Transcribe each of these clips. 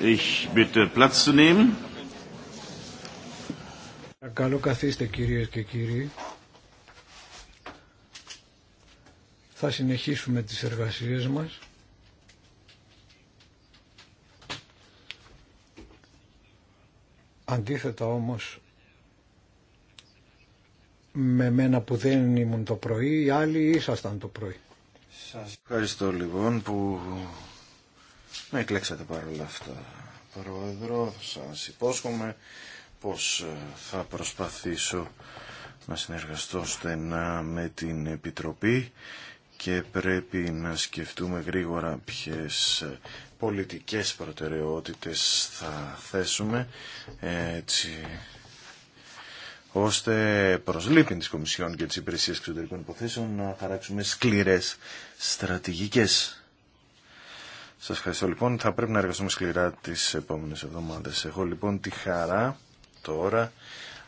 Ich bitte Platz zu nehmen. Καλό καθίστε κυρίες και κύριοι. Θα συνεχίσουμε τις εργασίες μας. Αντίθετα όμως με μένα που δεν ήμουν το πρωί, οι άλλοι ήσασταν το πρωί. Σας ευχαριστώ λοιπόν που με εκλέξατε παρόλα αυτά, Πρόεδρο. Σας υπόσχομαι πως ε, θα προσπαθήσω να συνεργαστώ στενά με την Επιτροπή και πρέπει να σκεφτούμε γρήγορα ποιες ε, πολιτικές προτεραιότητες θα θέσουμε ε, έτσι ώστε προς λύπη της Κομισιόν και της Υπηρεσίας Εξωτερικών Υποθέσεων να χαράξουμε σκληρές στρατηγικές. Σας ευχαριστώ λοιπόν. Θα πρέπει να εργαστούμε σκληρά τις επόμενες εβδομάδες. Εγώ λοιπόν τη χαρά τώρα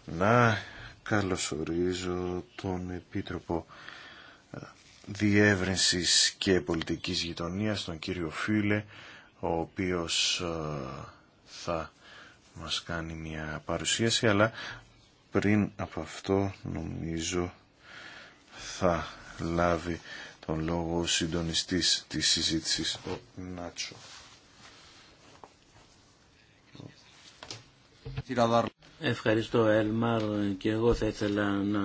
να καλωσορίζω τον Επίτροπο ε, Διεύρυνσης και Πολιτικής Γειτονίας, τον κύριο Φίλε, ο οποίος ε, θα μας κάνει μια παρουσίαση, αλλά πριν από αυτό νομίζω θα λάβει τον λόγο ο συντονιστής της συζήτησης, ο Νάτσο. Ευχαριστώ Ελμάρ και εγώ θα ήθελα να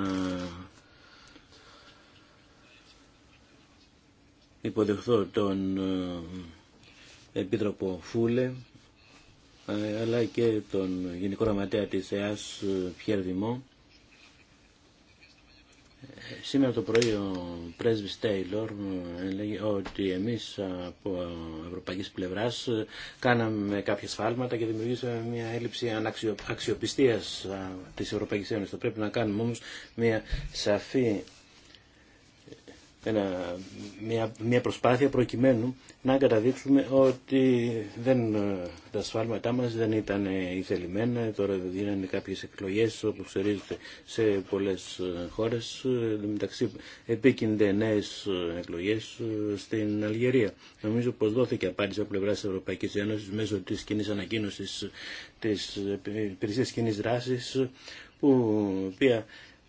υποδεχθώ τον ε, Επίτροπο Φούλε ε, αλλά και τον Γενικό Γραμματέα της ΕΑΣ ε, Πιέρ Δημό Σήμερα το πρωί ο πρέσβης Τέιλορ ε, έλεγε ότι εμείς από ευρωπαϊκή πλευράς ε, κάναμε κάποια σφάλματα και δημιουργήσαμε μια έλλειψη αξιοπιστίας ε, της Ευρωπαϊκής Ένωσης. Θα πρέπει να κάνουμε όμως μια σαφή μια, προσπάθεια προκειμένου να καταδείξουμε ότι δεν, ε, τα σφάλματά μας δεν ήταν ηθελημένα. Τώρα γίνανε κάποιες εκλογές όπως ξέρετε σε πολλές ε, χώρες. Ε, μεταξύ επίκυνται νέε εκλογές στην Αλγερία. Νομίζω πως δόθηκε απάντηση από πλευρά της Ευρωπαϊκής Ένωσης μέσω της κοινή ανακοίνωσης της υπηρεσίας κοινή δράσης που οποία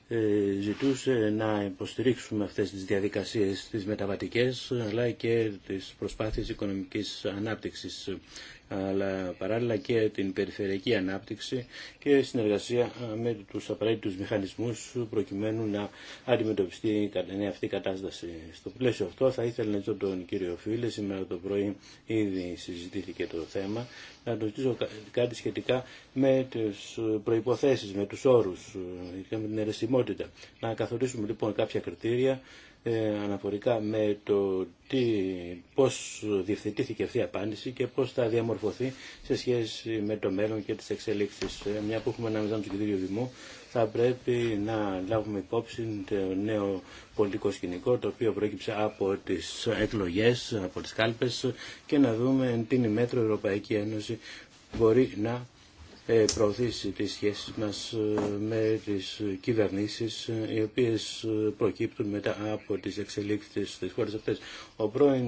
ε, ζητούσε να υποστηρίξουμε αυτές τις διαδικασίες τις μεταβατικές αλλά και τις προσπάθειες οικονομικής ανάπτυξης αλλά παράλληλα και την περιφερειακή ανάπτυξη και συνεργασία ε, με τους απαραίτητους μηχανισμούς προκειμένου να αντιμετωπιστεί η αυτή η κατάσταση. Στο πλαίσιο αυτό θα ήθελα να ζω τον κύριο Φίλε, σήμερα το πρωί ήδη συζητήθηκε το θέμα, να το ζητήσω κάτι σχετικά με τις προϋποθέσεις, με τους όρους, ε, με την αιρεσιμότητα. Να καθορίσουμε λοιπόν κάποια κριτήρια ε, αναφορικά με το τι, πώς διευθετήθηκε αυτή η απάντηση και πώς θα διαμορφωθεί σε σχέση με το μέλλον και τις εξελίξεις. Ε, μια που έχουμε ανάμεσα με τον Δημού, θα πρέπει να λάβουμε υπόψη το νέο πολιτικό σκηνικό το οποίο προέκυψε από τις εκλογές, από τις κάλπες και να δούμε τι η μέτρο Ευρωπαϊκή Ένωση μπορεί να ε, προωθήσει τις σχέσεις μας ε, με τις κυβερνήσεις ε, οι οποίες προκύπτουν μετά από τις εξελίξεις στις χώρες αυτές. Ο πρώην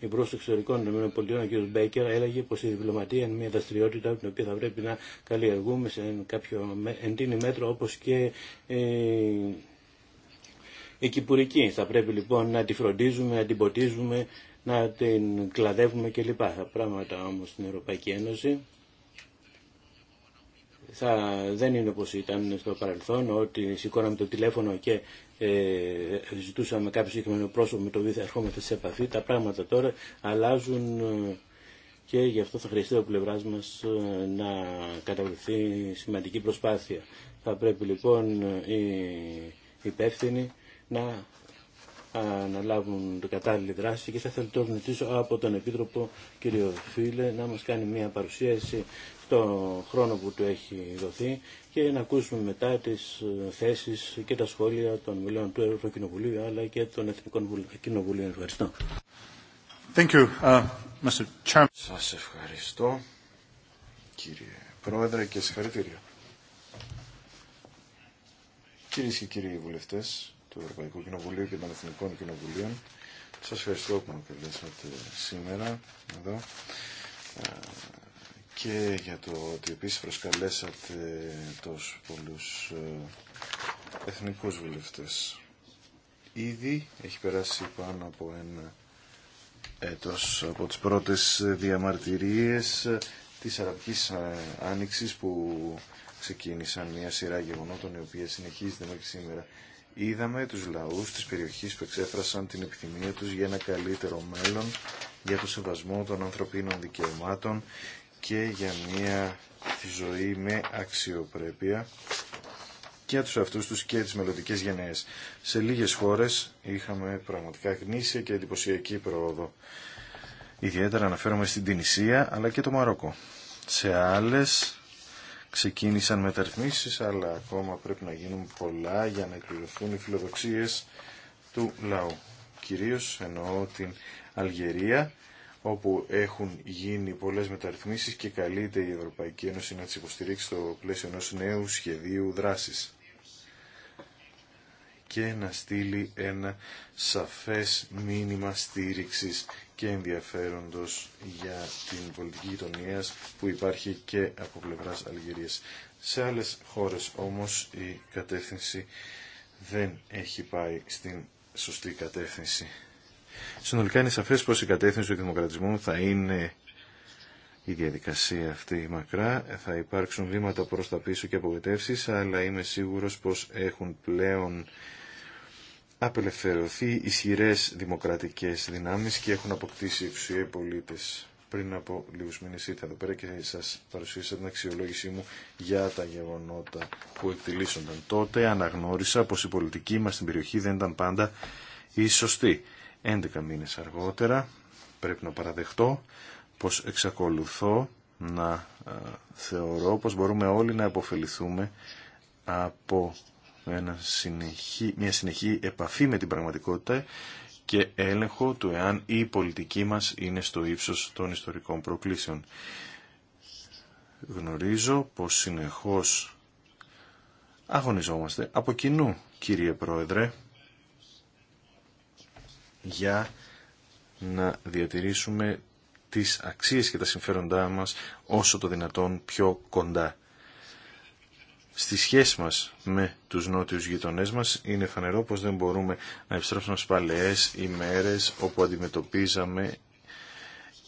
Υπουργός Εξωτερικών των ο κ. Μπέκερ έλεγε πως η διπλωματία είναι μια δραστηριότητα την οποία θα πρέπει να καλλιεργούμε σε κάποιο εντύνη μέτρο όπως και η Κυπουρική. Θα πρέπει λοιπόν να τη φροντίζουμε, να την ποτίζουμε, να την κλαδεύουμε κλπ. πράγματα όμως στην Ευρωπαϊκή Ένωση θα, δεν είναι όπως ήταν στο παρελθόν ότι σηκώναμε το τηλέφωνο και ε, ζητούσαμε κάποιο συγκεκριμένο πρόσωπο με το οποίο θα ερχόμαστε σε επαφή. Τα πράγματα τώρα αλλάζουν ε, και γι' αυτό θα χρειαστεί ο πλευράς μας ε, να καταβληθεί σημαντική προσπάθεια. Θα πρέπει λοιπόν ε, οι υπεύθυνοι να αναλάβουν την κατάλληλη δράση και θα θέλω να ζητήσω από τον Επίτροπο κύριο Φίλε να μας κάνει μια παρουσίαση το χρόνο που του έχει δοθεί και να ακούσουμε μετά τις ε, θέσεις και τα σχόλια των μιλών του Ευρωκοινοβουλίου αλλά και των Εθνικών Κοινοβουλίων. Ευχαριστώ. Thank you, uh, Σας ευχαριστώ κύριε Πρόεδρε και συγχαρητήρια. Κυρίε και κύριοι βουλευτές του Ευρωπαϊκού Κοινοβουλίου και των Εθνικών Κοινοβουλίων, σας ευχαριστώ που με καλέσατε σήμερα εδώ ε, και για το ότι επίσης προσκαλέσατε τόσους πολλούς ε, εθνικούς βουλευτές. Ήδη έχει περάσει πάνω από ένα έτος από τις πρώτες διαμαρτυρίες ε, της Αραβικής ε, Άνοιξης που ξεκίνησαν μια σειρά γεγονότων η οποία συνεχίζεται μέχρι σήμερα. Είδαμε τους λαούς της περιοχής που εξέφρασαν την επιθυμία τους για ένα καλύτερο μέλλον, για το σεβασμό των ανθρωπίνων δικαιωμάτων, και για μια τη ζωή με αξιοπρέπεια και τους αυτούς τους και τις μελλοντικέ γενναίες. Σε λίγες χώρες είχαμε πραγματικά γνήσια και εντυπωσιακή πρόοδο. Ιδιαίτερα αναφέρομαι στην Τινησία αλλά και το Μαρόκο. Σε άλλες ξεκίνησαν μεταρρυθμίσεις αλλά ακόμα πρέπει να γίνουν πολλά για να εκπληρωθούν οι φιλοδοξίες του λαού. Κυρίως εννοώ την Αλγερία όπου έχουν γίνει πολλές μεταρρυθμίσεις και καλείται η Ευρωπαϊκή Ένωση να τις υποστηρίξει στο πλαίσιο ενός νέου σχεδίου δράσης και να στείλει ένα σαφές μήνυμα στήριξης και ενδιαφέροντος για την πολιτική γειτονία που υπάρχει και από πλευράς Αλγερίας. Σε άλλες χώρες όμως η κατεύθυνση δεν έχει πάει στην σωστή κατεύθυνση. Συνολικά είναι σαφές πως η κατεύθυνση του δημοκρατισμού θα είναι η διαδικασία αυτή μακρά. Θα υπάρξουν βήματα προς τα πίσω και απογοητεύσεις, αλλά είμαι σίγουρος πως έχουν πλέον απελευθερωθεί ισχυρέ δημοκρατικές δυνάμεις και έχουν αποκτήσει εξουσία πολίτε πολίτες. Πριν από λίγους μήνες ήρθα εδώ πέρα και σας παρουσίασα την αξιολόγησή μου για τα γεγονότα που εκτελήσονταν. Τότε αναγνώρισα πως η πολιτική μας στην περιοχή δεν ήταν πάντα η σωστή. 11 μήνες αργότερα πρέπει να παραδεχτώ πως εξακολουθώ να ε, θεωρώ πως μπορούμε όλοι να αποφεληθούμε από μια συνεχή επαφή με την πραγματικότητα και έλεγχο του εάν η πολιτική μας είναι στο ύψος των ιστορικών προκλήσεων. Γνωρίζω πως συνεχώς αγωνιζόμαστε από κοινού, κύριε Πρόεδρε, για να διατηρήσουμε τις αξίες και τα συμφέροντά μας όσο το δυνατόν πιο κοντά. Στη σχέση μας με τους νότιους γειτονές μας είναι φανερό πως δεν μπορούμε να επιστρέψουμε στις παλαιές ημέρες όπου αντιμετωπίζαμε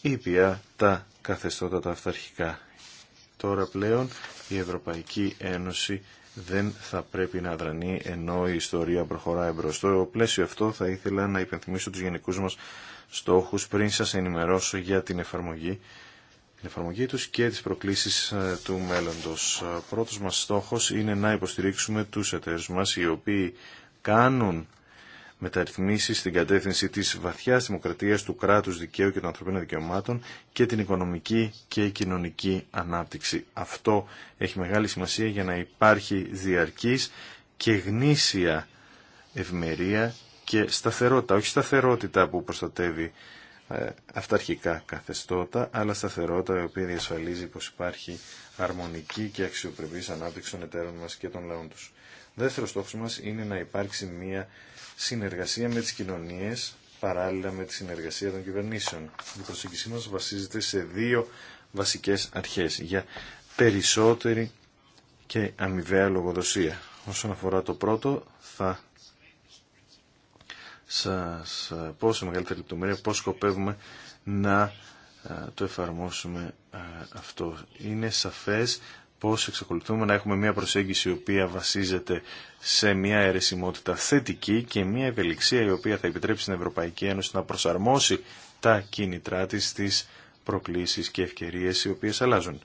ήπια τα καθεστώτα τα αυταρχικά. Τώρα πλέον η Ευρωπαϊκή Ένωση δεν θα πρέπει να δρανεί ενώ η ιστορία προχωράει μπροστά. Στο πλαίσιο αυτό θα ήθελα να υπενθυμίσω τους γενικούς μας στόχους πριν σας ενημερώσω για την εφαρμογή, την εφαρμογή τους και τις προκλήσεις ε, του μέλλοντος. Ε, πρώτος μας στόχος είναι να υποστηρίξουμε τους εταίρους μας οι οποίοι κάνουν μεταρρυθμίσει στην κατεύθυνση της βαθιάς δημοκρατίας του κράτους δικαίου και των ανθρωπίνων δικαιωμάτων και την οικονομική και κοινωνική ανάπτυξη. Αυτό έχει μεγάλη σημασία για να υπάρχει διαρκής και γνήσια ευμερία και σταθερότητα, όχι σταθερότητα που προστατεύει ε, αυταρχικά καθεστώτα, αλλά σταθερότητα η οποία διασφαλίζει πως υπάρχει αρμονική και αξιοπρεπής ανάπτυξη των εταίρων μας και των λαών τους. Δεύτερο στόχος μας είναι να υπάρξει μια συνεργασία με τις κοινωνίες παράλληλα με τη συνεργασία των κυβερνήσεων. Η προσέγγιση μας βασίζεται σε δύο βασικές αρχές για περισσότερη και αμοιβαία λογοδοσία. Όσον αφορά το πρώτο θα σας πω σε μεγαλύτερη λεπτομέρεια πώς σκοπεύουμε να ε, το εφαρμόσουμε ε, αυτό. Είναι σαφές πώς εξακολουθούμε να έχουμε μια προσέγγιση η οποία βασίζεται σε μια αιρεσιμότητα θετική και μια ευελιξία η οποία θα επιτρέψει στην Ευρωπαϊκή Ένωση να προσαρμόσει τα κίνητρά της στις προκλήσεις και ευκαιρίες οι οποίες αλλάζουν.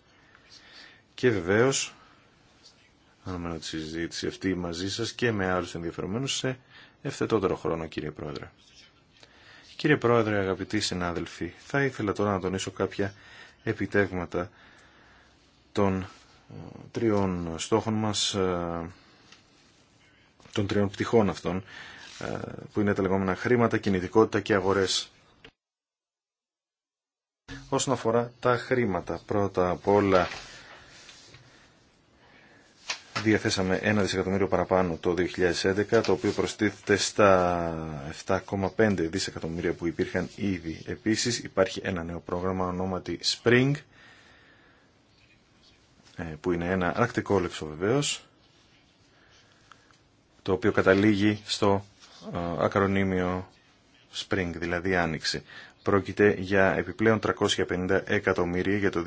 Και βεβαίως, αναμένω τη συζήτηση αυτή μαζί σας και με άλλους ενδιαφερομένους σε ευθετότερο χρόνο κύριε Πρόεδρε. Κύριε Πρόεδρε, αγαπητοί συνάδελφοι, θα ήθελα τώρα να τονίσω κάποια επιτεύγματα των τριών στόχων μας, ε, των τριών πτυχών αυτών, ε, που είναι τα λεγόμενα χρήματα, κινητικότητα και αγορές. Όσον αφορά τα χρήματα, πρώτα απ' όλα διαθέσαμε ένα δισεκατομμύριο παραπάνω το 2011, το οποίο προστίθεται στα 7,5 δισεκατομμύρια που υπήρχαν ήδη. Επίσης υπάρχει ένα νέο πρόγραμμα ονόματι Spring, ε, που είναι ένα αρκτικό λεξο βεβαίως, το οποίο καταλήγει στο ε, ακρονίμιο Spring, δηλαδή Άνοιξη. Πρόκειται για επιπλέον 350 εκατομμύρια για το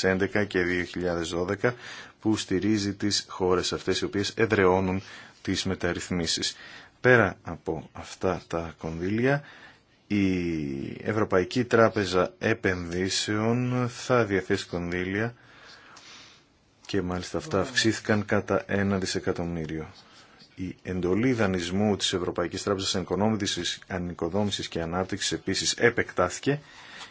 2011 και 2012 που στηρίζει τις χώρες αυτές οι οποίες εδρεώνουν τις μεταρρυθμίσεις. Πέρα από αυτά τα κονδύλια, η Ευρωπαϊκή Τράπεζα Επενδύσεων θα διαθέσει κονδύλια και μάλιστα αυτά αυξήθηκαν κατά ένα δισεκατομμύριο. Η εντολή δανεισμού της Ευρωπαϊκής Τράπεζας Ανοικοδόμησης και Ανάπτυξης επίσης επεκτάθηκε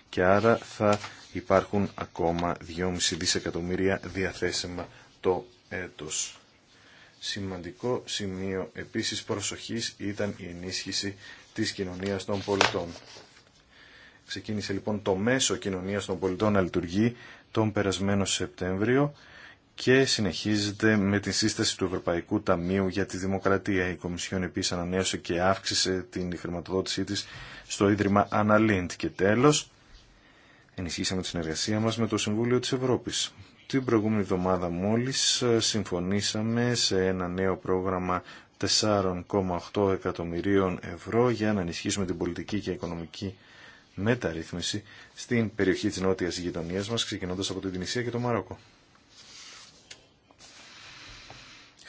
και άρα θα υπάρχουν ακόμα 2,5 δισεκατομμύρια διαθέσιμα το έτος. Σημαντικό σημείο επίσης προσοχής ήταν η ενίσχυση της κοινωνίας των πολιτών. Ξεκίνησε λοιπόν το μέσο κοινωνίας των πολιτών να λειτουργεί τον περασμένο Σεπτέμβριο και συνεχίζεται με τη σύσταση του Ευρωπαϊκού Ταμείου για τη Δημοκρατία. Η Κομισιόν επίσης ανανέωσε και αύξησε την χρηματοδότησή της στο Ίδρυμα Αναλίντ. Και τέλος, ενισχύσαμε τη συνεργασία μας με το Συμβούλιο της Ευρώπης. Την προηγούμενη εβδομάδα μόλις ε, συμφωνήσαμε σε ένα νέο πρόγραμμα 4,8 εκατομμυρίων ευρώ για να ενισχύσουμε την πολιτική και οικονομική μεταρρύθμιση στην περιοχή της νότιας γειτονίας μας, ξεκινώντας από την Τινησία και το Μαρόκο.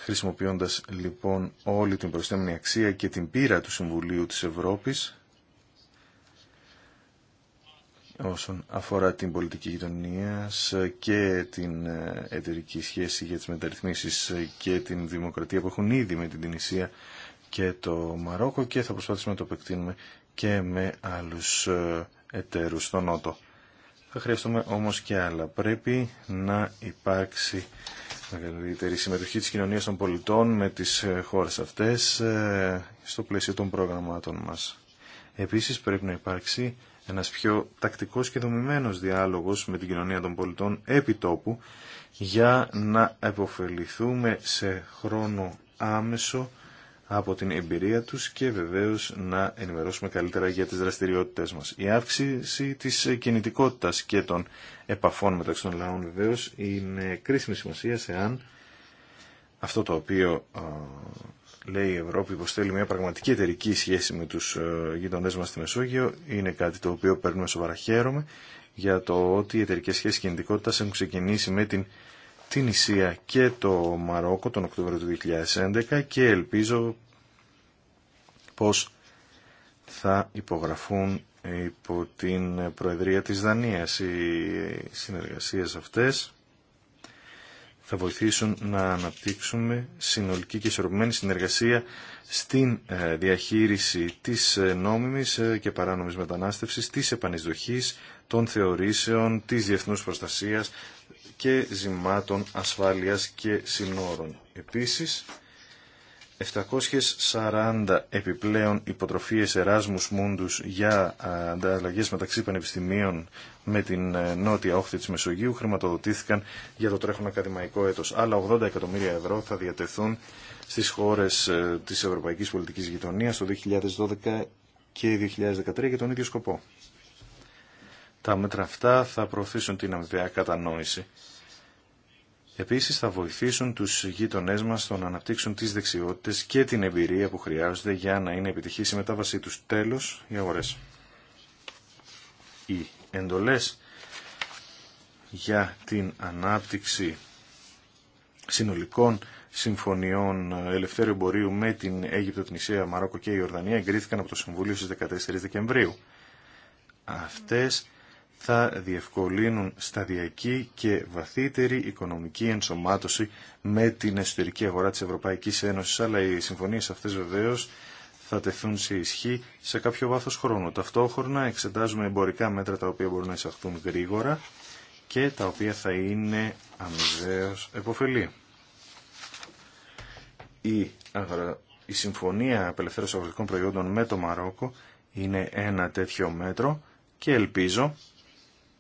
Χρησιμοποιώντας λοιπόν όλη την προσθέμενη αξία και την πείρα του Συμβουλίου της Ευρώπης όσον αφορά την πολιτική γειτονία και την ε, εταιρική σχέση για τις μεταρρυθμίσεις και την δημοκρατία που έχουν ήδη με την Τινησία και το Μαρόκο και θα προσπαθήσουμε να το επεκτείνουμε και με άλλους ε, εταίρους στο Νότο. Θα χρειαστούμε όμως και άλλα. Πρέπει να υπάρξει μεγαλύτερη συμμετοχή της κοινωνίας των πολιτών με τις ε, χώρες αυτές ε, στο πλαίσιο των προγραμμάτων μας. Επίσης πρέπει να υπάρξει ένας πιο τακτικός και δομημένος διάλογος με την κοινωνία των πολιτών επί τόπου για να επωφεληθούμε σε χρόνο άμεσο από την εμπειρία τους και βεβαίως να ενημερώσουμε καλύτερα για τις δραστηριότητες μας. Η αύξηση της κινητικότητας και των επαφών μεταξύ των λαών βεβαίως είναι κρίσιμη σημασία σε αν αυτό το οποίο λέει η Ευρώπη πως θέλει μια πραγματική εταιρική σχέση με τους γειτονές μας στη Μεσόγειο είναι κάτι το οποίο παίρνουμε σοβαρά χαίρομαι για το ότι οι εταιρικέ σχέσεις κινητικότητας έχουν ξεκινήσει με την την Ισία και το Μαρόκο τον Οκτώβριο του 2011 και ελπίζω πως θα υπογραφούν υπό την Προεδρία της Δανίας. Οι συνεργασίες αυτές θα βοηθήσουν να αναπτύξουμε συνολική και ισορροπημένη συνεργασία στην ε, διαχείριση της ε, νόμιμης ε, και παράνομης μετανάστευσης, της επανεισδοχής, των θεωρήσεων, της διεθνούς προστασίας, και ζημάτων ασφάλειας και συνόρων. Επίσης, 740 επιπλέον υποτροφίες Εράσμους Μούντους για ανταλλαγέ μεταξύ πανεπιστημίων με την ε, νότια όχθη της Μεσογείου χρηματοδοτήθηκαν για το τρέχον ακαδημαϊκό έτος. Άλλα 80 εκατομμύρια ευρώ θα διατεθούν στις χώρες ε, της Ευρωπαϊκής Πολιτικής Γειτονίας το 2012 και 2013 για τον ίδιο σκοπό. Τα μέτρα αυτά θα προωθήσουν την αμοιβαία κατανόηση. Επίσης θα βοηθήσουν τους γείτονές μας στο να αναπτύξουν τις δεξιότητες και την εμπειρία που χρειάζονται για να είναι επιτυχής η μετάβασή τους. Τέλος, οι αγορές. Οι εντολές για την ανάπτυξη συνολικών συμφωνιών ελευθέρου εμπορίου με την Αίγυπτο, την Ισία, Μαρόκο και η Ορδανία εγκρίθηκαν από το Συμβούλιο στις 14 Δεκεμβρίου. Αυτές θα διευκολύνουν σταδιακή και βαθύτερη οικονομική ενσωμάτωση με την εσωτερική αγορά της Ευρωπαϊκής Ένωσης, αλλά οι συμφωνίες αυτές βεβαίως θα τεθούν σε ισχύ σε κάποιο βάθος χρόνου. Ταυτόχρονα εξετάζουμε εμπορικά μέτρα τα οποία μπορούν να εισαχθούν γρήγορα και τα οποία θα είναι αμοιβαίως εποφελή. Η, η Συμφωνία Απελευθέρωσης Αγροτικών Προϊόντων με το Μαρόκο είναι ένα τέτοιο μέτρο και ελπίζω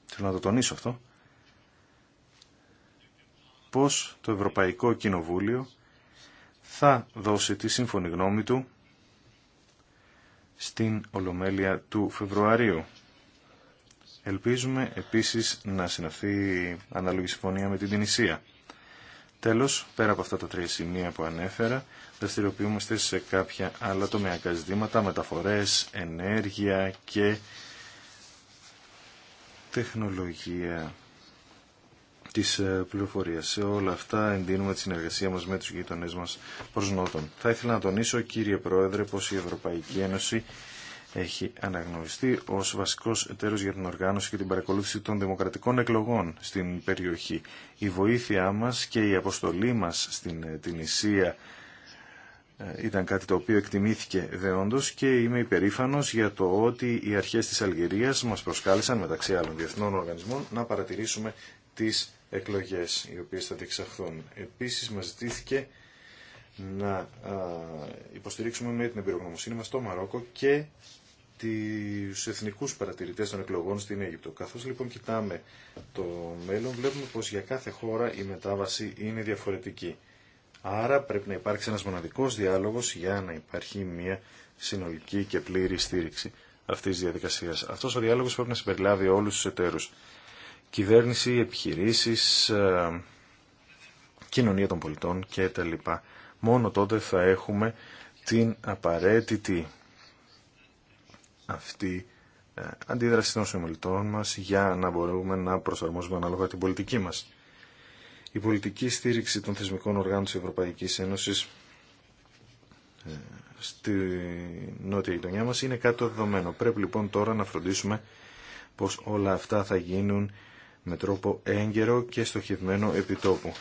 θέλω να το τονίσω αυτό, πώς το Ευρωπαϊκό Κοινοβούλιο θα δώσει τη σύμφωνη γνώμη του στην Ολομέλεια του Φεβρουαρίου. Ελπίζουμε επίσης να συναυθεί ανάλογη συμφωνία με την Τινησία. Τέλος, πέρα από αυτά τα τρία σημεία που ανέφερα, δραστηριοποιούμαστε σε κάποια άλλα τομεακά ζητήματα, μεταφορές, ενέργεια και τεχνολογία της ε, πληροφορίας. Σε όλα αυτά εντείνουμε τη συνεργασία μας με τους γείτονές μας προς Νότον. Θα ήθελα να τονίσω, κύριε Πρόεδρε, πως η Ευρωπαϊκή Ένωση έχει αναγνωριστεί ως βασικός εταίρος για την οργάνωση και την παρακολούθηση των δημοκρατικών εκλογών στην περιοχή. Η βοήθειά μας και η αποστολή μας στην ε, Ισία... Ε, ήταν κάτι το οποίο εκτιμήθηκε δεόντως και είμαι υπερήφανος για το ότι οι αρχές της Αλγερίας μας προσκάλεσαν μεταξύ άλλων διεθνών οργανισμών να παρατηρήσουμε τις εκλογές οι οποίες θα διεξαχθούν. Επίσης μας ζητήθηκε να υποστηρίξουμε με την εμπειρογνωμοσύνη μας το Μαρόκο και τους εθνικούς παρατηρητές των εκλογών στην Αίγυπτο. Καθώς λοιπόν κοιτάμε το μέλλον βλέπουμε πως για κάθε χώρα η μετάβαση είναι διαφορετική. Άρα πρέπει να υπάρξει ένας μοναδικός διάλογος για να υπάρχει μια συνολική και πλήρη στήριξη αυτής της διαδικασίας. Αυτός ο διάλογος πρέπει να συμπεριλάβει όλους τους εταίρους. Κυβέρνηση, επιχειρήσεις, ε, κοινωνία των πολιτών κτλ. Μόνο τότε θα έχουμε την απαραίτητη αυτή ε, αντίδραση των συμμελιτών μας για να μπορούμε να προσαρμόσουμε ανάλογα την πολιτική μας η πολιτική στήριξη των θεσμικών οργάνων της Ευρωπαϊκής Ένωσης ε, στη νότια γειτονιά μας είναι κάτι το δεδομένο. Πρέπει λοιπόν τώρα να φροντίσουμε πως όλα αυτά θα γίνουν με τρόπο έγκαιρο και στοχευμένο επιτόπου.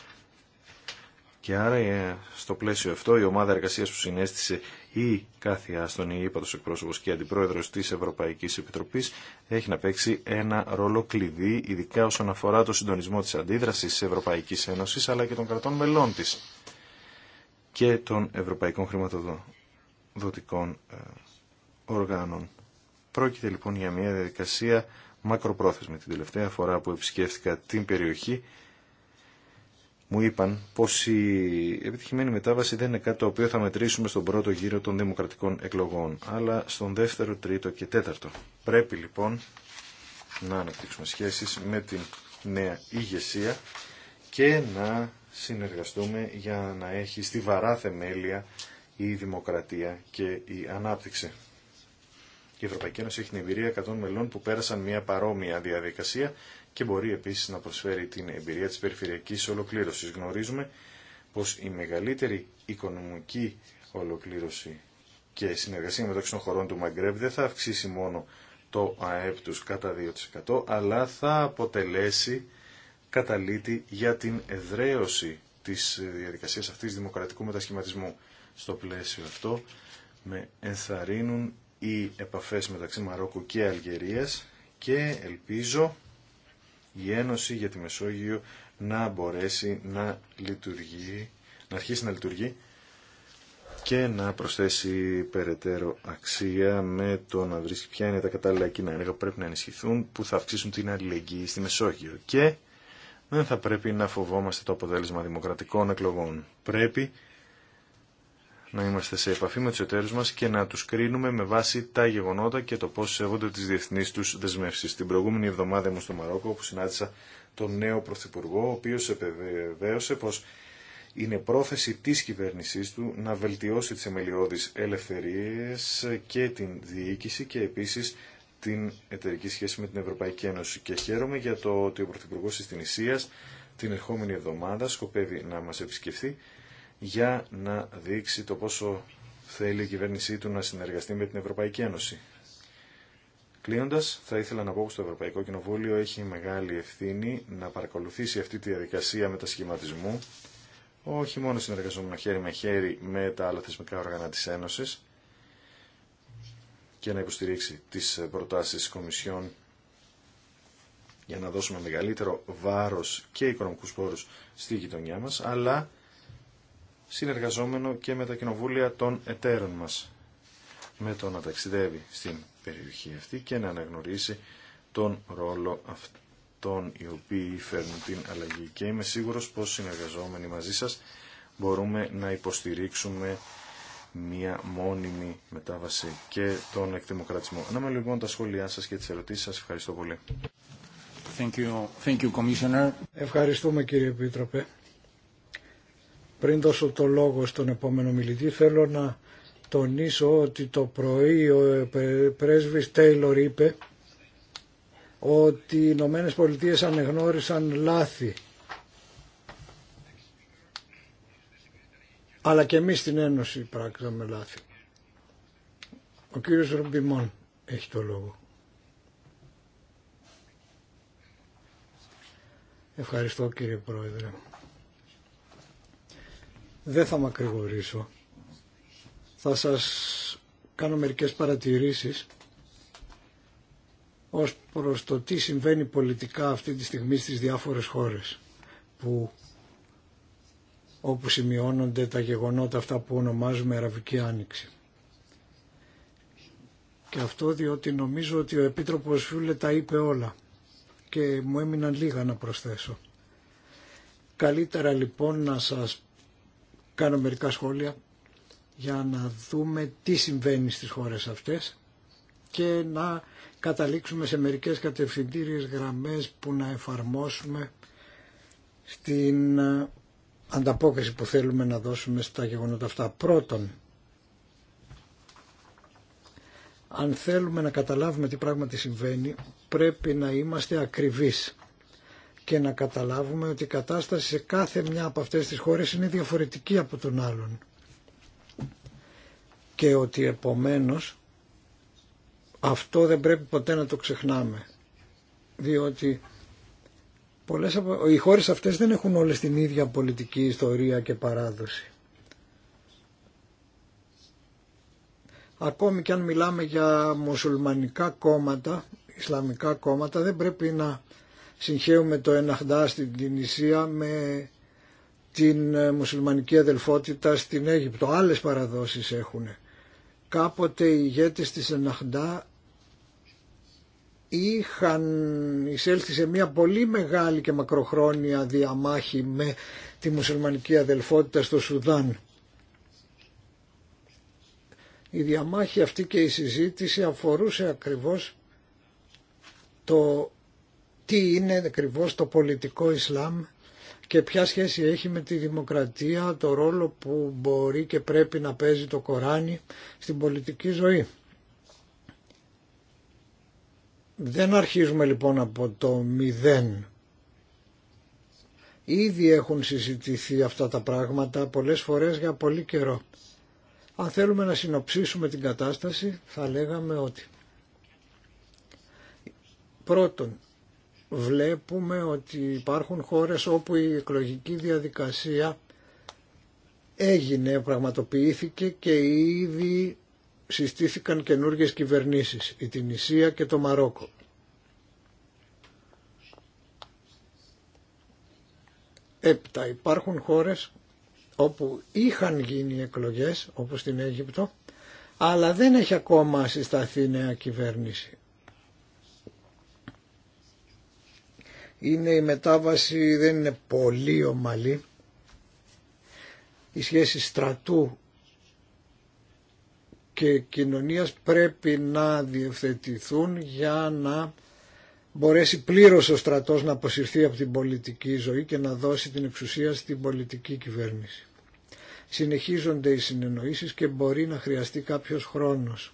Και άρα ε, στο πλαίσιο αυτό η ομάδα εργασίας που συνέστησε η κάθε άστον ή του εκπρόσωπο και αντιπρόεδρος της Ευρωπαϊκής Επιτροπής έχει να παίξει ένα ρόλο κλειδί ειδικά όσον αφορά το συντονισμό της αντίδρασης της Ευρωπαϊκής Ένωσης αλλά και των κρατών μελών της και των Ευρωπαϊκών Χρηματοδοτικών ε, Οργάνων. Πρόκειται λοιπόν για μια διαδικασία μακροπρόθεσμη. Την τελευταία φορά που επισκέφθηκα την περιοχή μου είπαν πως η επιτυχημένη μετάβαση δεν είναι κάτι το οποίο θα μετρήσουμε στον πρώτο γύρο των δημοκρατικών εκλογών, αλλά στον δεύτερο, τρίτο και τέταρτο. Πρέπει λοιπόν να αναπτύξουμε σχέσεις με την νέα ηγεσία και να συνεργαστούμε για να έχει βαρά θεμέλια η δημοκρατία και η ανάπτυξη. Η Ευρωπαϊκή Ένωση έχει την εμπειρία 100 μελών που πέρασαν μια παρόμοια διαδικασία και μπορεί επίσης να προσφέρει την εμπειρία της περιφερειακής ολοκλήρωσης. Γνωρίζουμε πως η μεγαλύτερη οικονομική ολοκλήρωση και συνεργασία μεταξύ των χωρών του Μαγκρέβ δεν θα αυξήσει μόνο το ΑΕΠ τους κατά 2% αλλά θα αποτελέσει καταλήτη για την εδραίωση της διαδικασίας αυτής δημοκρατικού μετασχηματισμού. Στο πλαίσιο αυτό με ενθαρρύνουν οι επαφές μεταξύ Μαρόκου και Αλγερίας και ελπίζω η Ένωση για τη Μεσόγειο να μπορέσει να λειτουργεί, να αρχίσει να λειτουργεί και να προσθέσει περαιτέρω αξία με το να βρίσκει ποια είναι τα κατάλληλα εκείνα έργα που πρέπει να ενισχυθούν, που θα αυξήσουν την αλληλεγγύη στη Μεσόγειο. Και δεν θα πρέπει να φοβόμαστε το αποτέλεσμα δημοκρατικών εκλογών. Πρέπει να είμαστε σε επαφή με τους εταίρους μας και να τους κρίνουμε με βάση τα γεγονότα και το πώς σέβονται τις διεθνείς τους δεσμεύσεις. Την προηγούμενη εβδομάδα ημουν στο Μαρόκο οπου συνάντησα τον νέο Πρωθυπουργό, ο οποίος επιβεβαίωσε πως είναι πρόθεση της κυβέρνησής του να βελτιώσει τις εμελιώδεις ελευθερίες και την διοίκηση και επίσης την εταιρική σχέση με την Ευρωπαϊκή Ένωση. Και χαίρομαι για το ότι ο Πρωθυπουργό τη Τινησία την ερχόμενη εβδομάδα σκοπεύει να μα επισκεφθεί για να δείξει το πόσο θέλει η κυβέρνησή του να συνεργαστεί με την Ευρωπαϊκή Ένωση. Κλείνοντα, θα ήθελα να πω ότι το Ευρωπαϊκό Κοινοβούλιο έχει μεγάλη ευθύνη να παρακολουθήσει αυτή τη διαδικασία μετασχηματισμού, όχι μόνο συνεργαζόμενο χέρι με χέρι με τα άλλα θεσμικά όργανα τη Ένωση και να υποστηρίξει τις προτάσεις Κομισιόν για να δώσουμε μεγαλύτερο βάρος και οικονομικούς πόρους στη γειτονιά μας, αλλά συνεργαζόμενο και με τα κοινοβούλια των εταίρων μας με το να ταξιδεύει στην περιοχή αυτή και να αναγνωρίσει τον ρόλο αυτών οι οποίοι φέρνουν την αλλαγή. Και είμαι σίγουρος πως συνεργαζόμενοι μαζί σας μπορούμε να υποστηρίξουμε μία μόνιμη μετάβαση και τον εκδημοκρατισμό. Να με λοιπόν τα σχόλιά σας και τις ερωτήσεις σας. Ευχαριστώ πολύ. Thank you. Thank you, Commissioner. Ευχαριστούμε κύριε Επίτροπε. Πριν δώσω το λόγο στον επόμενο μιλητή θέλω να τονίσω ότι το πρωί ο ε, πρέσβης Τέιλορ είπε ότι οι Ηνωμένε Πολιτείες ανεγνώρισαν λάθη αλλά και εμείς στην Ένωση πράξαμε λάθη. Ο κύριος Ρομπιμόν έχει το λόγο. Ευχαριστώ κύριε Πρόεδρε. Δεν θα μακρηγορήσω. Θα σας κάνω μερικές παρατηρήσεις ως προς το τι συμβαίνει πολιτικά αυτή τη στιγμή στις διάφορες χώρες που, όπου σημειώνονται τα γεγονότα αυτά που ονομάζουμε Αραβική Άνοιξη. Και αυτό διότι νομίζω ότι ο Επίτροπος Φιούλε τα είπε όλα και μου έμειναν λίγα να προσθέσω. Καλύτερα λοιπόν να σας κάνω μερικά σχόλια για να δούμε τι συμβαίνει στις χώρες αυτές και να καταλήξουμε σε μερικές κατευθυντήριες γραμμές που να εφαρμόσουμε στην ανταπόκριση που θέλουμε να δώσουμε στα γεγονότα αυτά. Πρώτον, αν θέλουμε να καταλάβουμε τι πράγματι συμβαίνει, πρέπει να είμαστε ακριβείς και να καταλάβουμε ότι η κατάσταση σε κάθε μια από αυτές τις χώρες είναι διαφορετική από τον άλλον και ότι επομένως αυτό δεν πρέπει ποτέ να το ξεχνάμε διότι πολλές από... οι χώρες αυτές δεν έχουν όλες την ίδια πολιτική ιστορία και παράδοση ακόμη και αν μιλάμε για μουσουλμανικά κόμματα Ισλαμικά κόμματα δεν πρέπει να συγχαίουμε το Εναχντά στην Τινησία με την ε, μουσουλμανική αδελφότητα στην Αίγυπτο. Άλλες παραδόσεις έχουν. Κάποτε οι ηγέτες της Εναχντά είχαν εισέλθει σε μια πολύ μεγάλη και μακροχρόνια διαμάχη με τη μουσουλμανική αδελφότητα στο Σουδάν. Η διαμάχη αυτή και η συζήτηση αφορούσε ακριβώς το τι είναι ακριβώ το πολιτικό Ισλάμ και ποια σχέση έχει με τη δημοκρατία, το ρόλο που μπορεί και πρέπει να παίζει το Κοράνι στην πολιτική ζωή. Δεν αρχίζουμε λοιπόν από το μηδέν. Ήδη έχουν συζητηθεί αυτά τα πράγματα πολλές φορές για πολύ καιρό. Αν θέλουμε να συνοψίσουμε την κατάσταση θα λέγαμε ότι πρώτον βλέπουμε ότι υπάρχουν χώρες όπου η εκλογική διαδικασία έγινε, πραγματοποιήθηκε και ήδη συστήθηκαν καινούργιες κυβερνήσεις, η Τινησία και το Μαρόκο. Έπειτα υπάρχουν χώρες όπου είχαν γίνει εκλογές, όπως στην Αίγυπτο, αλλά δεν έχει ακόμα συσταθεί νέα κυβέρνηση. είναι η μετάβαση δεν είναι πολύ ομαλή. Η σχέση στρατού και κοινωνίας πρέπει να διευθετηθούν για να μπορέσει πλήρως ο στρατός να αποσυρθεί από την πολιτική ζωή και να δώσει την εξουσία στην πολιτική κυβέρνηση. Συνεχίζονται οι συνεννοήσεις και μπορεί να χρειαστεί κάποιος χρόνος.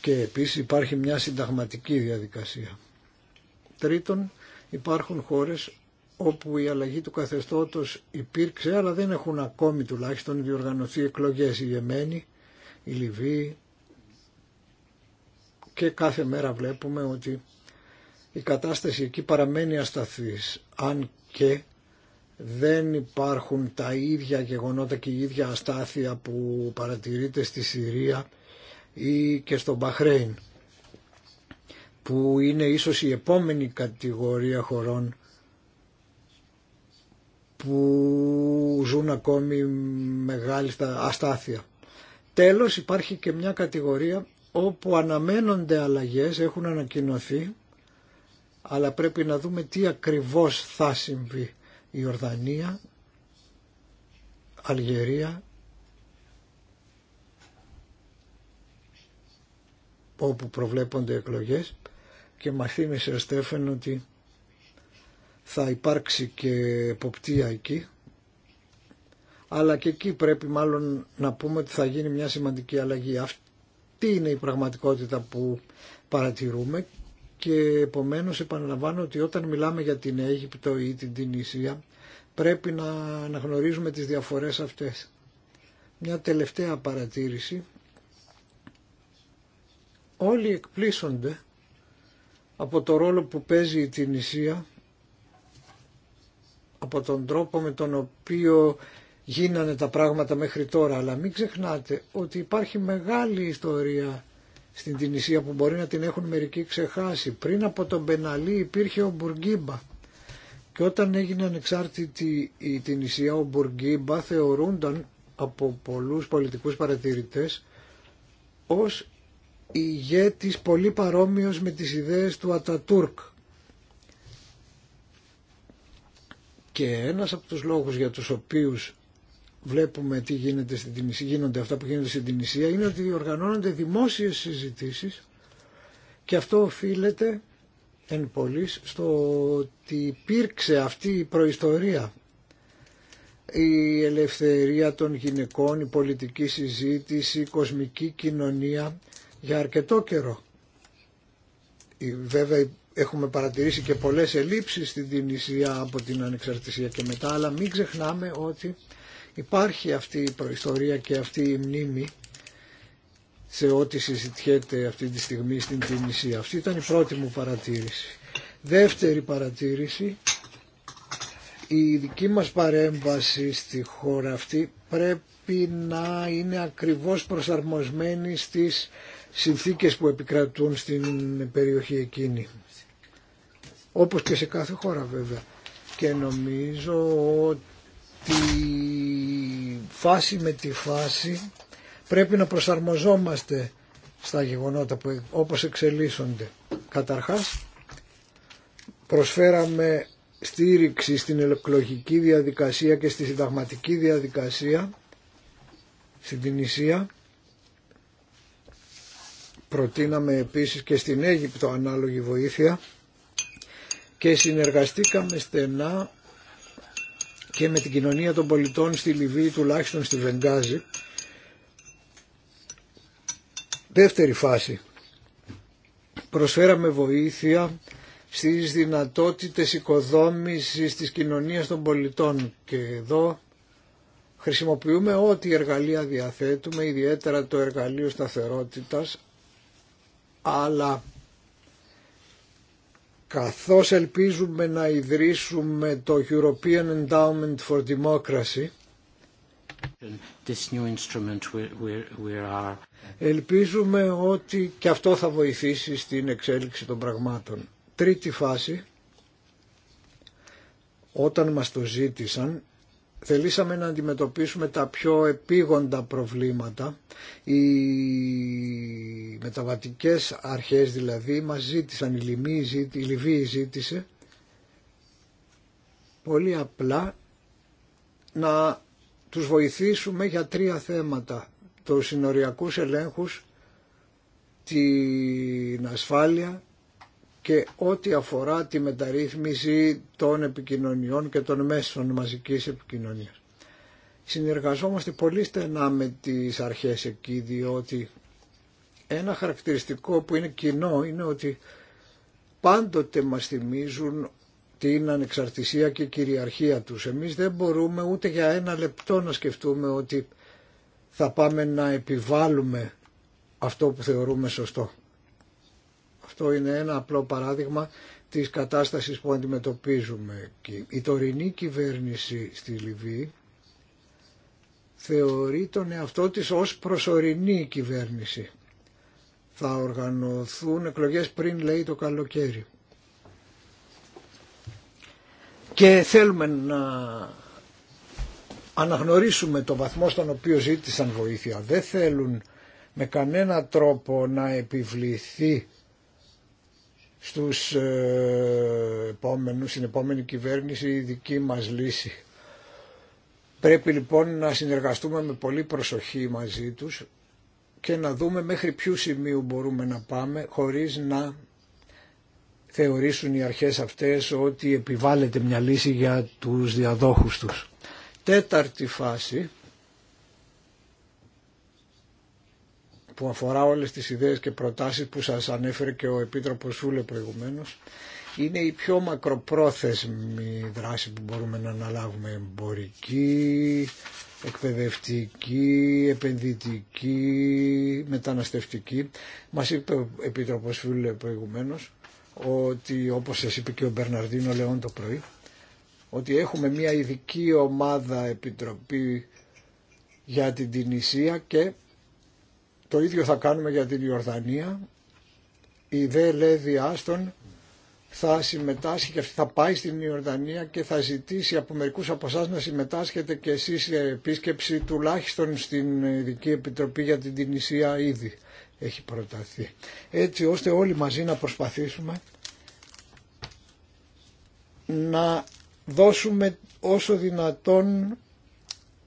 Και επίσης υπάρχει μια συνταγματική διαδικασία. Τρίτον, υπάρχουν χώρες όπου η αλλαγή του καθεστώτος υπήρξε, αλλά δεν έχουν ακόμη τουλάχιστον διοργανωθεί εκλογές η Εμένοι, η Λιβύη και κάθε μέρα βλέπουμε ότι η κατάσταση εκεί παραμένει ασταθής, αν και δεν υπάρχουν τα ίδια γεγονότα και η ίδια αστάθεια που παρατηρείται στη Συρία ή και στο Μπαχρέιν που είναι ίσως η επόμενη κατηγορία χωρών που ζουν ακόμη μεγάλη αστάθεια. Τέλος υπάρχει και μια κατηγορία όπου αναμένονται αλλαγές, έχουν ανακοινωθεί, αλλά πρέπει να δούμε τι ακριβώς θα συμβεί. Η Ορδανία, Αλγερία, όπου προβλέπονται εκλογές και μα θύμισε ο Στέφεν ότι θα υπάρξει και εποπτεία εκεί αλλά και εκεί πρέπει μάλλον να πούμε ότι θα γίνει μια σημαντική αλλαγή. Αυτή είναι η πραγματικότητα που παρατηρούμε και επομένως επαναλαμβάνω ότι όταν μιλάμε για την Αίγυπτο ή την Τινησία πρέπει να γνωρίζουμε τις διαφορές αυτές. Μια τελευταία παρατήρηση. Όλοι εκπλήσονται από το ρόλο που παίζει η Τινησία, από τον τρόπο με τον οποίο γίνανε τα πράγματα μέχρι τώρα. Αλλά μην ξεχνάτε ότι υπάρχει μεγάλη ιστορία στην Τινησία που μπορεί να την έχουν μερικοί ξεχάσει. Πριν από τον Μπεναλή υπήρχε ο Μπουργκίμπα. Και όταν έγινε ανεξάρτητη η Τινησία, ο Μπουργκίμπα θεωρούνταν από πολλούς πολιτικούς παρατηρητές ως ηγέτης πολύ παρόμοιος με τις ιδέες του Ατατούρκ. Και ένας από τους λόγους για τους οποίους βλέπουμε τι γίνεται στην Τινησία, γίνονται αυτά που γίνονται στην Τινησία, είναι ότι οργανώνονται δημόσιες συζητήσεις και αυτό οφείλεται εν πολλής στο ότι υπήρξε αυτή η προϊστορία η ελευθερία των γυναικών, η πολιτική συζήτηση, η κοσμική κοινωνία για αρκετό καιρό. Βέβαια έχουμε παρατηρήσει και πολλές ελλείψεις στην Τινησία από την ανεξαρτησία και μετά, αλλά μην ξεχνάμε ότι υπάρχει αυτή η προϊστορία και αυτή η μνήμη σε ό,τι συζητιέται αυτή τη στιγμή στην Τινησία. Αυτή ήταν η πρώτη μου παρατήρηση. Δεύτερη παρατήρηση, η δική μας παρέμβαση στη χώρα αυτή πρέπει να είναι ακριβώς προσαρμοσμένη στις συνθήκες που επικρατούν στην περιοχή εκείνη. Όπως και σε κάθε χώρα βέβαια. Και νομίζω ότι φάση με τη φάση πρέπει να προσαρμοζόμαστε στα γεγονότα που ε- όπως εξελίσσονται. Καταρχάς προσφέραμε στήριξη στην εκλογική διαδικασία και στη συνταγματική διαδικασία στην Τινησία Προτείναμε επίσης και στην Αίγυπτο ανάλογη βοήθεια και συνεργαστήκαμε στενά και με την κοινωνία των πολιτών στη Λιβύη, τουλάχιστον στη Βενγκάζη. Δεύτερη φάση. Προσφέραμε βοήθεια στις δυνατότητες οικοδόμησης της κοινωνίας των πολιτών και εδώ χρησιμοποιούμε ό,τι εργαλεία διαθέτουμε, ιδιαίτερα το εργαλείο σταθερότητας, αλλά καθώς ελπίζουμε να ιδρύσουμε το European Endowment for Democracy, Ελπίζουμε ότι και αυτό θα βοηθήσει στην εξέλιξη των πραγμάτων. Τρίτη φάση, όταν μας το ζήτησαν, θελήσαμε να αντιμετωπίσουμε τα πιο επίγοντα προβλήματα. Οι μεταβατικές αρχές δηλαδή μας ζήτησαν, η, Λιβύη η Λιβύη ζήτησε πολύ απλά να τους βοηθήσουμε για τρία θέματα. Τους συνοριακούς ελέγχους, την ασφάλεια και ό,τι αφορά τη μεταρρύθμιση των επικοινωνιών και των μέσων μαζικής επικοινωνίας. Συνεργαζόμαστε πολύ στενά με τις αρχές εκεί, διότι ένα χαρακτηριστικό που είναι κοινό είναι ότι πάντοτε μας θυμίζουν την ανεξαρτησία και κυριαρχία τους. Εμείς δεν μπορούμε ούτε για ένα λεπτό να σκεφτούμε ότι θα πάμε να επιβάλλουμε αυτό που θεωρούμε σωστό. Αυτό είναι ένα απλό παράδειγμα της κατάστασης που αντιμετωπίζουμε. Η τωρινή κυβέρνηση στη Λιβύη θεωρεί τον εαυτό της ως προσωρινή κυβέρνηση. Θα οργανωθούν εκλογές πριν λέει το καλοκαίρι. Και θέλουμε να αναγνωρίσουμε το βαθμό στον οποίο ζήτησαν βοήθεια. Δεν θέλουν με κανένα τρόπο να επιβληθεί στους ε, επόμενους, στην επόμενη κυβέρνηση η δική μας λύση. Πρέπει λοιπόν να συνεργαστούμε με πολύ προσοχή μαζί τους και να δούμε μέχρι ποιο σημείο μπορούμε να πάμε χωρίς να θεωρήσουν οι αρχές αυτές ότι επιβάλλεται μια λύση για τους διαδόχους τους. Τέταρτη φάση που αφορά όλες τις ιδέες και προτάσεις που σας ανέφερε και ο Επίτροπος Σούλε προηγουμένως είναι η πιο μακροπρόθεσμη δράση που μπορούμε να αναλάβουμε εμπορική, εκπαιδευτική, επενδυτική, μεταναστευτική. Μας είπε ο Επίτροπος Φίλε προηγουμένως ότι όπως σας είπε και ο Μπερναρδίνο Λεόν το πρωί ότι έχουμε μια ειδική ομάδα επιτροπή για την Τινησία και το ίδιο θα κάνουμε για την Ιορδανία. Η ΔΕ Λέδη Άστον θα συμμετάσχει και θα πάει στην Ιορδανία και θα ζητήσει από μερικούς από εσά να συμμετάσχετε και εσείς σε επίσκεψη τουλάχιστον στην Ειδική Επιτροπή για την Τινησία ήδη έχει προταθεί. Έτσι ώστε όλοι μαζί να προσπαθήσουμε να δώσουμε όσο δυνατόν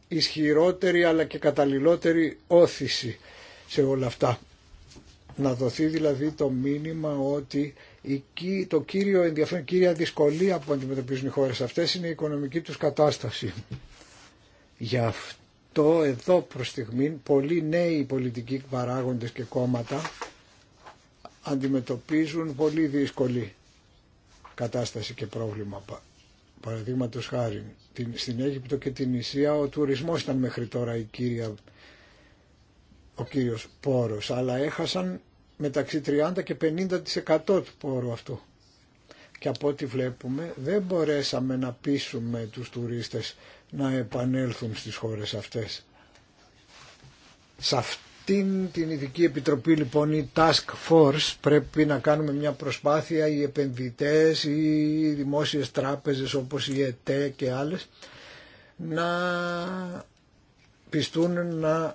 ισχυρότερη αλλά και καταλληλότερη όθηση σε όλα αυτά. Να δοθεί δηλαδή το μήνυμα ότι η, το κύριο ενδιαφέρον, η κύρια δυσκολία που αντιμετωπίζουν οι χώρες αυτές είναι η οικονομική τους κατάσταση. Γι' αυτό εδώ προς στιγμή πολλοί νέοι πολιτικοί παράγοντες και κόμματα αντιμετωπίζουν πολύ δύσκολη κατάσταση και πρόβλημα. Παραδείγματος χάρη στην Αίγυπτο και την Ισία ο τουρισμός ήταν μέχρι τώρα η κύρια ο κύριος πόρος, αλλά έχασαν μεταξύ 30 και 50% του πόρου αυτού. Και από ό,τι βλέπουμε δεν μπορέσαμε να πείσουμε τους τουρίστες να επανέλθουν στις χώρες αυτές. Σε αυτήν την ειδική επιτροπή λοιπόν η Task Force πρέπει να κάνουμε μια προσπάθεια οι επενδυτές, οι δημόσιες τράπεζες όπως η ΕΤΕ και άλλες να πιστούν να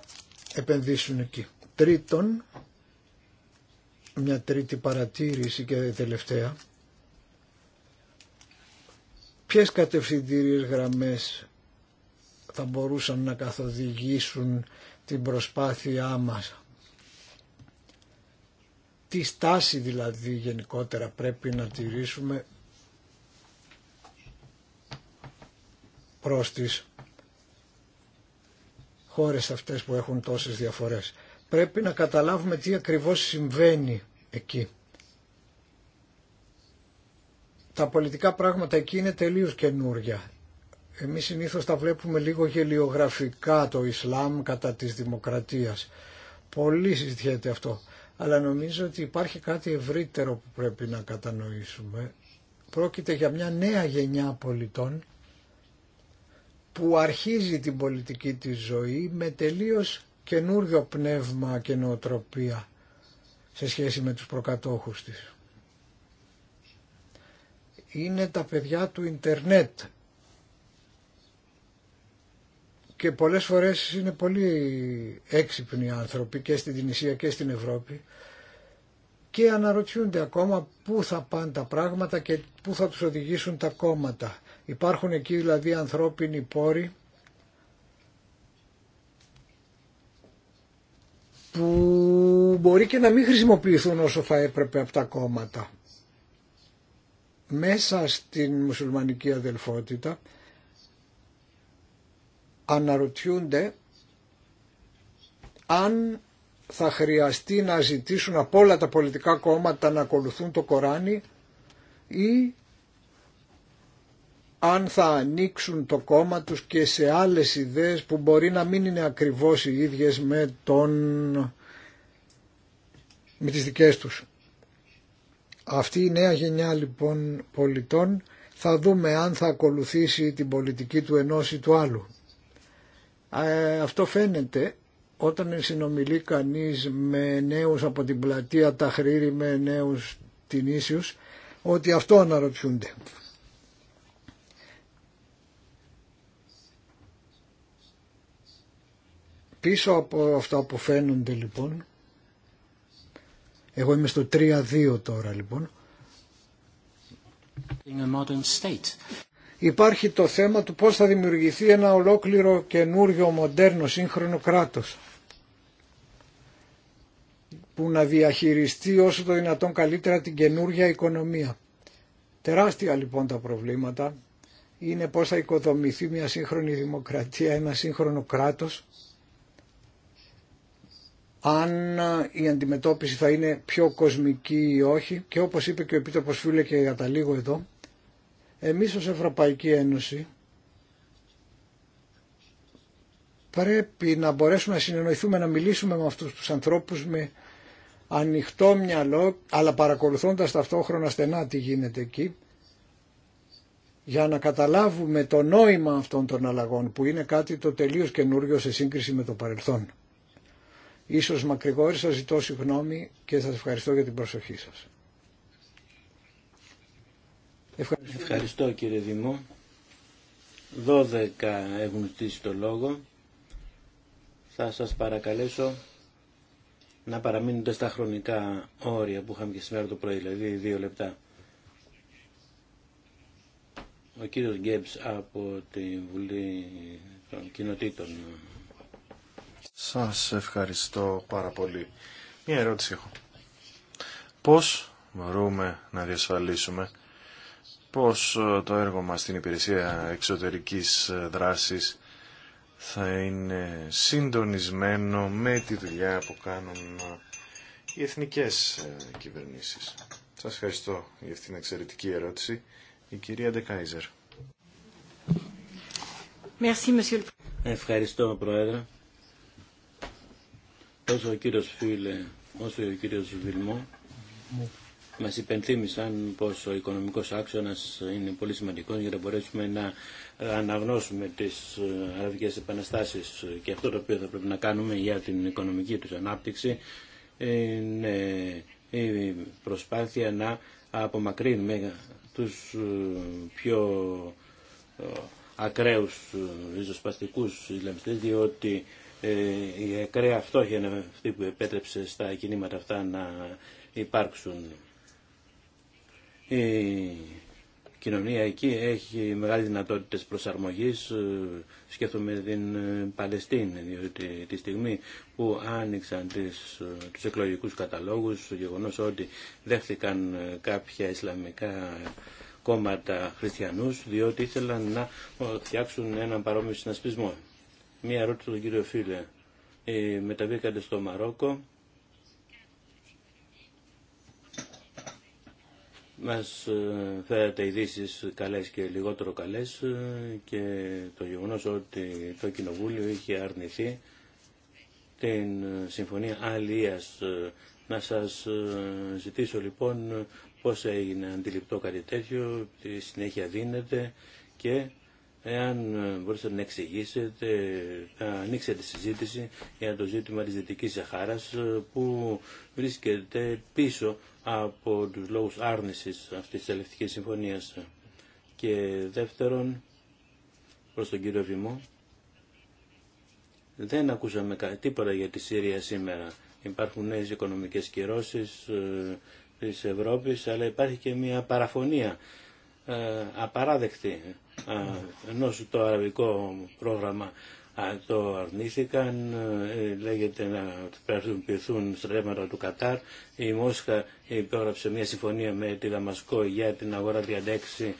επενδύσουν εκεί. Τρίτον, μια τρίτη παρατήρηση και τελευταία. Ποιες κατευθυντήριες γραμμές θα μπορούσαν να καθοδηγήσουν την προσπάθειά μας. Τι στάση δηλαδή γενικότερα πρέπει να τηρήσουμε προς τις χώρες αυτές που έχουν τόσες διαφορές. Πρέπει να καταλάβουμε τι ακριβώς συμβαίνει εκεί. Τα πολιτικά πράγματα εκεί είναι τελείως καινούρια. Εμείς συνήθως τα βλέπουμε λίγο γελιογραφικά το Ισλάμ κατά της δημοκρατίας. Πολύ συζητιέται αυτό. Αλλά νομίζω ότι υπάρχει κάτι ευρύτερο που πρέπει να κατανοήσουμε. Πρόκειται για μια νέα γενιά πολιτών που αρχίζει την πολιτική της ζωή με τελείως καινούριο πνεύμα και νοοτροπία σε σχέση με τους προκατόχους της. Είναι τα παιδιά του Ιντερνετ και πολλές φορές είναι πολύ έξυπνοι άνθρωποι και στην Ισία και στην Ευρώπη και αναρωτιούνται ακόμα πού θα πάνε τα πράγματα και πού θα τους οδηγήσουν τα κόμματα. Υπάρχουν εκεί δηλαδή ανθρώπινοι πόροι που μπορεί και να μην χρησιμοποιηθούν όσο θα έπρεπε από τα κόμματα. Μέσα στην μουσουλμανική αδελφότητα αναρωτιούνται αν θα χρειαστεί να ζητήσουν από όλα τα πολιτικά κόμματα να ακολουθούν το Κοράνι ή αν θα ανοίξουν το κόμμα τους και σε άλλες ιδέες που μπορεί να μην είναι ακριβώς οι ίδιες με, τον... με τις δικές τους. Αυτή η νέα γενιά λοιπόν πολιτών θα δούμε αν θα ακολουθήσει την πολιτική του ενός ή του άλλου. Ε, αυτό φαίνεται όταν συνομιλεί κανείς με νέους από την πλατεία Ταχρήρη, με νέους την Ίσιους, ότι αυτό αναρωτιούνται. Πίσω από αυτά που φαίνονται λοιπόν, εγώ είμαι στο 3-2 τώρα λοιπόν, υπάρχει το θέμα του πώς θα δημιουργηθεί ένα ολόκληρο καινούριο μοντέρνο σύγχρονο κράτος που να διαχειριστεί όσο το δυνατόν καλύτερα την καινούργια οικονομία. Τεράστια λοιπόν τα προβλήματα είναι πώς θα οικοδομηθεί μια σύγχρονη δημοκρατία, ένα σύγχρονο κράτος αν η αντιμετώπιση θα είναι πιο κοσμική ή όχι και όπως είπε και ο Επίτροπος Φίλε και για τα λίγο εδώ, εμείς ως Ευρωπαϊκή Ένωση πρέπει να μπορέσουμε να συνεννοηθούμε, να μιλήσουμε με αυτούς τους ανθρώπους με ανοιχτό μυαλό, αλλά παρακολουθώντας ταυτόχρονα στενά τι γίνεται εκεί, για να καταλάβουμε το νόημα αυτών των αλλαγών που είναι κάτι το τελείως καινούριο σε σύγκριση με το παρελθόν. Ίσως μακρηγόρησα, ζητώ συγγνώμη και σας ευχαριστώ για την προσοχή σας. Ευχαριστώ, ευχαριστώ κύριε Δημό. Δώδεκα έχουν στήσει το λόγο. Θα σας παρακαλέσω να παραμείνετε στα χρονικά όρια που είχαμε και σήμερα το πρωί, δηλαδή δύο λεπτά. Ο κύριος Γκέμπς από τη Βουλή των Κοινοτήτων σας ευχαριστώ πάρα πολύ. Μια ερώτηση έχω. Πώς μπορούμε να διασφαλίσουμε πώς ε, το έργο μας στην υπηρεσία εξωτερικής ε, δράσης θα είναι συντονισμένο με τη δουλειά που κάνουν ε, οι εθνικές κυβερνήσεις. Σας ευχαριστώ για αυτήν την εξαιρετική ερώτηση. Η κυρία Ντεκάιζερ. Ευχαριστώ, Πρόεδρε όσο ο κύριος Φίλε όσο ο κύριος Βιλμό μας υπενθύμησαν πως ο οικονομικός άξονας είναι πολύ σημαντικός για να μπορέσουμε να αναγνώσουμε τις ε, αραβικές επαναστάσεις και αυτό το οποίο θα πρέπει να κάνουμε για την οικονομική τους ανάπτυξη είναι η προσπάθεια να απομακρύνουμε τους ε, πιο ε, ακραίους ριζοσπαστικούς Ισλαμιστές διότι ε, η ακραία φτώχεια είναι αυτή που επέτρεψε στα κινήματα αυτά να υπάρξουν. Η κοινωνία εκεί έχει μεγάλες δυνατότητες προσαρμογής. Ε, σκέφτομαι την ε, Παλαιστίνη, διότι τη στιγμή που άνοιξαν τις, τους εκλογικούς καταλόγους, γεγονός ότι δέχθηκαν κάποια ισλαμικά κόμματα χριστιανούς, διότι ήθελαν να φτιάξουν έναν παρόμοιο συνασπισμό. Μία ερώτηση του κύριο Φίλε. Ε, μεταβήκατε στο Μαρόκο. Μας ε, φέρατε ειδήσει καλές και λιγότερο καλές ε, και το γεγονός ότι το Κοινοβούλιο είχε αρνηθεί την Συμφωνία Αλίας. Να σας ζητήσω λοιπόν πώς έγινε αντιληπτό κάτι τέτοιο, τι συνέχεια δίνεται και Εάν ε, μπορείτε να εξηγήσετε, να ανοίξετε τη συζήτηση για το ζήτημα της Δυτικής Σαχάρας ε, που βρίσκεται πίσω από τους λόγους άρνησης αυτής της ελευτικής συμφωνίας. Και δεύτερον, προς τον κύριο Βημό, δεν ακούσαμε τίποτα για τη Συρία σήμερα. Υπάρχουν νέες οικονομικές κυρώσεις ε, της Ευρώπης, αλλά υπάρχει και μια παραφωνία ε, απαράδεκτη, ε, ενώ το αραβικό πρόγραμμα το αρνήθηκαν, ε, λέγεται να πραγματοποιηθούν στρέμματα του Κατάρ. Η Μόσχα υπέγραψε μια συμφωνία με τη Δαμασκό για την αγορά 36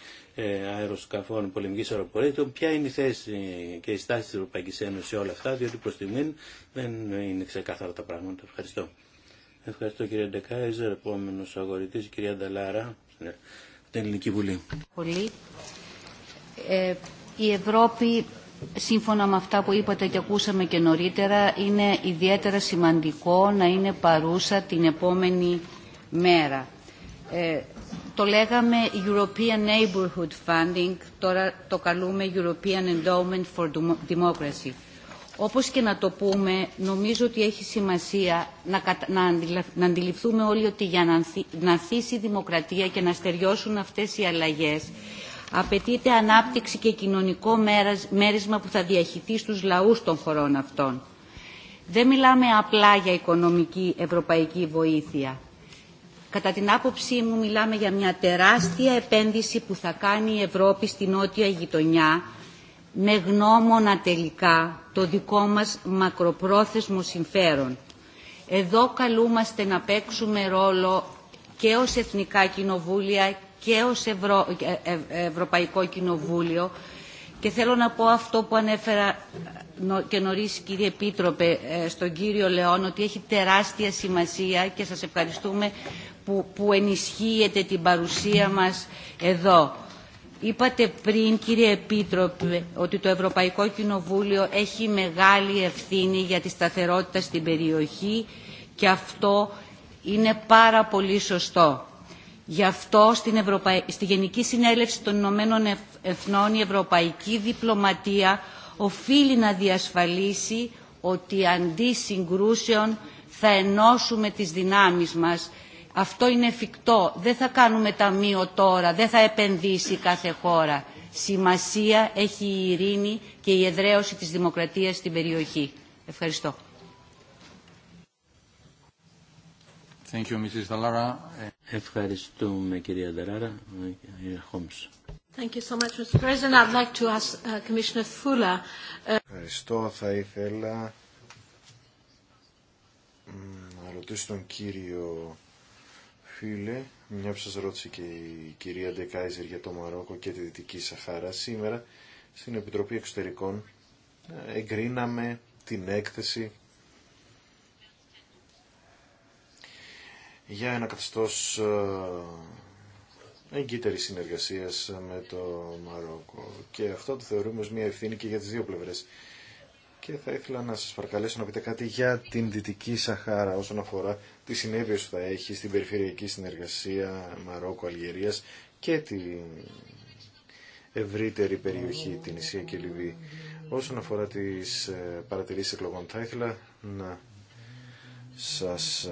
αεροσκαφών πολεμικής αεροπορίας. Ποια είναι η θέση και η στάση της Ευρωπαϊκής Ένωσης σε όλα αυτά, διότι προς μην δεν είναι ξεκάθαρα τα πράγματα. Ευχαριστώ. Ευχαριστώ κύριε Ντεκάιζερ, επόμενος αγορητής, κυρία Νταλάρα. Ναι. Πολύ. Ε, η Ευρώπη, σύμφωνα με αυτά που είπατε και ακούσαμε και νωρίτερα, είναι ιδιαίτερα σημαντικό να είναι παρούσα την επόμενη μέρα. Ε, το λέγαμε European Neighborhood Funding, τώρα το καλούμε European Endowment for Democracy. Όπως και να το πούμε, νομίζω ότι έχει σημασία να αντιληφθούμε όλοι ότι για να θύσει η δημοκρατία και να στεριώσουν αυτές οι αλλαγές απαιτείται ανάπτυξη και κοινωνικό μέρισμα που θα διαχειθεί στους λαούς των χωρών αυτών. Δεν μιλάμε απλά για οικονομική ευρωπαϊκή βοήθεια. Κατά την άποψή μου μιλάμε για μια τεράστια επένδυση που θα κάνει η Ευρώπη στη νότια γειτονιά με γνώμονα τελικά το δικό μας μακροπρόθεσμο συμφέρον. Εδώ καλούμαστε να παίξουμε ρόλο και ως Εθνικά Κοινοβούλια και ως ε, ε, Ευρωπαϊκό Κοινοβούλιο και θέλω να πω αυτό που ανέφερα ε, και νωρίς κύριε Επίτροπε στον κύριο Λεόν ότι έχει τεράστια σημασία και σας ευχαριστούμε που, που ενισχύετε την παρουσία μας εδώ. Είπατε πριν, κύριε Επίτροπε, ότι το Ευρωπαϊκό Κοινοβούλιο έχει μεγάλη ευθύνη για τη σταθερότητα στην περιοχή και αυτό είναι πάρα πολύ σωστό. Γι' αυτό στην στη Γενική Συνέλευση των Ηνωμένων Εθνών η Ευρωπαϊκή Διπλωματία οφείλει να διασφαλίσει ότι αντί συγκρούσεων θα ενώσουμε τις δυνάμεις μας αυτό είναι εφικτό, δεν θα κάνουμε ταμείο τώρα, δεν θα επενδύσει κάθε χώρα. Σημασία έχει η ειρήνη και η εδραίωση της δημοκρατίας στην περιοχή. Ευχαριστώ. Thank you, Mrs. Dallara. Ευχαριστούμε κυρία Δαράρα. Thank you so much, Mr. President. I'd like to ask uh, Commissioner Fula. Uh, Ευχαριστώ. Θα ήθελα να ρωτήσω τον κύριο φίλε, μια που σας ρώτησε και η κυρία Ντεκάιζερ για το Μαρόκο και τη Δυτική Σαχάρα, σήμερα στην Επιτροπή Εξωτερικών ε, εγκρίναμε την έκθεση για ένα καθεστώς ε, εγκύτερη συνεργασίας με το Μαρόκο. Και αυτό το θεωρούμε ως μια ευθύνη και για τις δύο πλευρές και θα ήθελα να σας παρακαλέσω να πείτε κάτι για την Δυτική Σαχάρα όσον αφορά τι συνέπειες που θα έχει στην περιφερειακή συνεργασία Μαρόκο-Αλγερίας και την ευρύτερη περιοχή, την Ισία και Λιβύη. Όσον αφορά τις ε, παρατηρήσεις εκλογών, θα ήθελα να σας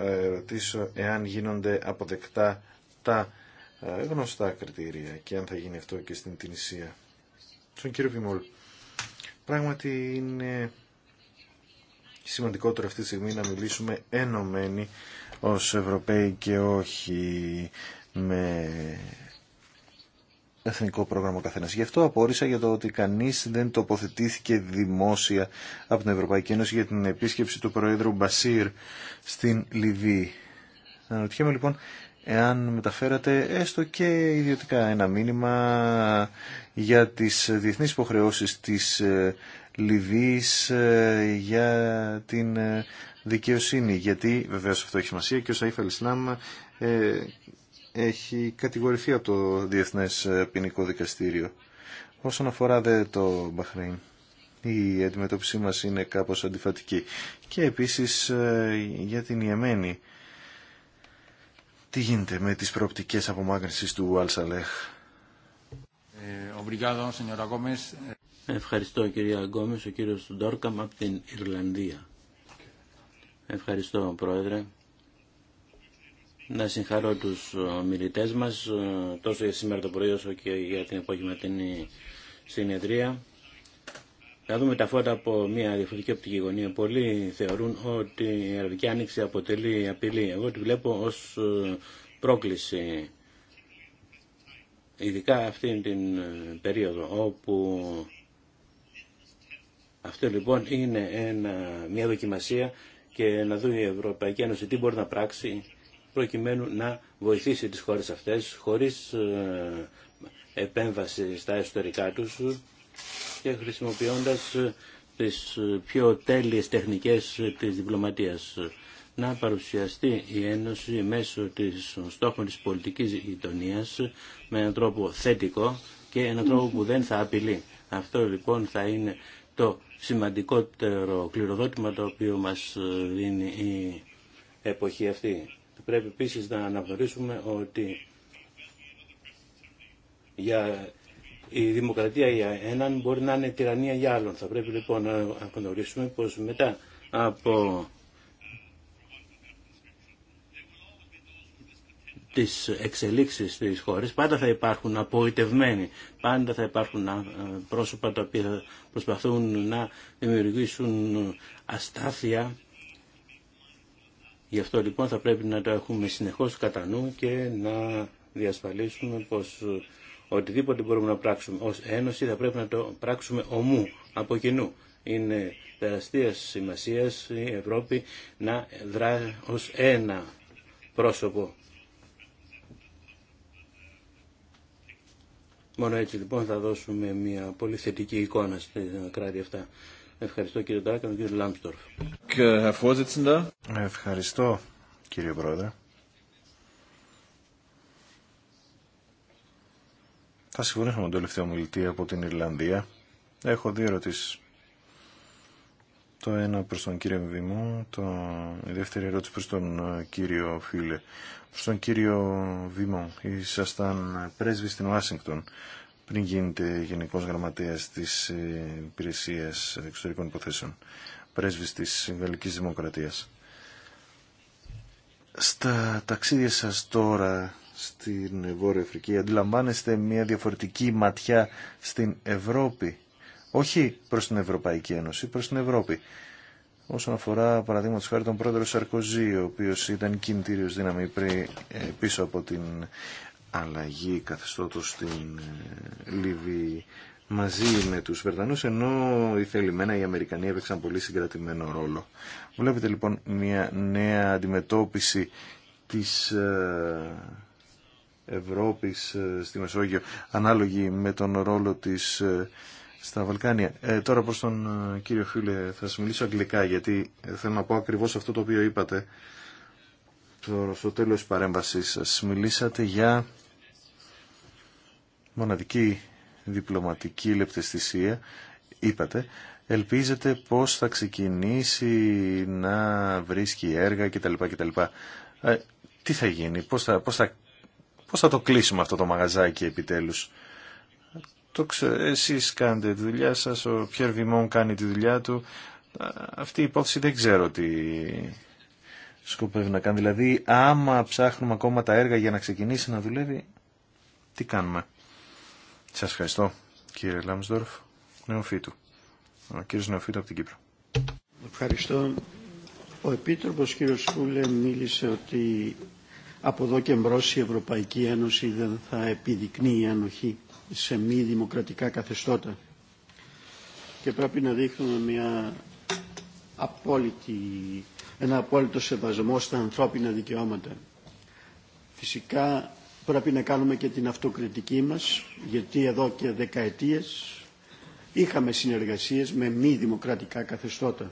ε, ρωτήσω εάν γίνονται αποδεκτά τα ε, γνωστά κριτήρια και αν θα γίνει αυτό και στην Τινησία. Στον κύριο Πιμόλ. Πράγματι είναι σημαντικότερο αυτή τη στιγμή να μιλήσουμε ενωμένοι ως Ευρωπαίοι και όχι με εθνικό πρόγραμμα καθένας. Γι' αυτό απόρρισα για το ότι κανείς δεν τοποθετήθηκε δημόσια από την Ευρωπαϊκή Ένωση για την επίσκεψη του Προέδρου Μπασίρ στην Λιβύη. Αναρωτιέμαι λοιπόν εάν μεταφέρατε έστω και ιδιωτικά ένα μήνυμα για τις διεθνείς υποχρεώσεις της ε, Λιβύης ε, για την ε, δικαιοσύνη. Γιατί βεβαίως αυτό έχει σημασία και ο Σαΐφ Αλισλάμ έχει κατηγορηθεί από το Διεθνές Ποινικό Δικαστήριο. Όσον αφορά το Μπαχρέιν, η αντιμετώπιση μας είναι κάπως αντιφατική. Και επίσης για την Ιεμένη, τι γίνεται με τις προοπτικές απομάκρυνσης του Αλσαλέχ. Ε, ε, ευχαριστώ κυρία Γκόμες, ο κύριος Ντόρκαμ από την Ιρλανδία. Ευχαριστώ πρόεδρε. Να συγχαρώ τους μιλητές μας, ε, τόσο για σήμερα το πρωί όσο και για την την συνεδρία. Θα δούμε τα φώτα από μια διαφορετική οπτική γωνία. Πολλοί θεωρούν ότι η Αραβική Άνοιξη αποτελεί απειλή. Εγώ τη βλέπω ως πρόκληση ειδικά αυτήν την ε, περίοδο όπου αυτό λοιπόν είναι ένα, μια δοκιμασία και να δούμε η Ευρωπαϊκή Ένωση τι μπορεί να πράξει προκειμένου να βοηθήσει τις χώρες αυτές χωρίς ε, επέμβαση στα εσωτερικά τους και χρησιμοποιώντας ε, τις πιο τέλειες τεχνικές της διπλωματίας να παρουσιαστεί η Ένωση μέσω των στόχων της πολιτικής γειτονία με έναν τρόπο θετικό και έναν τρόπο που δεν θα απειλεί. Αυτό λοιπόν θα είναι το σημαντικότερο κληροδότημα το οποίο μας δίνει η εποχή αυτή. Πρέπει επίσης να αναγνωρίσουμε ότι για η δημοκρατία για έναν μπορεί να είναι τυραννία για άλλον. Θα πρέπει λοιπόν να αναγνωρίσουμε πως μετά από τις εξελίξεις της χώρες, πάντα θα υπάρχουν απογοητευμένοι, πάντα θα υπάρχουν ε, πρόσωπα τα οποία προσπαθούν να δημιουργήσουν ε, αστάθεια. Γι' αυτό λοιπόν θα πρέπει να το έχουμε συνεχώς κατά νου και να διασφαλίσουμε πως ε, οτιδήποτε μπορούμε να πράξουμε ως Ένωση θα πρέπει να το πράξουμε ομού, από κοινού. Είναι τεραστίας σημασίας η Ευρώπη να δρά ως ένα πρόσωπο Μόνο έτσι λοιπόν θα δώσουμε μια πολύ θετική εικόνα στην κράτη αυτά. Ευχαριστώ κύριε Τάκα, κύριο Λάμπστορφ. Ε, Ευχαριστώ κύριε Πρόεδρε. Θα συμφωνήσω με τον τελευταίο μιλητή από την Ιρλανδία. Έχω δύο ερωτήσει. Το ένα προς τον κύριο Βήμο, το... η δεύτερη ερώτηση προς τον ε, κύριο Φίλε. Προς τον κύριο Βήμο, ήσασταν πρέσβη στην Ουάσιγκτον πριν γίνετε Γενικός Γραμματέας της ε, Υπηρεσίας Εξωτερικών Υποθέσεων, πρέσβης της Γαλλικής Δημοκρατίας. Στα ταξίδια σας τώρα στην Βόρεια Αφρική αντιλαμβάνεστε μια διαφορετική ματιά στην Ευρώπη όχι προς την Ευρωπαϊκή Ένωση, προς την Ευρώπη. Όσον αφορά, παραδείγματο χάρη, τον πρόεδρο Σαρκοζή, ο οποίο ήταν κινητήριο δύναμη πριν, ε, πίσω από την αλλαγή καθεστώτο στην ε, Λίβη μαζί με τους Βρετανού, ενώ οι θελημένα οι Αμερικανοί έπαιξαν πολύ συγκρατημένο ρόλο. Βλέπετε λοιπόν μια νέα αντιμετώπιση τη ε, Ευρώπης στη Μεσόγειο ανάλογη με τον ρόλο της στα Βαλκάνια. Ε, τώρα προς τον ε, κύριο Φίλε θα σας μιλήσω αγγλικά γιατί ε, θέλω να πω ακριβώς αυτό το οποίο είπατε στο τέλος της παρέμβασής σας. Μιλήσατε για μοναδική διπλωματική λεπτεστησία, είπατε, ελπίζετε πώς θα ξεκινήσει να βρίσκει έργα κτλ. κτλ. Ε, τι θα γίνει, πώς θα, πώς, θα, πώς θα το κλείσουμε αυτό το μαγαζάκι επιτέλους. Το Εσείς κάνετε τη δουλειά σας, ο Πιέρ Βιμόν κάνει τη δουλειά του. Αυτή η υπόθεση δεν ξέρω τι σκοπεύει να κάνει. Δηλαδή, άμα ψάχνουμε ακόμα τα έργα για να ξεκινήσει να δουλεύει, τι κάνουμε. Σας ευχαριστώ, κύριε Λάμσδορφ, νεοφύτου. Ο κύριος Νεοφύτου από την Κύπρο. Ευχαριστώ. Ο Επίτροπος κύριος Φούλε μίλησε ότι από εδώ και μπρος η Ευρωπαϊκή Ένωση δεν θα επιδεικνύει ανοχή σε μη δημοκρατικά καθεστώτα. Και πρέπει να δείχνουμε μια απόλυτη, ένα απόλυτο σεβασμό στα ανθρώπινα δικαιώματα. Φυσικά πρέπει να κάνουμε και την αυτοκριτική μας, γιατί εδώ και δεκαετίες είχαμε συνεργασίες με μη δημοκρατικά καθεστώτα.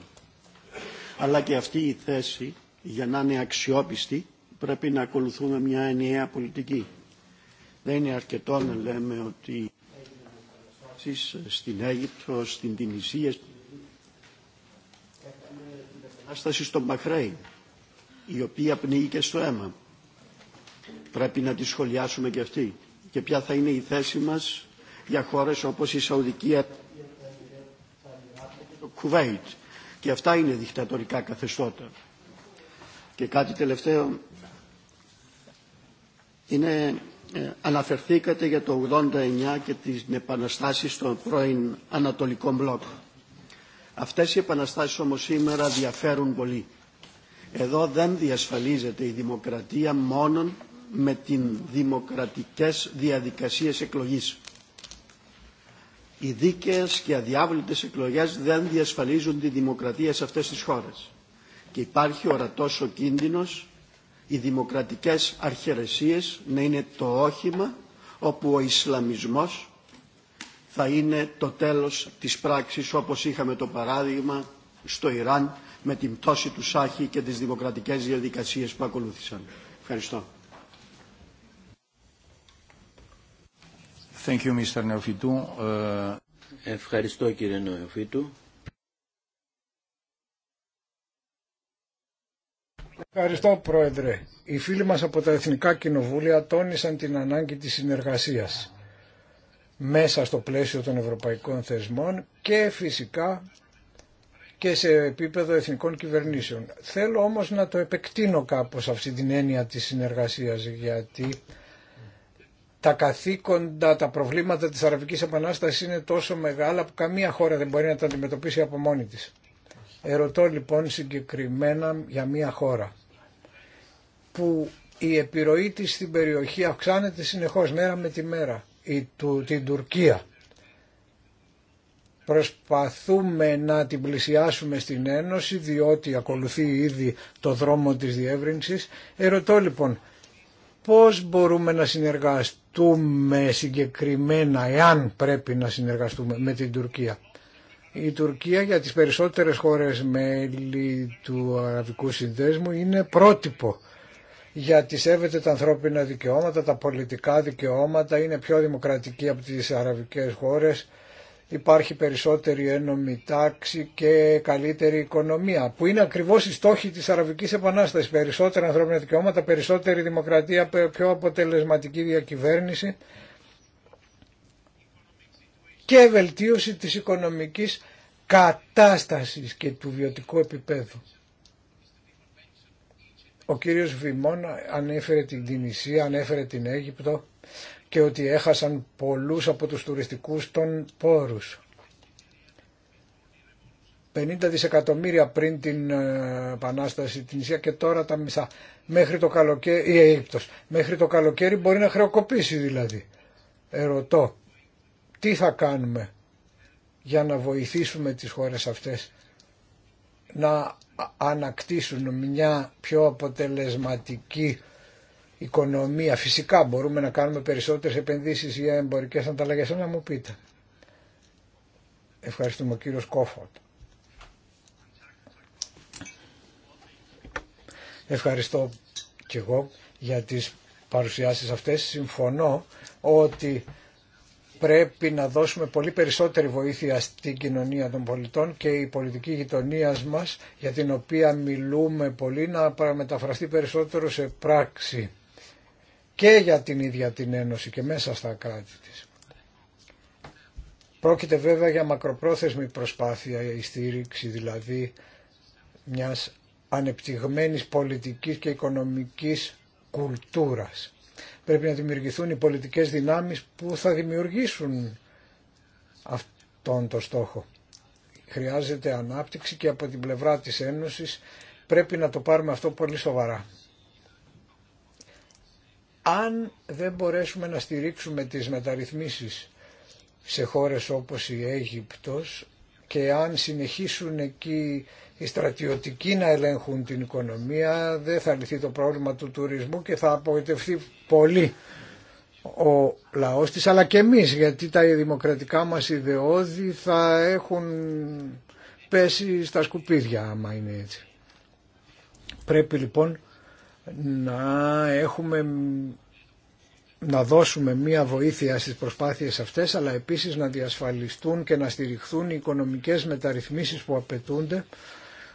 Αλλά και αυτή η θέση, για να είναι αξιόπιστη, πρέπει να ακολουθούμε μια ενιαία πολιτική. Δεν είναι αρκετό να λέμε ότι στην Αίγυπτο, στην Τινησία, άσταση στον Μπαχρέιν, η οποία πνίγηκε στο αίμα. Πρέπει να τη σχολιάσουμε και αυτή. Και ποια θα είναι η θέση μας για χώρες όπως η Σαουδική το Κουβέιτ. Και αυτά είναι δικτατορικά καθεστώτα. Και κάτι τελευταίο είναι ε, αναφερθήκατε για το 89 και τις επαναστάσεις στον πρώην Ανατολικών Μπλοκ. Αυτές οι επαναστάσεις όμως σήμερα διαφέρουν πολύ. Εδώ δεν διασφαλίζεται η δημοκρατία μόνο με την δημοκρατικές διαδικασίες εκλογής. Οι δίκαιες και αδιάβλητες εκλογές δεν διασφαλίζουν τη δημοκρατία σε αυτές τις χώρες. Και υπάρχει ορατός ο κίνδυνος οι δημοκρατικές αρχαιρεσίες να είναι το όχημα όπου ο Ισλαμισμός θα είναι το τέλος της πράξης όπως είχαμε το παράδειγμα στο Ιράν με την πτώση του Σάχη και τις δημοκρατικές διαδικασίες που ακολούθησαν. Ευχαριστώ. Thank you, Mr. Ε, Ευχαριστώ κύριε Νεοφίτου. Ευχαριστώ Πρόεδρε. Οι φίλοι μας από τα Εθνικά Κοινοβούλια τόνισαν την ανάγκη της συνεργασίας μέσα στο πλαίσιο των ευρωπαϊκών θεσμών και φυσικά και σε επίπεδο εθνικών κυβερνήσεων. Θέλω όμως να το επεκτείνω κάπως αυτή την έννοια της συνεργασίας γιατί τα καθήκοντα, τα προβλήματα της Αραβικής Επανάστασης είναι τόσο μεγάλα που καμία χώρα δεν μπορεί να τα αντιμετωπίσει από μόνη της. Ερωτώ λοιπόν συγκεκριμένα για μια χώρα που η επιρροή της στην περιοχή αυξάνεται συνεχώς μέρα με τη μέρα, η, του, την Τουρκία. Προσπαθούμε να την πλησιάσουμε στην Ένωση διότι ακολουθεί ήδη το δρόμο της διεύρυνσης. Ερωτώ λοιπόν πώς μπορούμε να συνεργαστούμε συγκεκριμένα, εάν πρέπει να συνεργαστούμε με την Τουρκία. Η Τουρκία για τις περισσότερες χώρες μέλη του Αραβικού Συνδέσμου είναι πρότυπο γιατί σέβεται τα ανθρώπινα δικαιώματα, τα πολιτικά δικαιώματα, είναι πιο δημοκρατική από τις αραβικές χώρες, υπάρχει περισσότερη ένωμη τάξη και καλύτερη οικονομία, που είναι ακριβώς η στόχη της Αραβικής Επανάστασης, περισσότερα ανθρώπινα δικαιώματα, περισσότερη δημοκρατία, πιο αποτελεσματική διακυβέρνηση και βελτίωση της οικονομικής κατάστασης και του βιωτικού επίπεδου. Ο κύριος Βημών ανέφερε την Τινησία, ανέφερε την Αίγυπτο και ότι έχασαν πολλούς από τους τουριστικούς των πόρους. 50 δισεκατομμύρια πριν την ε, πανάσταση, την Ισία και τώρα τα μισά. Μέχρι το καλοκαίρι, η Αίγυπτος, μέχρι το καλοκαίρι μπορεί να χρεοκοπήσει δηλαδή. Ερωτώ, τι θα κάνουμε για να βοηθήσουμε τις χώρες αυτές να ανακτήσουν μια πιο αποτελεσματική οικονομία. Φυσικά μπορούμε να κάνουμε περισσότερες επενδύσεις για εμπορικές ανταλλαγές. Να μου πείτε. Ευχαριστούμε κύριο Κόφωτ. Ευχαριστώ και εγώ για τις παρουσιάσεις αυτές. Συμφωνώ ότι πρέπει να δώσουμε πολύ περισσότερη βοήθεια στην κοινωνία των πολιτών και η πολιτική γειτονία μας για την οποία μιλούμε πολύ να παραμεταφραστεί περισσότερο σε πράξη και για την ίδια την Ένωση και μέσα στα κράτη της. Πρόκειται βέβαια για μακροπρόθεσμη προσπάθεια η στήριξη δηλαδή μιας ανεπτυγμένης πολιτικής και οικονομικής κουλτούρας Πρέπει να δημιουργηθούν οι πολιτικές δυνάμεις που θα δημιουργήσουν αυτόν τον στόχο. Χρειάζεται ανάπτυξη και από την πλευρά της Ένωσης πρέπει να το πάρουμε αυτό πολύ σοβαρά. Αν δεν μπορέσουμε να στηρίξουμε τις μεταρρυθμίσεις σε χώρες όπως η Αίγυπτος, και αν συνεχίσουν εκεί οι στρατιωτικοί να ελέγχουν την οικονομία δεν θα λυθεί το πρόβλημα του τουρισμού και θα απογοητευτεί πολύ ο λαός της αλλά και εμείς γιατί τα δημοκρατικά μας ιδεώδη θα έχουν πέσει στα σκουπίδια άμα είναι έτσι. Πρέπει λοιπόν να έχουμε να δώσουμε μία βοήθεια στις προσπάθειες αυτές, αλλά επίσης να διασφαλιστούν και να στηριχθούν οι οικονομικές μεταρρυθμίσεις που απαιτούνται,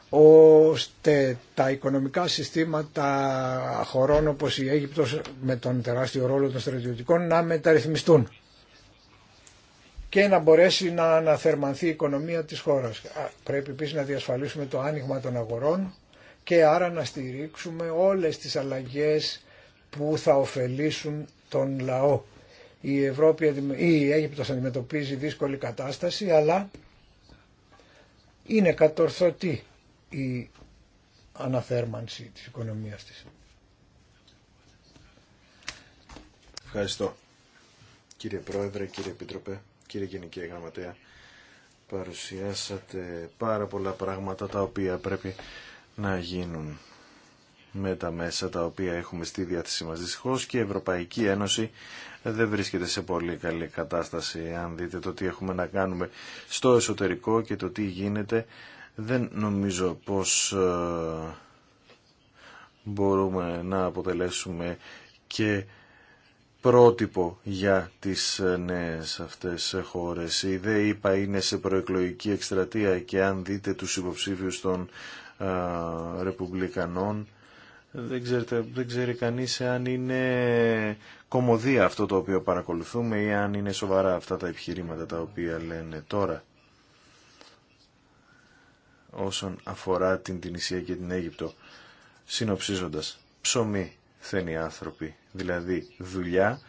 ώστε τα οικονομικά συστήματα χωρών όπως η Αίγυπτος με τον τεράστιο ρόλο των στρατιωτικών να μεταρρυθμιστούν και να μπορέσει να αναθερμανθεί η οικονομία της χώρας. Πρέπει επίσης να διασφαλίσουμε το άνοιγμα των αγορών και άρα να στηρίξουμε όλες τις αλλαγές που θα ωφελήσουν τον λαό. Η, Ευρώπη, η Αίγυπτος αντιμετωπίζει δύσκολη κατάσταση αλλά είναι κατορθωτή η αναθέρμανση της οικονομίας της. Ευχαριστώ. Κύριε Πρόεδρε, κύριε Επίτροπε, κύριε Γενική Γραμματέα, παρουσιάσατε πάρα πολλά πράγματα τα οποία πρέπει να γίνουν με τα μέσα τα οποία έχουμε στη διάθεσή μας. Δυστυχώς και η Ευρωπαϊκή Ένωση δεν βρίσκεται σε πολύ καλή κατάσταση. Αν δείτε το τι έχουμε να κάνουμε στο εσωτερικό και το τι γίνεται, δεν νομίζω πως ε, μπορούμε να αποτελέσουμε και πρότυπο για τις ε, νέες αυτές χώρες. Η ΔΕ είπα είναι σε προεκλογική εκστρατεία και αν δείτε τους υποψήφιους των ε, Ρεπουμπλικανών δεν, ξέρετε, δεν ξέρει κανείς αν είναι κομμωδία αυτό το οποίο παρακολουθούμε ή αν είναι σοβαρά αυτά τα επιχειρήματα τα οποία λένε τώρα όσον αφορά την Τινησία και την Αίγυπτο. Συνοψίζοντας, ψωμί θένει άνθρωποι, δηλαδή δουλειά,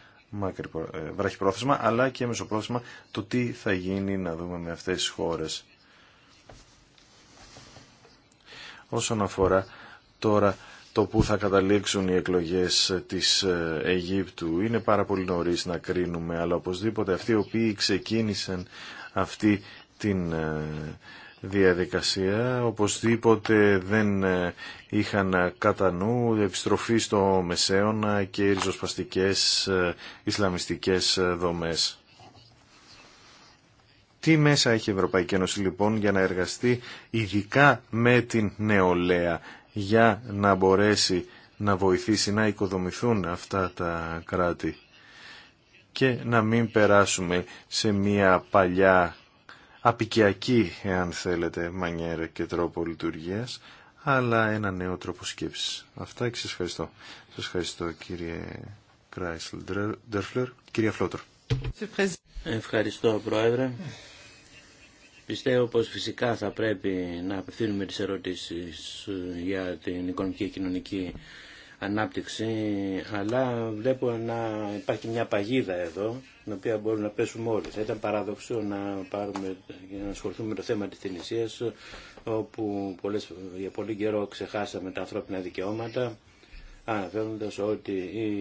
ε, βραχυπρόθεσμα, αλλά και μεσοπρόθεσμα το τι θα γίνει να δούμε με αυτές τις χώρες. Όσον αφορά τώρα το που θα καταλήξουν οι εκλογές της ε, Αιγύπτου. Είναι πάρα πολύ νωρίς να κρίνουμε, αλλά οπωσδήποτε αυτοί οι οποίοι ξεκίνησαν αυτή την ε, διαδικασία, οπωσδήποτε δεν ε, είχαν κατά νου επιστροφή στο Μεσαίωνα και ριζοσπαστικές ισλαμιστικές δομές. Τι μέσα έχει η Ευρωπαϊκή Ένωση λοιπόν για να εργαστεί ειδικά με την νεολαία για να μπορέσει να βοηθήσει να οικοδομηθούν αυτά τα κράτη και να μην περάσουμε σε μια παλιά απικιακή, εάν θέλετε, μανιέρα και τρόπο λειτουργίας, αλλά ένα νέο τρόπο σκέψης. Αυτά και σας ευχαριστώ. Σας ευχαριστώ κύριε Κράισλ Ντέρφλερ. Κυρία Φλότρο. Ευχαριστώ Πρόεδρε. Πιστεύω πως φυσικά θα πρέπει να απευθύνουμε τις ερωτήσεις ε, για την οικονομική και κοινωνική ανάπτυξη, αλλά βλέπω να υπάρχει μια παγίδα εδώ, την οποία μπορούμε να πέσουμε όλοι. Θα ήταν παράδοξο να, πάρουμε, να ασχοληθούμε με το θέμα της θυνησίας, όπου πολλές, για πολύ καιρό ξεχάσαμε τα ανθρώπινα δικαιώματα, αναφέροντας ότι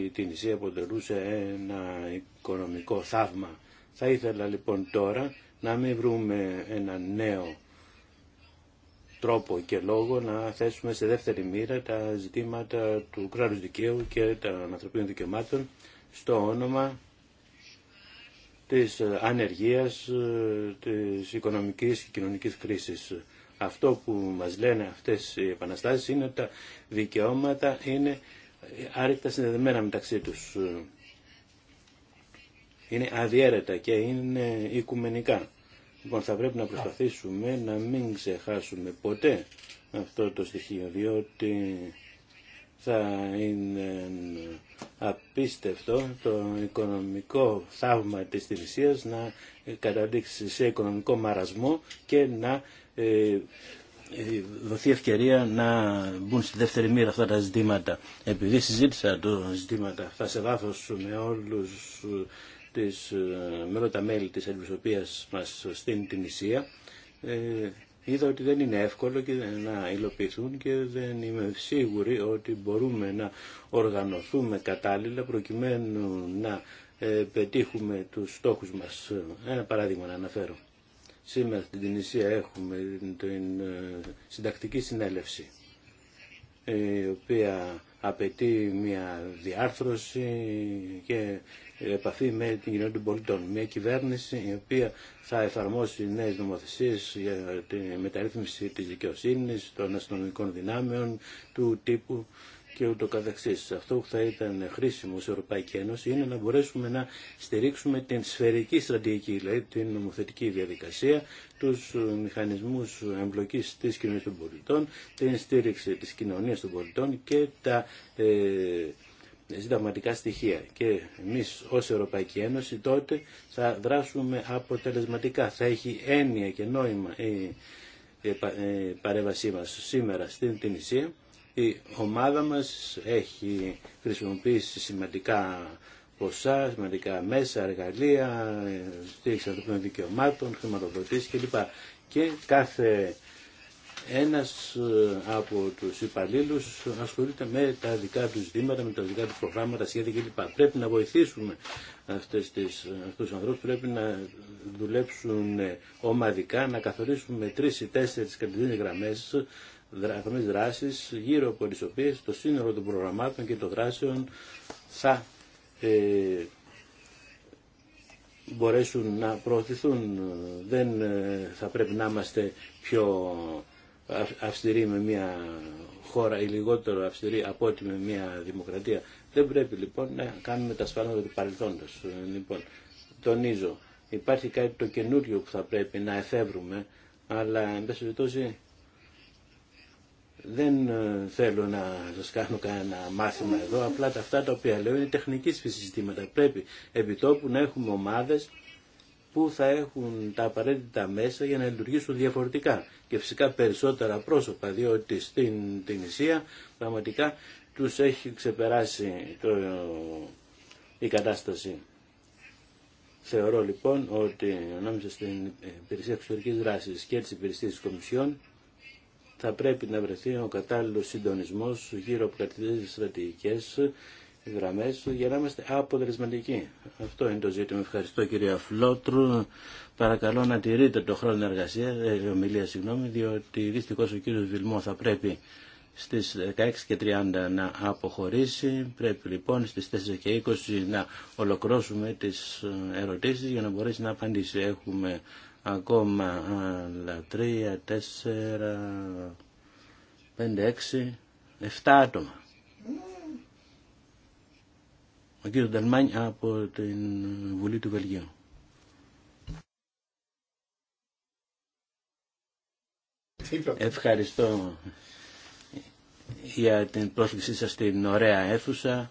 η Τινησία αποτελούσε ένα οικονομικό θαύμα. Θα ήθελα λοιπόν τώρα να μην βρούμε ένα νέο τρόπο και λόγο να θέσουμε σε δεύτερη μοίρα τα ζητήματα του κράτους δικαίου και των ανθρωπίνων δικαιωμάτων στο όνομα της ανεργίας, της οικονομικής και κοινωνικής κρίσης. Αυτό που μας λένε αυτές οι επαναστάσεις είναι ότι τα δικαιώματα είναι άρρηκτα συνδεδεμένα μεταξύ τους είναι αδιέρετα και είναι οικουμενικά. Λοιπόν, θα πρέπει να προσπαθήσουμε να μην ξεχάσουμε ποτέ αυτό το στοιχείο, διότι θα είναι απίστευτο το οικονομικό θαύμα της θυσίας να καταδείξει σε οικονομικό μαρασμό και να ε, ε, δοθεί ευκαιρία να μπουν στη δεύτερη μοίρα αυτά τα ζητήματα. Επειδή συζήτησα το ζητήματα θα σε βάθος με όλους ε, με όλα τα μέλη της αντιπροσωπείας μας στην Την ε, είδα ότι δεν είναι εύκολο και να υλοποιηθούν και δεν είμαι σίγουρη ότι μπορούμε να οργανωθούμε κατάλληλα προκειμένου να ε, πετύχουμε τους στόχους μας. Ε, ένα παράδειγμα να αναφέρω. Σήμερα στην Ισία έχουμε την συντακτική συνέλευση ε, η οποία απαιτεί μια διάρθρωση και επαφή με την κοινωνία των πολιτών. Μια κυβέρνηση η οποία θα εφαρμόσει νέες νομοθεσίες για τη μεταρρύθμιση της δικαιοσύνης, των αστυνομικών δυνάμεων, του τύπου και ούτω καθεξής. Αυτό που θα ήταν χρήσιμο σε Ευρωπαϊκή Ένωση είναι να μπορέσουμε να στηρίξουμε την σφαιρική στρατηγική, δηλαδή την νομοθετική διαδικασία, τους μηχανισμούς εμπλοκής της κοινωνίας των πολιτών, την στήριξη της κοινωνίας των πολιτών και τα ε, συνταγματικά στοιχεία. Και εμείς ως Ευρωπαϊκή Ένωση τότε θα δράσουμε αποτελεσματικά. Θα έχει έννοια και νόημα η ε, ε, παρέμβασή μας σήμερα στην Τινησία η ομάδα μας έχει χρησιμοποιήσει σημαντικά ποσά, σημαντικά μέσα, εργαλεία, στήριξη ανθρωπίνων δικαιωμάτων, χρηματοδοτήσει κλπ. Και κάθε ένας ε, από τους υπαλλήλου ασχολείται με τα δικά του δήματα, με τα δικά του προγράμματα, σχέδια κλπ. Πρέπει να βοηθήσουμε αυτές τις, αυτούς τους ανθρώπους, πρέπει να δουλέψουν ομαδικά, να καθορίσουμε τρεις ή τέσσερις κατηδίνες γραμμές δράσει γύρω από τι οποίε το σύνολο των προγραμμάτων και των δράσεων θα ε, μπορέσουν να προωθηθούν. Δεν ε, θα πρέπει να είμαστε πιο αυστηροί με μια χώρα ή λιγότερο αυστηροί από ότι με μια δημοκρατία. Δεν πρέπει λοιπόν να κάνουμε τα σφάλματα του παρελθόντος. Ε, λοιπόν, τονίζω, υπάρχει κάτι το καινούριο που θα πρέπει να εφεύρουμε, αλλά εν πάση δεν ε, θέλω να σας κάνω κανένα μάθημα εδώ, απλά τα αυτά τα οποία λέω είναι τεχνικής συστήματα. Πρέπει επί να έχουμε ομάδες που θα έχουν τα απαραίτητα μέσα για να λειτουργήσουν διαφορετικά και φυσικά περισσότερα πρόσωπα διότι στην Ισία πραγματικά τους έχει ξεπεράσει το, η κατάσταση. Θεωρώ λοιπόν ότι ανάμεσα στην υπηρεσία εξωτερική δράση και τι υπηρεσίε τη Κομισιόν θα πρέπει να βρεθεί ο κατάλληλος συντονισμός γύρω από κρατικές στρατηγικές γραμμές για να είμαστε αποτελεσματικοί. Αυτό είναι το ζήτημα. Ευχαριστώ κυρία Φλότρου. Παρακαλώ να τηρείτε το χρόνο εργασία, ε, ομιλία συγγνώμη, διότι δυστυχώς ο κύριος Βιλμό θα πρέπει στις 16.30 να αποχωρήσει. Πρέπει λοιπόν στις 4.20 να ολοκληρώσουμε τις ε, ερωτήσεις για να μπορέσει να απαντήσει. Έχουμε ακόμα άλλα τρία, τέσσερα, πέντε, έξι, εφτά άτομα. Ο κύριος Νταλμάνι από την Βουλή του Βελγίου. Ευχαριστώ για την πρόσκλησή σας στην ωραία αίθουσα.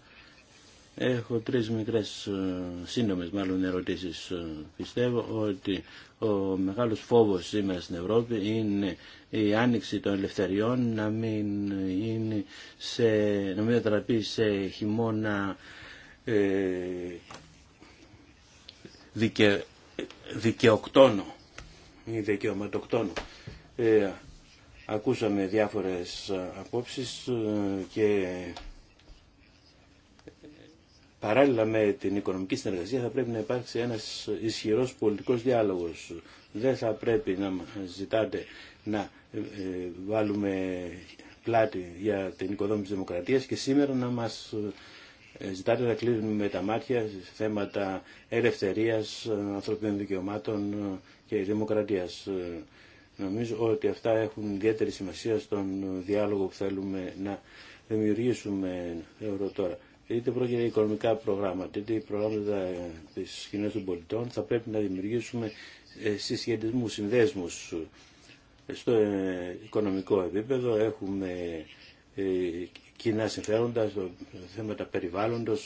Έχω τρεις μικρές ε, σύντομες μάλλον ερωτήσεις. Ε, πιστεύω ότι ο μεγάλος φόβος σήμερα στην Ευρώπη είναι η άνοιξη των ελευθεριών να μην, είναι σε, να μην μετατραπεί σε χειμώνα ε, δικαι, δικαιοκτόνο ή δικαιωματοκτόνο. Ε, ακούσαμε διάφορες απόψεις και Παράλληλα με την οικονομική συνεργασία θα πρέπει να υπάρξει ένας ισχυρός πολιτικός διάλογος. Δεν θα πρέπει να ζητάτε να ε, ε, βάλουμε πλάτη για την οικοδόμηση της δημοκρατίας και σήμερα να μας ε, ζητάτε να κλείνουμε τα μάτια σε θέματα ελευθερίας, ανθρωπίνων δικαιωμάτων και δημοκρατίας. Νομίζω ότι αυτά έχουν ιδιαίτερη σημασία στον διάλογο που θέλουμε να δημιουργήσουμε, τώρα είτε πρόκειται για οικονομικά προγράμματα, είτε προγράμματα τη κοινωνία των πολιτών, θα πρέπει να δημιουργήσουμε ε, συσχετισμού, συνδέσμους ε, στο ε, οικονομικό επίπεδο. Έχουμε κοινά συμφέροντα, θέματα περιβάλλοντο,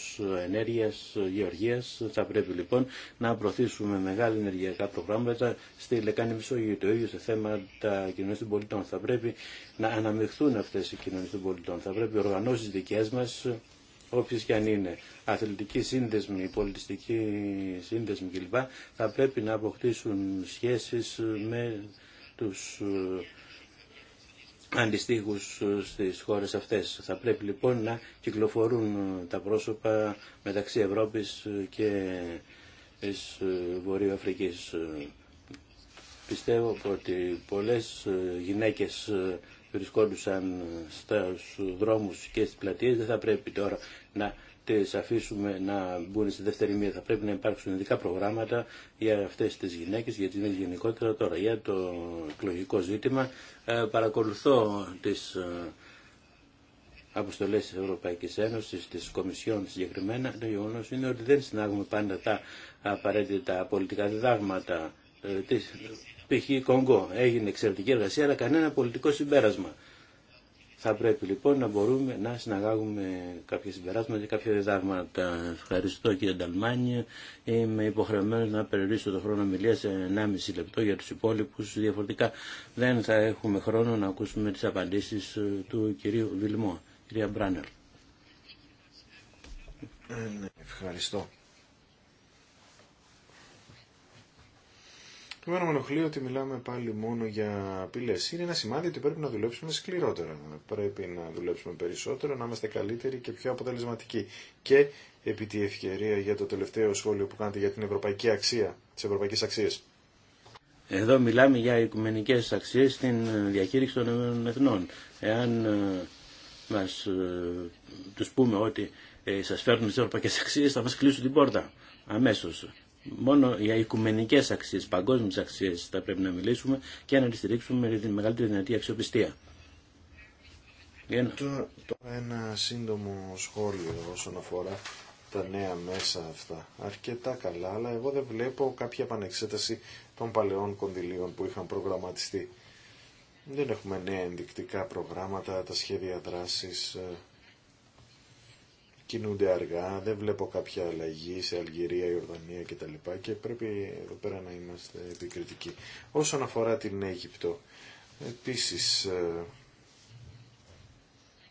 ενέργεια, γεωργία. Θα πρέπει λοιπόν να προωθήσουμε μεγάλα ενεργειακά προγράμματα στη Λεκάνη και το ίδιο σε θέματα κοινωνία των πολιτών. Θα πρέπει να αναμειχθούν αυτέ οι κοινωνίε των πολιτών. Θα πρέπει οργανώσει δικέ μα όποιος και αν είναι, αθλητικοί σύνδεσμοι, πολιτιστικοί σύνδεσμοι κλπ. θα πρέπει να αποκτήσουν σχέσεις με τους ε, αντιστοίχους ε, στις χώρες αυτές. Θα πρέπει λοιπόν να κυκλοφορούν τα πρόσωπα μεταξύ Ευρώπης και της ε, Βορείου Αφρικής. Πιστεύω ότι πολλές γυναίκες βρισκόντουσαν στους δρόμους και στις πλατείες δεν θα πρέπει τώρα να τις αφήσουμε να μπουν στη δεύτερη μία. Θα πρέπει να υπάρξουν ειδικά προγράμματα για αυτές τις γυναίκες, για είναι γυναίκες γενικότερα τώρα, για το εκλογικό ζήτημα. Ε, παρακολουθώ τις ε, αποστολέ τη Ευρωπαϊκή Ένωση, τη Κομισιόν συγκεκριμένα, το γεγονό είναι ότι δεν συνάγουμε πάντα τα απαραίτητα πολιτικά διδάγματα. Ε, π.χ. Κονγκό. Έγινε εξαιρετική εργασία, αλλά κανένα πολιτικό συμπέρασμα. Θα πρέπει λοιπόν να μπορούμε να συναγάγουμε κάποια συμπεράσματα και κάποια διδάγματα. Ευχαριστώ κύριε Νταλμάνι. Είμαι υποχρεωμένος να περιορίσω το χρόνο μιλία σε 1,5 λεπτό για τους υπόλοιπους. Διαφορετικά δεν θα έχουμε χρόνο να ακούσουμε τις απαντήσεις ε, του κυρίου Βιλμό. Κυρία Μπράνερ. Ε, ναι. Ευχαριστώ Και εμένα με ενοχλεί ότι μιλάμε πάλι μόνο για απειλέ. Είναι ένα σημάδι ότι πρέπει να δουλέψουμε σκληρότερα. Πρέπει να δουλέψουμε περισσότερο, να είμαστε καλύτεροι και πιο αποτελεσματικοί. Και επί τη ευκαιρία για το τελευταίο σχόλιο που κάνετε για την ευρωπαϊκή αξία, τι ευρωπαϊκέ αξίε. Εδώ μιλάμε για οικουμενικέ αξίε στην διακήρυξη των Εθνών. Εάν ε, μας, ε, πούμε ότι ε, σα φέρνουν τι ευρωπαϊκές αξίες θα μα κλείσουν την πόρτα Αμέσω μόνο για οικουμενικέ αξίε, παγκόσμιες αξίε θα πρέπει να μιλήσουμε και να τη στηρίξουμε με τη μεγαλύτερη δυνατή αξιοπιστία. ένα σύντομο σχόλιο όσον αφορά τα νέα μέσα αυτά. Αρκετά καλά, αλλά εγώ δεν βλέπω κάποια επανεξέταση των παλαιών κονδυλίων που είχαν προγραμματιστεί. Δεν έχουμε νέα ενδεικτικά προγράμματα, τα σχέδια δράσης ε, κινούνται αργά, δεν βλέπω κάποια αλλαγή σε Αλγερία, Ιορδανία κτλ. Και πρέπει εδώ πέρα να είμαστε επικριτικοί. Όσον αφορά την Αίγυπτο, επίσης ε,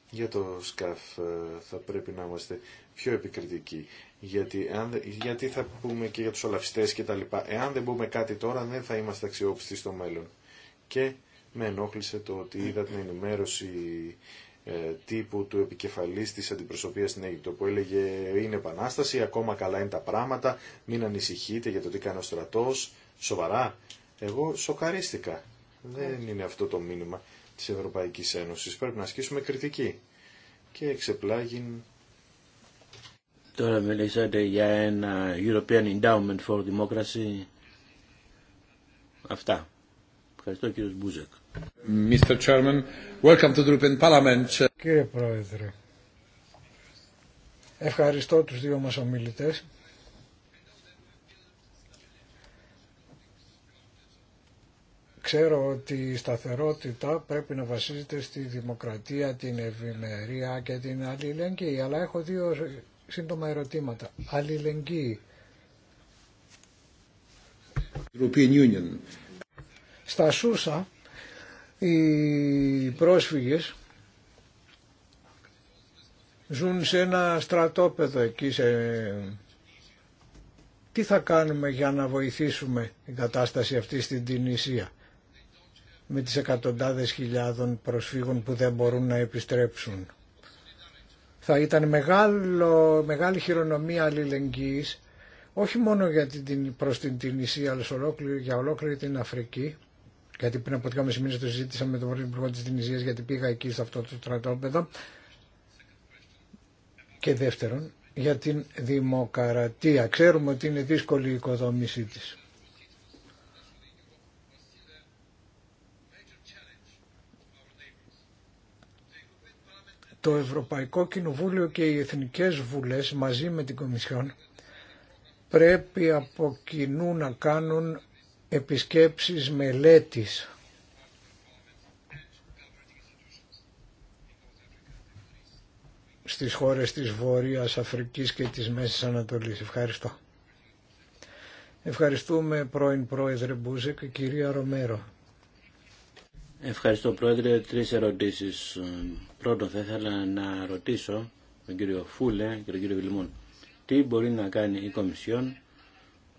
για το ΣΚΑΦ ε, θα πρέπει να είμαστε πιο επικριτικοί. Γιατί, αν, γιατί θα πούμε και για τους ολαυστές και τα λοιπά. Εάν δεν πούμε κάτι τώρα δεν θα είμαστε αξιόπιστοι στο μέλλον. Και με ενόχλησε το ότι είδα την ενημέρωση ε, τύπου του επικεφαλής της αντιπροσωπείας στην Αίγυπτο που έλεγε είναι επανάσταση, ακόμα καλά είναι τα πράγματα, μην ανησυχείτε για το τι κάνει ο στρατός, σοβαρά. Εγώ σοκαρίστηκα. Δεν ναι. είναι αυτό το μήνυμα της Ευρωπαϊκής Ένωσης. Πρέπει να ασκήσουμε κριτική. Και εξεπλάγει... Τώρα μιλήσατε για ένα European Endowment for Democracy. Αυτά. Ευχαριστώ κύριο Μπούζεκ. Mr. Chairman, welcome to the European Parliament. Κύριε Πρόεδρε, ευχαριστώ τους δύο μας ομιλητές. Ξέρω ότι η σταθερότητα πρέπει να βασίζεται στη δημοκρατία, την ευημερία και την αλληλεγγύη, αλλά έχω δύο σύντομα ερωτήματα. Αλληλεγγύη. European Union. Στα Σούσα οι πρόσφυγες ζουν σε ένα στρατόπεδο εκεί σε... Τι θα κάνουμε για να βοηθήσουμε την κατάσταση αυτή στην Τινησία με τις εκατοντάδες χιλιάδων προσφύγων που δεν μπορούν να επιστρέψουν. Θα ήταν μεγάλο, μεγάλη χειρονομία αλληλεγγύης όχι μόνο για την, προς την Τινησία αλλά για ολόκληρη την Αφρική γιατί πριν από μισή μήνε το συζήτησα με τον Βόρειο Υπουργό της Δημιουργία, γιατί πήγα εκεί σε αυτό το στρατόπεδο και δεύτερον για την δημοκρατία. Ξέρουμε ότι είναι δύσκολη η οικοδόμησή της. Το Ευρωπαϊκό Κοινοβούλιο και οι Εθνικές Βουλές μαζί με την Κομισιόν πρέπει από κοινού να κάνουν επισκέψεις μελέτης στις χώρες της Βόρειας Αφρικής και της Μέσης Ανατολής. Ευχαριστώ. Ευχαριστούμε πρώην πρόεδρε Μπούζε και κυρία Ρομέρο. Ευχαριστώ πρόεδρε. Τρεις ερωτήσεις. Πρώτον θα ήθελα να ρωτήσω τον κύριο Φούλε και τον κύριο Βιλμούν τι μπορεί να κάνει η Κομισιόν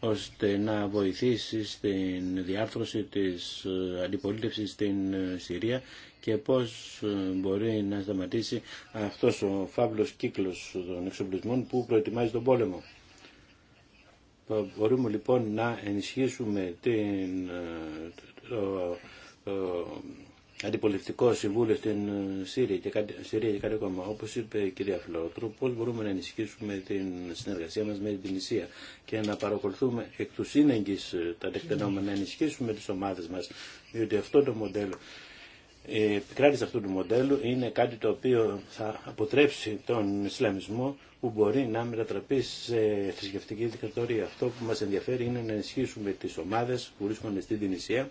ώστε να βοηθήσει στην διάρθρωση της ε, αντιπολίτευσης στην ε, Συρία και πώς ε, μπορεί να σταματήσει αυτός ο φαύλος κύκλος των εξοπλισμών που προετοιμάζει τον πόλεμο. Μπορούμε λοιπόν να ενισχύσουμε την, αντιπολιτικό συμβούλιο στην ε, Συρία και, κάτι, Συρία και ακόμα. Όπως είπε η κυρία Φιλότρου, πώς μπορούμε να ενισχύσουμε την συνεργασία μας με την Ισία και να παρακολουθούμε εκ του σύνεγγυς ε, τα τεκτενόμενα, να ενισχύσουμε τις ομάδες μας, διότι αυτό το μοντέλο η επικράτηση αυτού του μοντέλου είναι κάτι το οποίο θα αποτρέψει τον Ισλαμισμό που μπορεί να μετατραπεί σε θρησκευτική δικτατορία. Αυτό που μας ενδιαφέρει είναι να ενισχύσουμε τις ομάδες που βρίσκονται στην Τινησία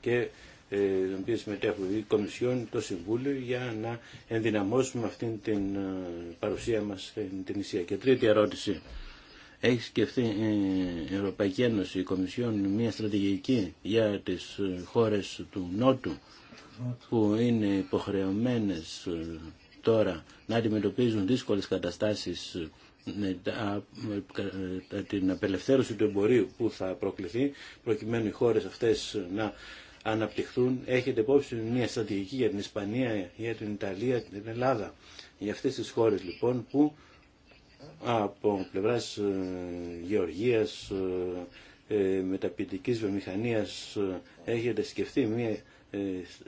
και ε, οι οποία συμμετέχουν η Κομισιόν, το Συμβούλιο για να ενδυναμώσουμε αυτή την ε, παρουσία μας στην Ισία. Και τρίτη ερώτηση. Έχει σκεφτεί ε, η Ευρωπαϊκή Ένωση, η Κομισιόν, μια στρατηγική για τις χώρες του Νότου που είναι υποχρεωμένες τώρα να αντιμετωπίζουν δύσκολες καταστάσεις την απελευθέρωση του εμπορίου που θα προκληθεί προκειμένου οι χώρες αυτές να αναπτυχθούν. Έχετε υπόψη μια στρατηγική για την Ισπανία, για την Ιταλία, την Ελλάδα. Για αυτές τις χώρες λοιπόν που από πλευράς ε, γεωργίας, ε, ε, μεταπητικής βιομηχανίας έχετε σκεφτεί μια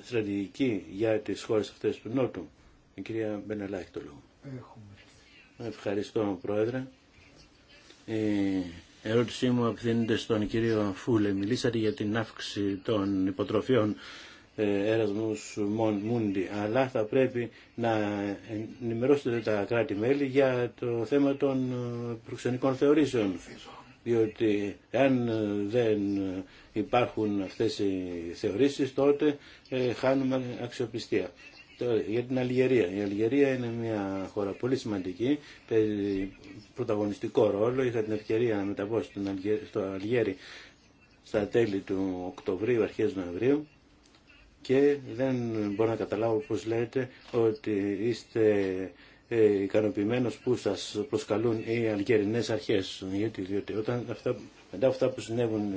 στρατηγική για τις χώρες αυτές του Νότου. Η κυρία Μπενελά το λόγο. Έχουμε. Ευχαριστώ Πρόεδρε ερώτησή μου απευθύνεται στον κύριο Φούλε. Μιλήσατε για την αύξηση των υποτροφιών Μον ε, Μούντι, αλλά θα πρέπει να ενημερώσετε τα κράτη-μέλη για το θέμα των ε, προξενικών θεωρήσεων. Διότι αν ε, δεν υπάρχουν αυτές οι θεωρήσεις τότε χάνουμε αξιοπιστία για την Αλγερία. Η Αλγερία είναι μια χώρα πολύ σημαντική, παίζει πρωταγωνιστικό ρόλο. Είχα την ευκαιρία να μεταβώ στο Αλγέρι στα τέλη του Οκτωβρίου, αρχές Νοεμβρίου και δεν μπορώ να καταλάβω πώς λέτε ότι είστε ε, ικανοποιημένος που σας προσκαλούν οι αλγερινές αρχές. Γιατί, διότι όταν αυτά μετά αυτά που συνέβουν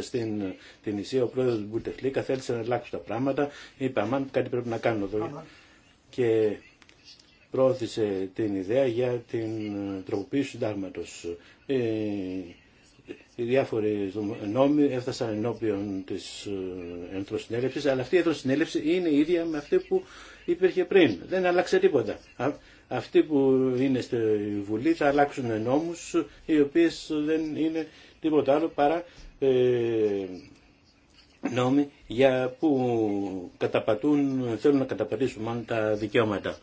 στην την Ισία, ο πρόεδρο του Μπουτεφλίκα θέλησε να αλλάξει τα πράγματα. Είπε, αμάν κάτι πρέπει να κάνω εδώ. Και πρόωθησε την ιδέα για την τροποποίηση του συντάγματο. Ε, οι διάφοροι νόμοι έφτασαν ενώπιον τη ε, ενθροσυνέλευσης, αλλά αυτή η ενθροσυνέλευση είναι η ίδια με αυτή που υπήρχε πριν. Δεν άλλαξε τίποτα αυτοί που είναι στη Βουλή θα αλλάξουν νόμους οι οποίες δεν είναι τίποτα άλλο παρά ε, νόμοι για που καταπατούν, θέλουν να καταπατήσουν μάλλον τα δικαιώματα.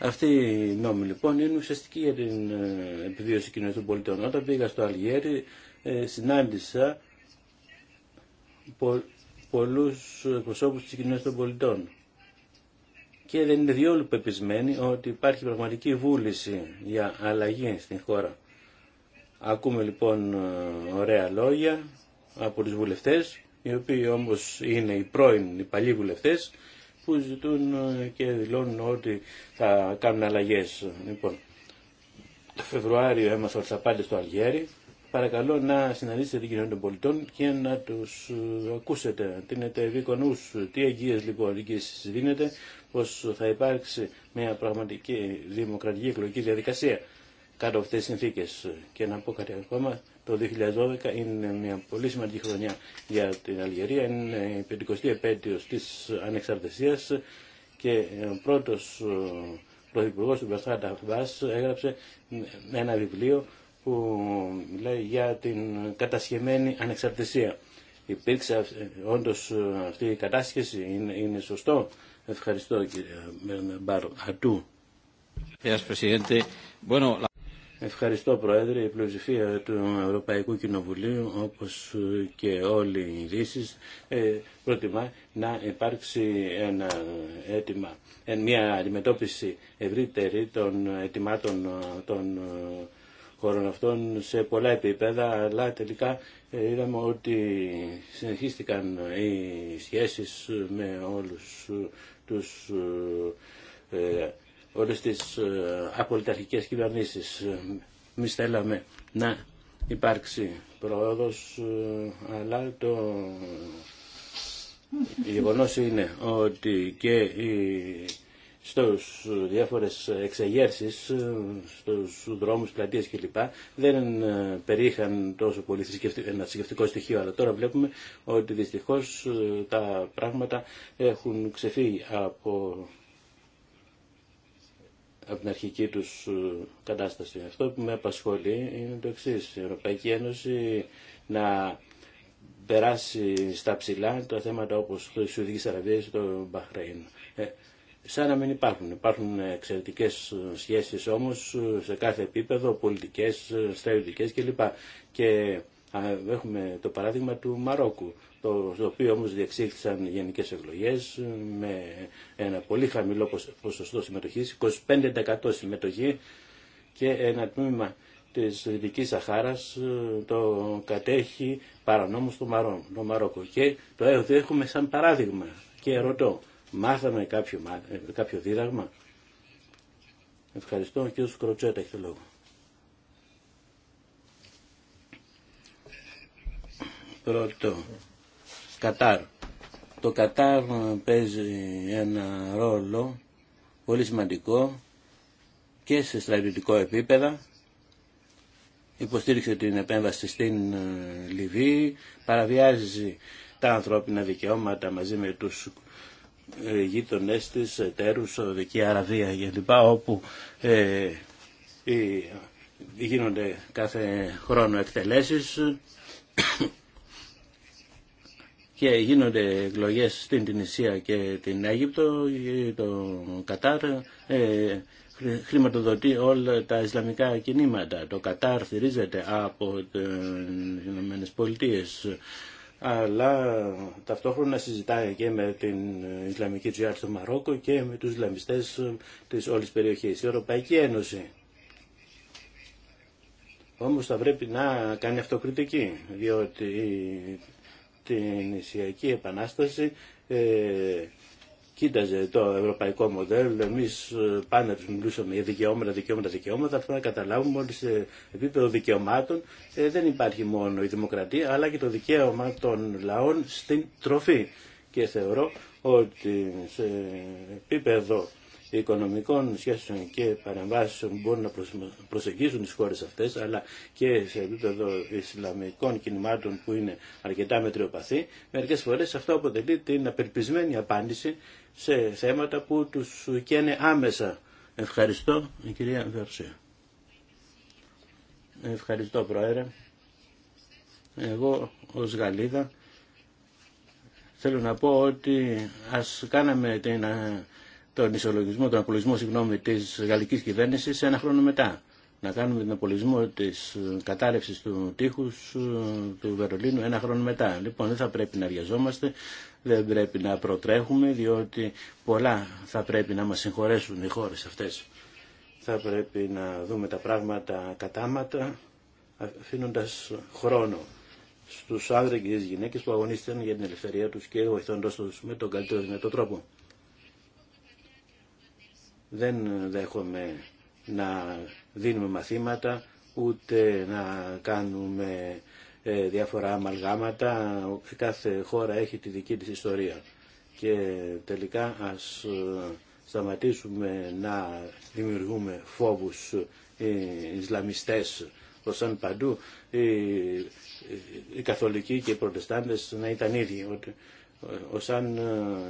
Αυτή η νόμη λοιπόν είναι ουσιαστική για την ε, επιβίωση κοινωνίας των πολιτών. Όταν πήγα στο Αλγέρι ε, συνάντησα πολλούς προσώπους της κοινωνίας των πολιτών και δεν είναι διόλου πεπισμένοι ότι υπάρχει πραγματική βούληση για αλλαγή στην χώρα. Ακούμε λοιπόν ωραία λόγια από τους βουλευτές, οι οποίοι όμως είναι οι πρώην, οι παλιοί βουλευτές, που ζητούν και δηλώνουν ότι θα κάνουν αλλαγές. Λοιπόν, το Φεβρουάριο έμαθα ότι θα στο Αλγέρι, παρακαλώ να συναντήσετε την κοινωνία των πολιτών και να του ε, ακούσετε είναι τα ευήκονου, Τι αγγείες λοιπόν εγγύες δίνεται, πω θα υπάρξει μια πραγματική δημοκρατική εκλογική διαδικασία κάτω από αυτές τι συνθήκες. Και να πω κάτι ακόμα, το 2012 είναι μια πολύ σημαντική χρονιά για την Αλγερία, είναι η πεντηκοστή η τη ανεξαρτησία και ο πρώτος ε, πρωθυπουργό του Μπερθάντα Βάς έγραψε ένα βιβλίο που λέει για την κατασχεμένη ανεξαρτησία. Υπήρξε ε, όντως ε, αυτή η κατάσχεση, είναι, σωστό. Ευχαριστώ κύριε Μπαρ Ατού. Ευχαριστώ Πρόεδρε. Η πλειοψηφία του Ευρωπαϊκού Κοινοβουλίου όπως ε, και όλοι οι ειδήσει προτιμά να υπάρξει ένα αίτημα, μια αντιμετώπιση ευρύτερη των αιτημάτων των χωρών αυτών σε πολλά επίπεδα, αλλά τελικά ε, είδαμε ότι συνεχίστηκαν οι σχέσεις με όλους τους ε, ε, όλες τις απολυταρχικές κυβερνήσεις. Εμεί θέλαμε να υπάρξει πρόοδος, αλλά το γεγονό είναι ότι και οι στους διάφορες εξεγέρσεις, στους δρόμους, πλατείες κλπ. Δεν ε, περίχαν τόσο πολύ ένα θρησκευτικό στοιχείο, αλλά τώρα βλέπουμε ότι δυστυχώς ε, τα πράγματα έχουν ξεφύγει από, από την αρχική τους ε, κατάσταση. Αυτό που με απασχολεί είναι το εξή Η Ευρωπαϊκή Ένωση να περάσει στα ψηλά τα θέματα όπως το Ισουδικής Αραβίας ή το Μπαχρέιν σαν να μην υπάρχουν. Υπάρχουν εξαιρετικέ σχέσεις όμως σε κάθε επίπεδο, πολιτικές, στρατιωτικές κλπ. Και έχουμε το παράδειγμα του Μαρόκου, το, οποίο όμως διεξήχθησαν γενικέ εκλογέ με ένα πολύ χαμηλό ποσοστό συμμετοχής, 25% συμμετοχή και ένα τμήμα της Δυτικής Σαχάρας ε, το κατέχει παρανόμως το, το Μαρόκο. Και το έχουμε σαν παράδειγμα και ρωτώ, Μάθαμε κάποιο, ε, κάποιο δίδαγμα. Ευχαριστώ. Ο κ. Κροτσέτα έχει το λόγο. Πρώτο, Κατάρ. Το Κατάρ παίζει ένα ρόλο πολύ σημαντικό και σε στρατιωτικό επίπεδο. Υποστήριξε την επέμβαση στην ε, Λιβύη, παραβιάζει τα ανθρώπινα δικαιώματα μαζί με τους ε, γείτονές της, εταίρους, Σαουδική Αραβία κλπ. όπου ε, γίνονται κάθε χρόνο εκτελέσεις και γίνονται εκλογές στην Τινησία και την Αίγυπτο, το Κατάρ ε, χρηματοδοτεί όλα τα Ισλαμικά κινήματα. Το Κατάρ θυρίζεται από τις Ηνωμένες αλλά ταυτόχρονα συζητάει και με την Ισλαμική Τζιάρτη στο Μαρόκο και με τους Ισλαμιστές της όλης περιοχής. Η Ευρωπαϊκή Ένωση όμως θα πρέπει να κάνει αυτοκριτική, διότι την Ισιακή Επανάσταση ε, κοίταζε το ευρωπαϊκό μοντέλο, εμεί ε, πάντα του μιλούσαμε για δικαιώματα, δικαιώματα, δικαιώματα. Αυτό να καταλάβουμε ότι σε επίπεδο δικαιωμάτων ε, δεν υπάρχει μόνο η δημοκρατία, αλλά και το δικαίωμα των λαών στην τροφή. Και θεωρώ ότι σε επίπεδο οικονομικών σχέσεων και παρεμβάσεων που μπορούν να προσεγγίσουν τις χώρες αυτές αλλά και σε επίπεδο Ισλαμικών κινημάτων που είναι αρκετά μετριοπαθή μερικές φορές αυτό αποτελεί την απελπισμένη απάντηση σε θέματα που τους καίνε άμεσα. Ευχαριστώ, η κυρία Βερσία. Ευχαριστώ, Πρόεδρε. Εγώ, ως Γαλλίδα, θέλω να πω ότι ας κάναμε την, ε, τον ισολογισμό, τον απολογισμό, συγγνώμη, της γαλλικής κυβέρνησης ένα χρόνο μετά. Να κάνουμε τον απολογισμό της ε, κατάρρευσης του τείχους ε, του Βερολίνου ένα χρόνο μετά. Λοιπόν, δεν θα πρέπει να βιαζόμαστε δεν πρέπει να προτρέχουμε διότι πολλά θα πρέπει να μας συγχωρέσουν οι χώρες αυτές. Θα πρέπει να δούμε τα πράγματα κατάματα αφήνοντας χρόνο στους άνδρες και τις γυναίκες που αγωνίστηκαν για την ελευθερία τους και βοηθώντας τους με τον καλύτερο δυνατό τρόπο. Δεν δέχομαι να δίνουμε μαθήματα ούτε να κάνουμε ε, διάφορα αμαλγάματα, κάθε χώρα έχει τη δική της ιστορία. Και τελικά ας ε, σταματήσουμε να δημιουργούμε φόβους οι ε, Ισλαμιστές ως αν παντού οι, καθολικοί και οι προτεστάντες να ήταν ίδιοι. Ότι, ως αν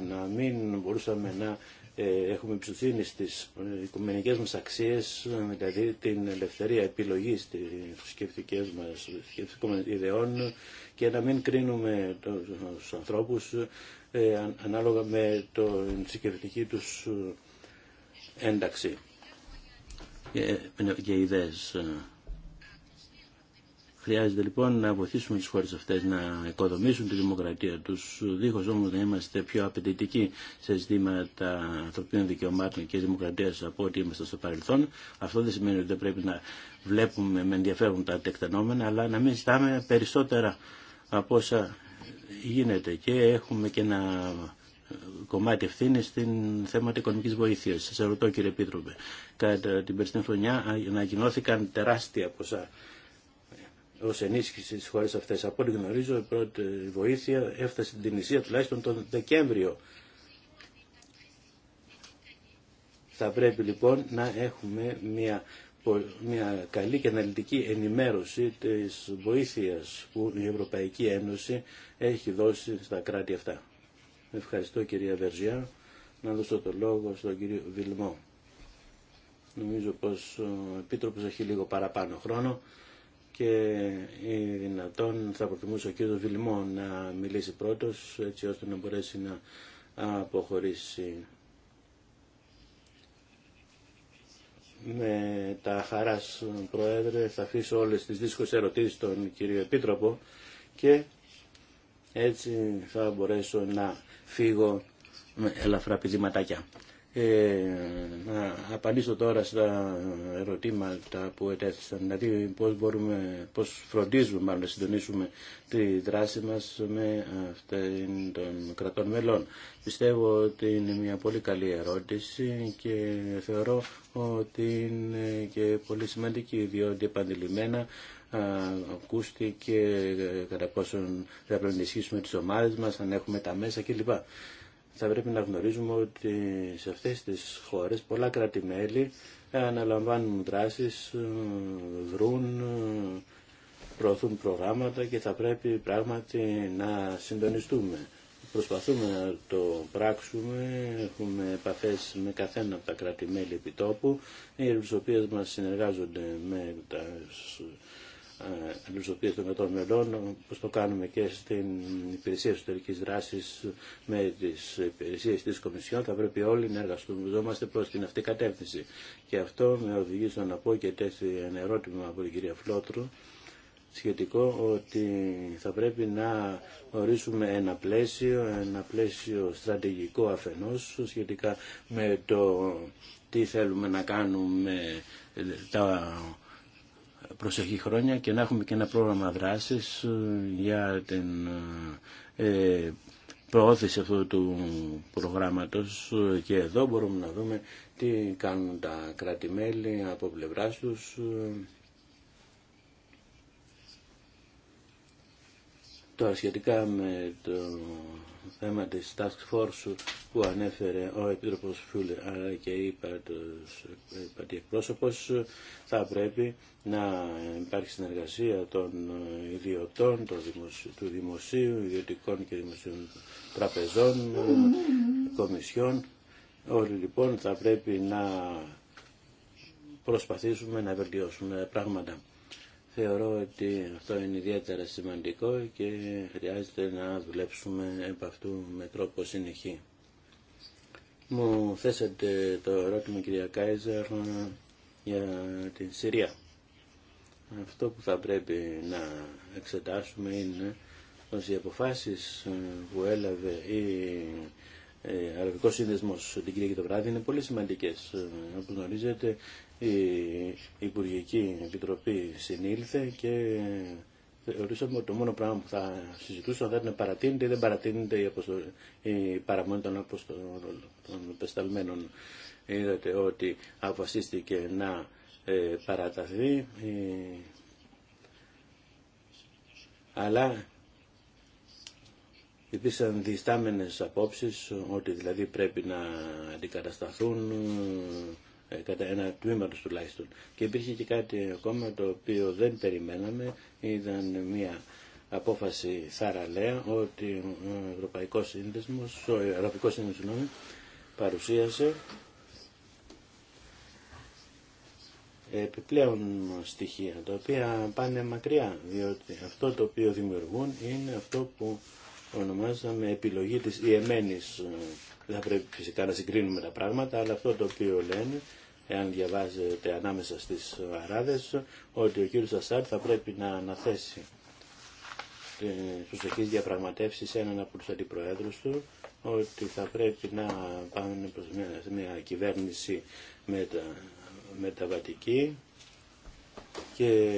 να μην μπορούσαμε να ε, έχουμε ψουθύνει στις οικουμενικές μας αξίες, δηλαδή την ελευθερία επιλογής στις σκεπτικές μας ιδεών και να μην κρίνουμε τους ανθρώπους ε, ανάλογα με την σκεφτική τους ε, ένταξη και, Χρειάζεται λοιπόν να βοηθήσουμε τις χώρες αυτές να οικοδομήσουν τη δημοκρατία τους, δίχως όμως να είμαστε πιο απαιτητικοί σε ζητήματα ανθρωπίνων δικαιωμάτων και δημοκρατίας από ό,τι είμαστε στο παρελθόν. Αυτό δεν σημαίνει ότι δεν πρέπει να βλέπουμε με ενδιαφέρον τα τεκτενόμενα, αλλά να μην ζητάμε περισσότερα από όσα γίνεται και έχουμε και ένα κομμάτι ευθύνη στην θέματα οικονομική βοήθεια. Σα ρωτώ κύριε Επίτροπε, κατά την περσινή χρονιά ανακοινώθηκαν τεράστια ποσά Ω ενίσχυση στι χώρε αυτές. Από ό,τι γνωρίζω, η πρώτη βοήθεια έφτασε στην Τινησία τουλάχιστον τον Δεκέμβριο. Θα πρέπει λοιπόν να έχουμε μια, μια καλή και αναλυτική ενημέρωση της βοήθειας που η Ευρωπαϊκή Ένωση έχει δώσει στα κράτη αυτά. Ευχαριστώ κυρία Βερζιά. Να δώσω το λόγο στον κύριο Βιλμό. Νομίζω πως ο Επίτροπος έχει λίγο παραπάνω χρόνο και ή δυνατόν θα προτιμούσε ο κύριος Βιλμό να μιλήσει πρώτος έτσι ώστε να μπορέσει να αποχωρήσει με τα χαράς Προέδρε θα αφήσω όλες τις δύσκολες ερωτήσεις στον κύριο Επίτροπο και έτσι θα μπορέσω να φύγω με ελαφρά πηδηματάκια. Ε, να απαντήσω τώρα στα ερωτήματα που ετέθησαν, δηλαδή πώς, μπορούμε, πώς φροντίζουμε μάλλον, να συντονίσουμε τη δράση μας με αυτήν των κρατών μελών. Πιστεύω ότι είναι μια πολύ καλή ερώτηση και θεωρώ ότι είναι και πολύ σημαντική, διότι επανειλημμένα ακούστηκε κατά πόσον θα πρέπει να ενισχύσουμε τις ομάδες μας, αν έχουμε τα μέσα κλπ θα πρέπει να γνωρίζουμε ότι σε αυτές τις χώρες πολλά κράτη-μέλη αναλαμβάνουν δράσεις, βρουν, προωθούν προγράμματα και θα πρέπει πράγματι να συντονιστούμε. Προσπαθούμε να το πράξουμε, έχουμε επαφές με καθένα από τα κράτη-μέλη επιτόπου, οι οποίες μας συνεργάζονται με τα αντιπροσωπείες των κρατών μελών, όπως το κάνουμε και στην υπηρεσία εσωτερικής δράσης με τις υπηρεσίες της Κομισιόν, θα πρέπει όλοι να εργαστούμε προς την αυτή κατεύθυνση. Και αυτό με οδηγεί στο να πω και τέθη ένα ερώτημα από την κυρία Φλότρου, σχετικό ότι θα πρέπει να ορίσουμε ένα πλαίσιο, ένα πλαίσιο στρατηγικό αφενός σχετικά με το τι θέλουμε να κάνουμε τα προσεχή χρόνια και να έχουμε και ένα πρόγραμμα δράσης ε, για την ε, ε, προώθηση αυτού του προγράμματος και εδώ μπορούμε να δούμε τι κάνουν τα κράτη-μέλη από πλευράς τους Τώρα σχετικά με το θέμα της Task Force που ανέφερε ο Επίτροπος Φιούλε αλλά και είπα ότι εκπρόσωπος θα πρέπει να υπάρχει συνεργασία των ιδιωτών του δημοσίου, ιδιωτικών και δημοσίων τραπεζών, κομισιών. Όλοι λοιπόν θα πρέπει να προσπαθήσουμε να βελτιώσουμε πράγματα. Θεωρώ ότι αυτό είναι ιδιαίτερα σημαντικό και χρειάζεται να δουλέψουμε επ' αυτού με τρόπο συνεχή. Μου θέσατε το ερώτημα κυρία Κάιζερ για την Συρία. Αυτό που θα πρέπει να εξετάσουμε είναι πως οι αποφάσεις που έλαβε η ε, Αραβικός Σύνδεσμος την Κυριακή το βράδυ είναι πολύ σημαντικές. Ε, όπως γνωρίζετε η Υπουργική Επιτροπή συνήλθε και θεωρήσαμε ότι το μόνο πράγμα που θα συζητούσαν θα ήταν παρατείνεται ή δεν παρατείνεται η, αποστολή, η παραμονη των αποστολών πεσταλμένων. Είδατε ότι αποφασίστηκε να ε, παραταθεί, αλλά υπήρξαν διστάμενες απόψεις ότι δηλαδή πρέπει να αντικατασταθούν ε, κατά ένα τμήμα του τουλάχιστον. Και υπήρχε και κάτι ακόμα το οποίο δεν περιμέναμε, ήταν μια απόφαση θαραλέα ότι ο Ευρωπαϊκός Σύνδεσμος, ο Ευρωπαϊκός Σύνδεσμος παρουσίασε επιπλέον στοιχεία, τα οποία πάνε μακριά, διότι αυτό το οποίο δημιουργούν είναι αυτό που ονομάζαμε επιλογή της ιεμένης ε, θα πρέπει φυσικά να συγκρίνουμε τα πράγματα, αλλά αυτό το οποίο λένε, εάν διαβάζετε ανάμεσα στις αράδες, ότι ο κύριος Ασάρ θα πρέπει να αναθέσει ε, στους διαπραγματεύσει διαπραγματεύσεις έναν από τους αντιπροέδρους του, ότι θα πρέπει να πάμε προς μια, κυβέρνηση μετα, μεταβατική και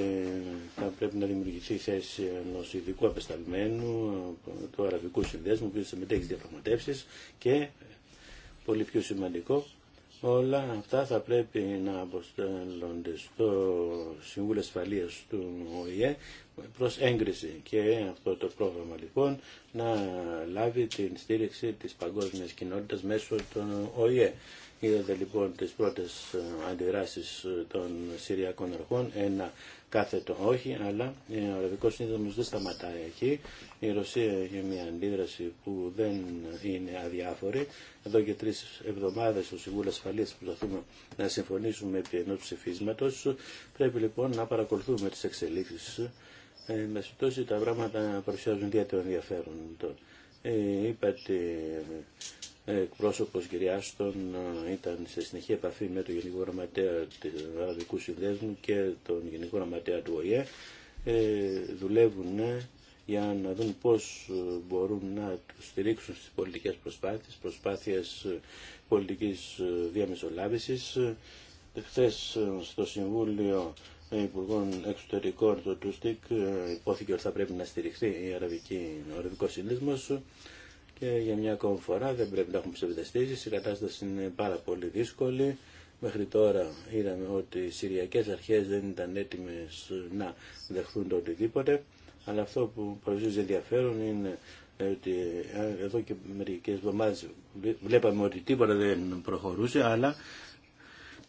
θα πρέπει να δημιουργηθεί θέση ενό ειδικού απεσταλμένου του Αραβικού Συνδέσμου που συμμετέχει στι διαπραγματεύσει και πολύ πιο σημαντικό όλα αυτά θα πρέπει να αποστέλλονται στο Συμβούλιο Ασφαλείας του ΟΗΕ προς έγκριση και αυτό το πρόγραμμα λοιπόν να λάβει την στήριξη της παγκόσμιας κοινότητας μέσω του ΟΗΕ. Είδατε λοιπόν τις πρώτες ε, αντιδράσεις ε, των Συριακών αρχών, ένα κάθετο όχι, αλλά ε, ο Αραβικός Σύνδεσμος δεν σταματάει εκεί. Η Ρωσία έχει μια αντίδραση που δεν είναι αδιάφορη. Εδώ και τρεις εβδομάδες στο Συμβούλιο Ασφαλείας προσπαθούμε να συμφωνήσουμε επί ενός ψηφίσματος. Πρέπει λοιπόν να παρακολουθούμε τις εξελίξεις. Ε, με συμπτώσει τα πράγματα παρουσιάζουν ιδιαίτερο ενδιαφέρον. είπατε εκπρόσωπος Κυριάστον ε, ήταν σε συνεχή επαφή με τον Γενικό Γραμματέα του Αραβικού Συνδέσμου και τον Γενικό Γραμματέα του ΟΗΕ. Ε, δουλεύουν για να δουν πώς ε, μπορούν να τους στηρίξουν στις πολιτικές προσπάθειες, προσπάθειες πολιτικής διαμεσολάβησης. Χθε στο Συμβούλιο Υπουργών Εξωτερικών του Τούστικ υπόθηκε ότι θα πρέπει να στηριχθεί η Αραβική, ο Σύνδεσμος και για μια ακόμη φορά δεν πρέπει να έχουμε ψευδεστήσεις. Η κατάσταση είναι πάρα πολύ δύσκολη. Μέχρι τώρα είδαμε ότι οι Συριακές αρχές δεν ήταν έτοιμες να δεχθούν το οτιδήποτε, αλλά αυτό που προσδίδει ενδιαφέρον είναι ότι εδώ και μερικές εβδομάδες βλέπαμε ότι τίποτα δεν προχωρούσε, αλλά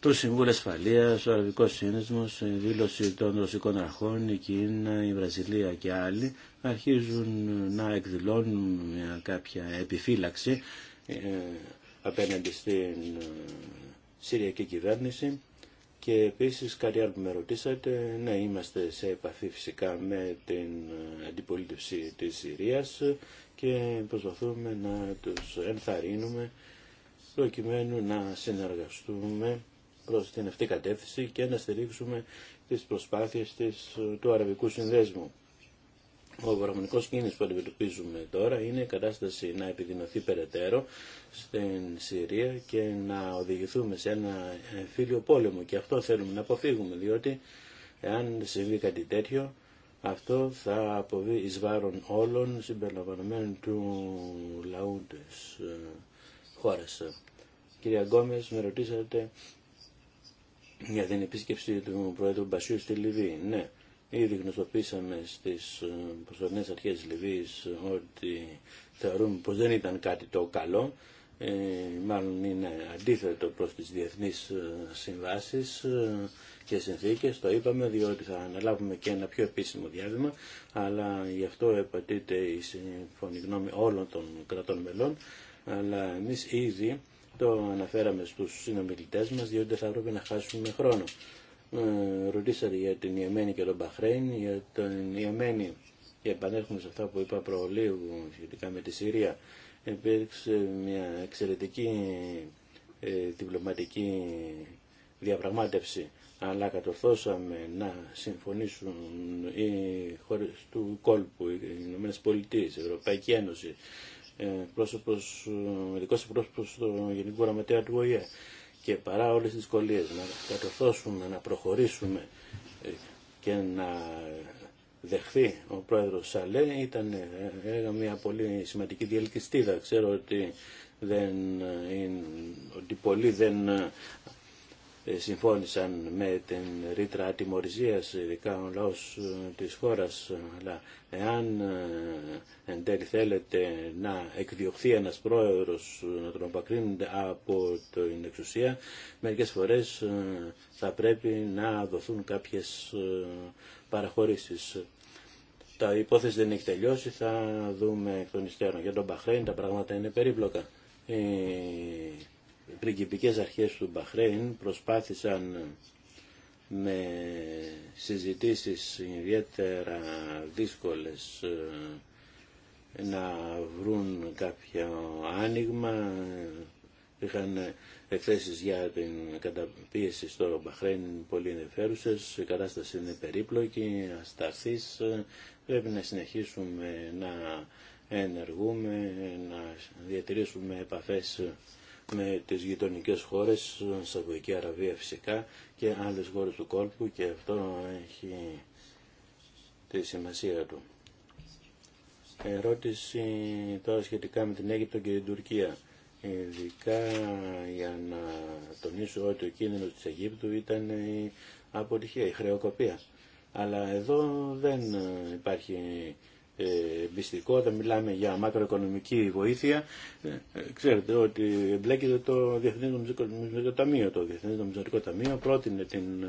του Συμβούλου Ασφαλεία, ο Αραβικό Σύνδεσμο, η δήλωση των Ρωσικών Αρχών, η Κίνα, η Βραζιλία και άλλοι αρχίζουν να εκδηλώνουν μια κάποια επιφύλαξη ε, απέναντι στην ε, Συριακή κυβέρνηση και επίση κάτι άλλο που με ρωτήσατε, ναι είμαστε σε επαφή φυσικά με την ε, αντιπολίτευση της Συρίας και προσπαθούμε να τους ενθαρρύνουμε προκειμένου να συνεργαστούμε στην την αυτή κατεύθυνση και να στηρίξουμε τις προσπάθειες του Αραβικού Συνδέσμου. Ο βαρομονικό κίνησης που αντιμετωπίζουμε τώρα είναι η κατάσταση να επιδεινωθεί περαιτέρω στην Συρία και να οδηγηθούμε σε ένα φίλιο πόλεμο. Και αυτό θέλουμε να αποφύγουμε, διότι εάν συμβεί κάτι τέτοιο, αυτό θα αποβεί εις βάρον όλων συμπεριλαμβανομένων του λαού της ε, χώρας. Κυρία Γκόμες, με ρωτήσατε για την επίσκεψη του Πρόεδρου Μπασίου στη Λιβύη. Ναι, ήδη γνωστοποίησαμε στις ε, προσωρινέ αρχές της Λιβύης ότι θεωρούμε πω δεν ήταν κάτι το καλό, ε, μάλλον είναι αντίθετο προς τις διεθνείς ε, συμβάσεις και συνθήκες, το είπαμε, διότι θα αναλάβουμε και ένα πιο επίσημο διάβημα, αλλά γι' αυτό επατείται η συμφωνή γνώμη όλων των κρατών μελών, αλλά εμείς ήδη το αναφέραμε στους συνομιλητές μας, διότι δεν θα έπρεπε να χάσουμε χρόνο. Ε, ρωτήσατε για την Ιεμένη και τον Μπαχρέιν, για την Ιεμένη, και επανέρχομαι σε αυτά που είπα προλίγου σχετικά με τη Συρία, υπήρξε μια εξαιρετική ε, διπλωματική διαπραγμάτευση αλλά κατορθώσαμε να συμφωνήσουν οι χώρες του κόλπου, οι Ηνωμένες Πολιτείες, η Ευρωπαϊκή Ένωση, ε, πρόσωπος, ε, ειδικός πρόσωπος του Γενικού Γραμματέα του ΟΗΕ και παρά όλες τις δυσκολίε να κατορθώσουμε, να προχωρήσουμε ε, και να δεχθεί ο πρόεδρος Σαλέ ήταν μια πολύ σημαντική διελκυστίδα. Ξέρω ότι, δεν, ότι πολλοί δεν ε, συμφώνησαν με την ρήτρα ατιμορρησίας, ειδικά ο λαός ε, της χώρας, αλλά εάν ε, εν τέλει θέλετε να εκδιωχθεί ένας πρόεδρος, να τον απακρίνεται από την εξουσία, μερικές φορές θα πρέπει να δοθούν κάποιες παραχωρήσεις. Τα υπόθεση δεν έχει τελειώσει, θα δούμε εκ των υστέρων. Για τον Μπαχρέιν τα πράγματα είναι περίπλοκα πριγκιπικές αρχές του Μπαχρέιν προσπάθησαν με συζητήσεις ιδιαίτερα δύσκολες ε, να βρουν κάποιο άνοιγμα. Είχαν εκθέσεις για την καταπίεση στο Μπαχρέιν πολύ ενδιαφέρουσε. η κατάσταση είναι περίπλοκη, ασταθής, πρέπει να συνεχίσουμε να ενεργούμε, να διατηρήσουμε επαφές με τις γειτονικές χώρες, Σαουδική Αραβία φυσικά και άλλες χώρες του κόλπου και αυτό έχει τη σημασία του. Ερώτηση τώρα σχετικά με την Αίγυπτο και την Τουρκία. Ειδικά για να τονίσω ότι ο κίνδυνος της Αιγύπτου ήταν η αποτυχία, η χρεοκοπία. Αλλά εδώ δεν υπάρχει ε, μυστικό, όταν μιλάμε για μακροοικονομική βοήθεια, ε, ε, ξέρετε ότι εμπλέκεται το Διεθνέ Νομισματικό Ταμείο. Το Διεθνές Νομισματικό Ταμείο πρότεινε την,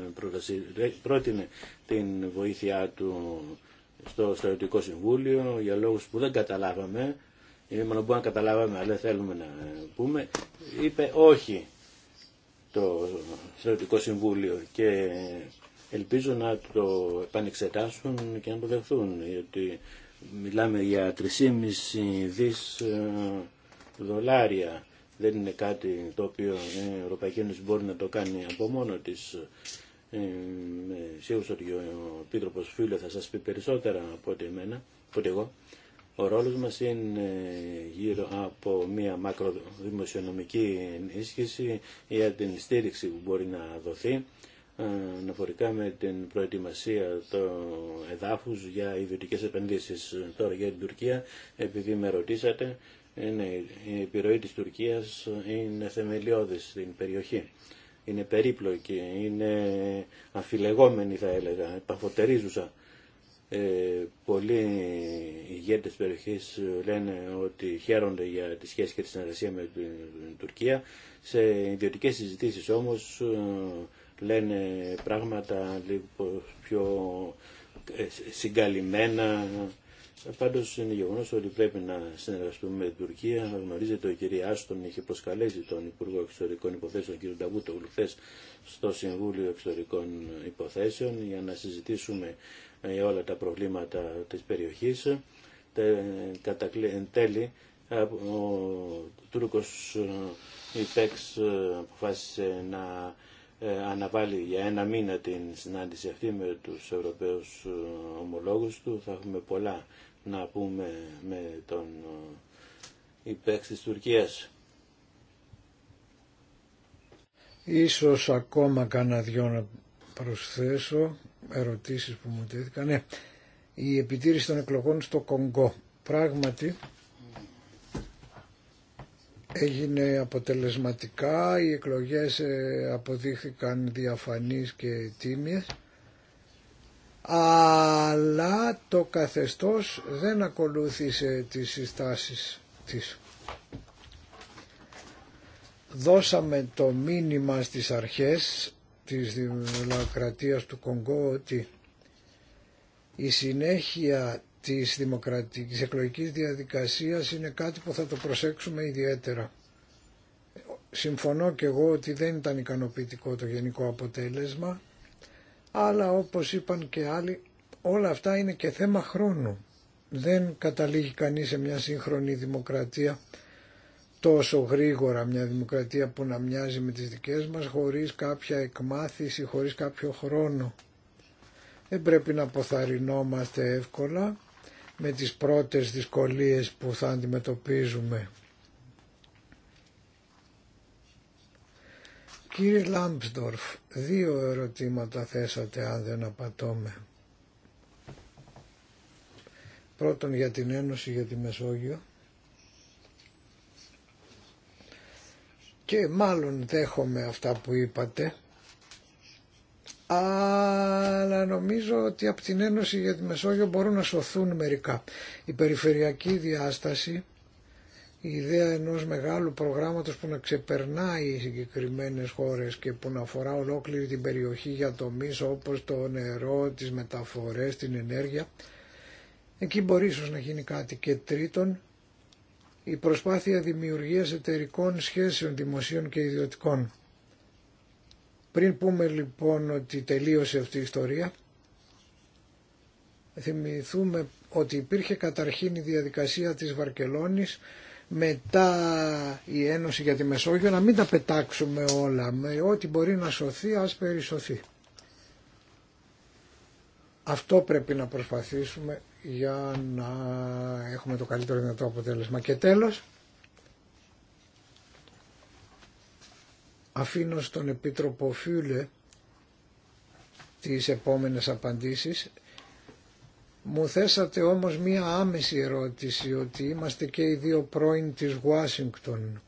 πρότεινε την βοήθειά του στο Στρατιωτικό Συμβούλιο για λόγους που δεν καταλάβαμε, ή μόνο που αν καταλάβαμε, αλλά θέλουμε να πούμε, είπε όχι το Στρατιωτικό Συμβούλιο και ελπίζω να το επανεξετάσουν και να το δεχθούν, γιατί Μιλάμε για 3,5 δις ε, δολάρια. Δεν είναι κάτι το οποίο η Ευρωπαϊκή Ένωση μπορεί να το κάνει από μόνο της. Ε, Σίγουρα ότι ο Φίλε θα σας πει περισσότερα από ό,τι εμένα, από εγώ. Ο ρόλος μας είναι γύρω από μια μακροδημοσιονομική ενίσχυση για την στήριξη που μπορεί να δοθεί αναφορικά με την προετοιμασία των εδάφους για ιδιωτικές επενδύσεις. Τώρα για την Τουρκία, επειδή με ρωτήσατε, η επιρροή της Τουρκίας είναι θεμελιώδης στην περιοχή. Είναι περίπλοκη, είναι αφιλεγόμενη θα έλεγα, παφωτεριζουσα Ε, πολλοί ηγέτες της περιοχής λένε ότι χαίρονται για τη σχέση και τη συνεργασία με την Τουρκία. Σε ιδιωτικές συζητήσεις όμως λένε πράγματα λίγο πιο ε, συγκαλυμμένα. Πάντως είναι γεγονό ότι πρέπει να συνεργαστούμε με την Τουρκία. Γνωρίζετε, ο κ. Άστον είχε προσκαλέσει τον Υπουργό Εξωτερικών Υποθέσεων, κ. Νταβούτογλου, χθε στο Συμβούλιο Εξωτερικών Υποθέσεων για να συζητήσουμε ε, όλα τα προβλήματα της περιοχής. Εν τέλει, ε, ο Τουρκο υπέξ αποφάσισε να ε, αναβάλει για ένα μήνα την συνάντηση αυτή με τους Ευρωπαίους ε, ομολόγους του. Θα έχουμε πολλά να πούμε με τον ε, υπέξ της Τουρκίας. Ίσως ακόμα κανένα δυο να προσθέσω ερωτήσεις που μου τέθηκαν. Ναι, η επιτήρηση των εκλογών στο Κονγκό. Πράγματι, έγινε αποτελεσματικά, οι εκλογές ε, αποδείχθηκαν διαφανείς και τίμιες, αλλά το καθεστώς δεν ακολούθησε τις συστάσεις της. Δώσαμε το μήνυμα στις αρχές της δημοκρατίας του Κονγκό ότι η συνέχεια της δημοκρατικής εκλογικής διαδικασίας είναι κάτι που θα το προσέξουμε ιδιαίτερα. Συμφωνώ και εγώ ότι δεν ήταν ικανοποιητικό το γενικό αποτέλεσμα, αλλά όπως είπαν και άλλοι, όλα αυτά είναι και θέμα χρόνου. Δεν καταλήγει κανείς σε μια σύγχρονη δημοκρατία τόσο γρήγορα, μια δημοκρατία που να μοιάζει με τις δικές μας, χωρίς κάποια εκμάθηση, χωρίς κάποιο χρόνο. Δεν πρέπει να αποθαρρυνόμαστε εύκολα με τις πρώτες δυσκολίες που θα αντιμετωπίζουμε. Κύριε Λάμπσδορφ, δύο ερωτήματα θέσατε αν δεν απατώμε. Πρώτον για την Ένωση για τη Μεσόγειο και μάλλον δέχομαι αυτά που είπατε αλλά νομίζω ότι από την Ένωση για τη Μεσόγειο μπορούν να σωθούν μερικά. Η περιφερειακή διάσταση, η ιδέα ενός μεγάλου προγράμματος που να ξεπερνάει οι συγκεκριμένες χώρες και που να αφορά ολόκληρη την περιοχή για τομείς όπως το νερό, τις μεταφορές, την ενέργεια, εκεί μπορεί ίσως να γίνει κάτι. Και τρίτον, η προσπάθεια δημιουργίας εταιρικών σχέσεων δημοσίων και ιδιωτικών πριν πούμε λοιπόν ότι τελείωσε αυτή η ιστορία, θυμηθούμε ότι υπήρχε καταρχήν η διαδικασία της Βαρκελόνης, μετά η Ένωση για τη Μεσόγειο, να μην τα πετάξουμε όλα, με ό,τι μπορεί να σωθεί ας περισωθεί. Αυτό πρέπει να προσπαθήσουμε για να έχουμε το καλύτερο δυνατό αποτέλεσμα. Και τέλος, Αφήνω στον Επίτροπο Φιούλε τις επόμενες απαντήσεις. Μου θέσατε όμως μία άμεση ερώτηση ότι είμαστε και οι δύο πρώην της Ουάσιγκτον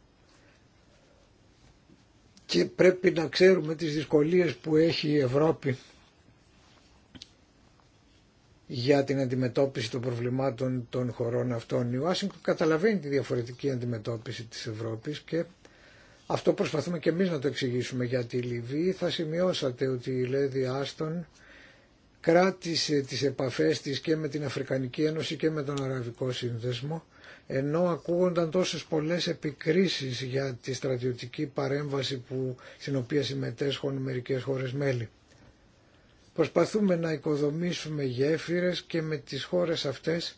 και πρέπει να ξέρουμε τις δυσκολίες που έχει η Ευρώπη για την αντιμετώπιση των προβλημάτων των χωρών αυτών. Η Ουάσιγκτον καταλαβαίνει τη διαφορετική αντιμετώπιση της Ευρώπης και αυτό προσπαθούμε και εμείς να το εξηγήσουμε για τη Λιβύη. Θα σημειώσατε ότι η Λέδη Άστον κράτησε τις επαφές της και με την Αφρικανική Ένωση και με τον Αραβικό Σύνδεσμο ενώ ακούγονταν τόσες πολλές επικρίσεις για τη στρατιωτική παρέμβαση που, στην οποία συμμετέσχουν μερικές χώρες μέλη. Προσπαθούμε να οικοδομήσουμε γέφυρες και με τις χώρες αυτές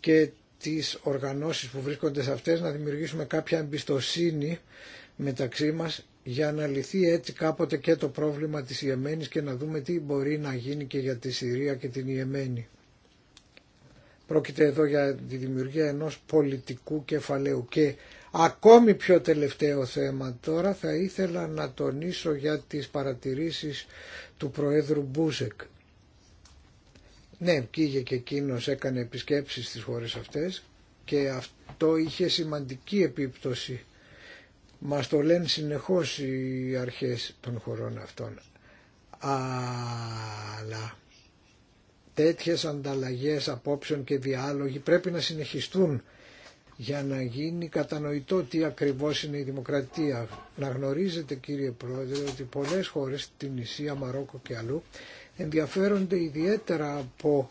και τις οργανώσεις που βρίσκονται σε αυτές να δημιουργήσουμε κάποια εμπιστοσύνη μεταξύ μας για να λυθεί έτσι κάποτε και το πρόβλημα της Ιεμένης και να δούμε τι μπορεί να γίνει και για τη Συρία και την Ιεμένη. Πρόκειται εδώ για τη δημιουργία ενός πολιτικού κεφαλαίου και ακόμη πιο τελευταίο θέμα τώρα θα ήθελα να τονίσω για τις παρατηρήσεις του Προέδρου Μπούσεκ. Ναι, πήγε και εκείνο έκανε επισκέψεις στις χώρες αυτές και αυτό είχε σημαντική επίπτωση. Μας το λένε συνεχώς οι αρχές των χωρών αυτών. Αλλά τέτοιες ανταλλαγές απόψεων και διάλογοι πρέπει να συνεχιστούν για να γίνει κατανοητό τι ακριβώς είναι η δημοκρατία. Να γνωρίζετε κύριε Πρόεδρε ότι πολλές χώρες, την Ισία, Μαρόκο και αλλού, ενδιαφέρονται ιδιαίτερα από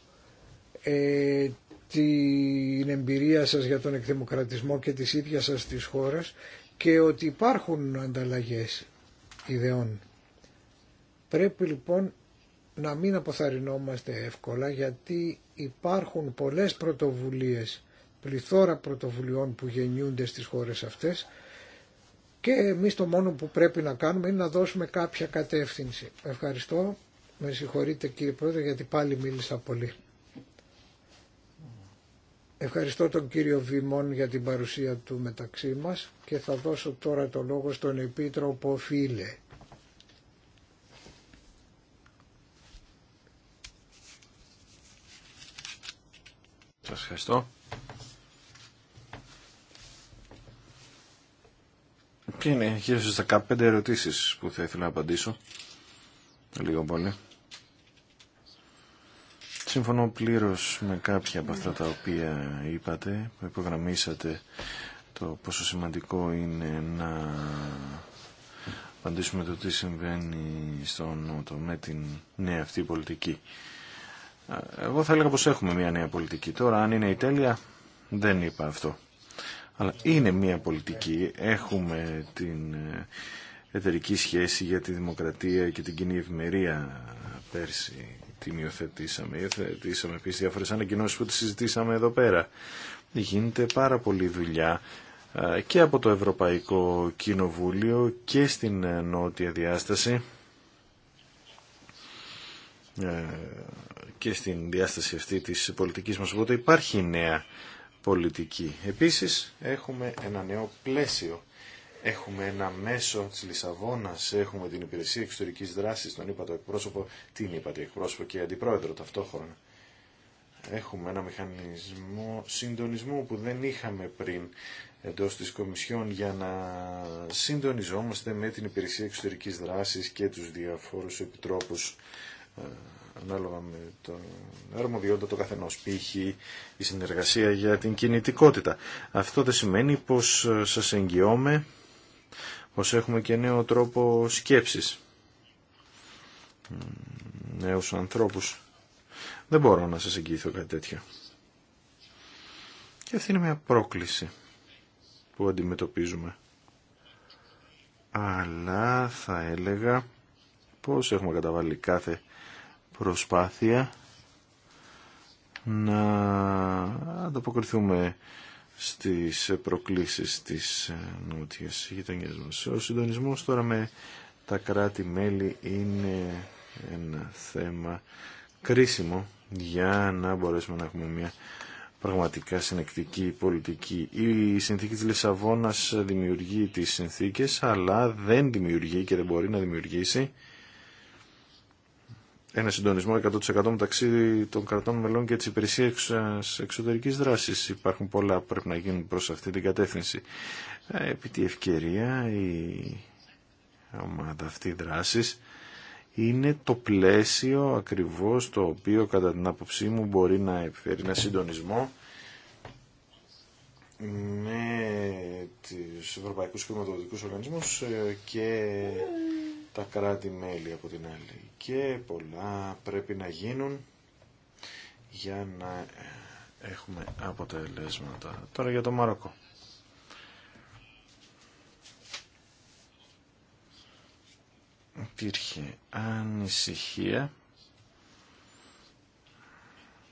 ε, την εμπειρία σας για τον εκδημοκρατισμό και της ίδιας σας της χώρας και ότι υπάρχουν ανταλλαγές ιδεών. Πρέπει λοιπόν να μην αποθαρρυνόμαστε εύκολα γιατί υπάρχουν πολλές πρωτοβουλίες, πληθώρα πρωτοβουλειών που γεννιούνται στις χώρες αυτές και εμείς το μόνο που πρέπει να κάνουμε είναι να δώσουμε κάποια κατεύθυνση. Ευχαριστώ. Με συγχωρείτε κύριε Πρόεδρε γιατί πάλι μίλησα πολύ. Ευχαριστώ τον κύριο Βημόν για την παρουσία του μεταξύ μας και θα δώσω τώρα το λόγο στον Επίτροπο Φίλε. Σας ευχαριστώ. Και είναι γύρω στις 15 ερωτήσεις που θα ήθελα να απαντήσω λίγο πολύ. Συμφωνώ πλήρως με κάποια από αυτά τα οποία είπατε, που υπογραμμίσατε το πόσο σημαντικό είναι να απαντήσουμε το τι συμβαίνει στον Νότο με την νέα αυτή πολιτική. Εγώ θα έλεγα πως έχουμε μια νέα πολιτική. Τώρα αν είναι η τέλεια δεν είπα αυτό. Αλλά είναι μια πολιτική. Έχουμε την ε, εταιρική σχέση για τη δημοκρατία και την κοινή ευημερία πέρσι. Την υιοθετήσαμε. Υιοθετήσαμε επίση διάφορε ανακοινώσει που τι συζητήσαμε εδώ πέρα. Γίνεται πάρα πολλή δουλειά και από το Ευρωπαϊκό Κοινοβούλιο και στην νότια διάσταση και στην διάσταση αυτή της πολιτικής μας. Οπότε υπάρχει νέα πολιτική. Επίσης έχουμε ένα νέο πλαίσιο Έχουμε ένα μέσο τη Λισαβόνα. έχουμε την υπηρεσία εξωτερική δράση, τον είπα το εκπρόσωπο, την είπα το εκπρόσωπο και αντιπρόεδρο ταυτόχρονα. Έχουμε ένα μηχανισμό συντονισμού που δεν είχαμε πριν εντό τη Κομισιόν για να συντονιζόμαστε με την υπηρεσία εξωτερική δράση και του διαφορού επιτρόπους ε, ανάλογα με τον αρμοδιότητα το καθενό. π.χ. η συνεργασία για την κινητικότητα. Αυτό δεν σημαίνει πως ε, σας εγγυώμαι πως έχουμε και νέο τρόπο σκέψης, νέους ανθρώπους. Δεν μπορώ να σας εγγυηθώ κάτι τέτοιο. Και αυτή είναι μια πρόκληση που αντιμετωπίζουμε. Αλλά θα έλεγα πως έχουμε καταβάλει κάθε προσπάθεια να ανταποκριθούμε στις προκλήσεις της ε, νότιας γειτονιάς μας. Ο συντονισμός τώρα με τα κράτη-μέλη είναι ένα θέμα κρίσιμο για να μπορέσουμε να έχουμε μια πραγματικά συνεκτική πολιτική. Η συνθήκη της Λισαβόνας δημιουργεί τις συνθήκες, αλλά δεν δημιουργεί και δεν μπορεί να δημιουργήσει ένα συντονισμό 100% μεταξύ των κρατών μελών και της υπηρεσία εξωτερικής δράσης. Υπάρχουν πολλά που πρέπει να γίνουν προς αυτή την κατεύθυνση. Ε, επί τη ευκαιρία η ομάδα αυτή δράση είναι το πλαίσιο ακριβώς το οποίο κατά την άποψή μου μπορεί να επιφέρει ένα συντονισμό με του Ευρωπαϊκού χρηματοδοτικού Οργανισμού ε, και τα κράτη-μέλη από την άλλη. Και πολλά πρέπει να γίνουν για να ε, έχουμε αποτελέσματα. Τώρα για το Μαροκό. Υπήρχε ανησυχία.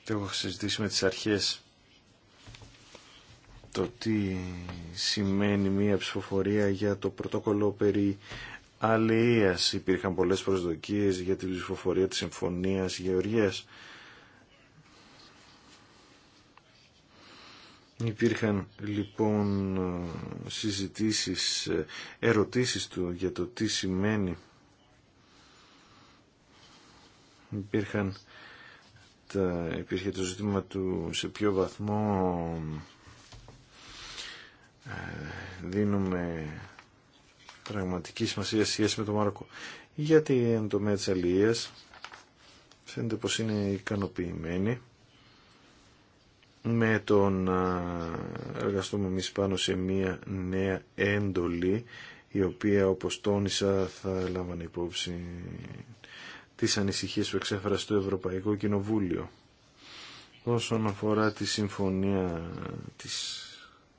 Το έχω συζητήσει με τις αρχές το τι σημαίνει μία ψηφοφορία για το πρωτόκολλο περί αλληλείας. Υπήρχαν πολλές προσδοκίες για την ψηφοφορία της Συμφωνίας Γεωργίας. Υπήρχαν λοιπόν συζητήσεις, ερωτήσεις του για το τι σημαίνει. Υπήρχαν υπήρχε το ζήτημα του σε ποιο βαθμό ε, δίνουμε πραγματική σημασία σχέση με το Μάρκο. Γιατί εν τομέα της αλληλείας φαίνεται πως είναι ικανοποιημένη με το να εργαστούμε εμείς πάνω σε μια νέα έντολη η οποία όπως τόνισα θα λάμβανε υπόψη τις ανησυχίες που εξέφερα στο Ευρωπαϊκό Κοινοβούλιο. Όσον αφορά τη συμφωνία της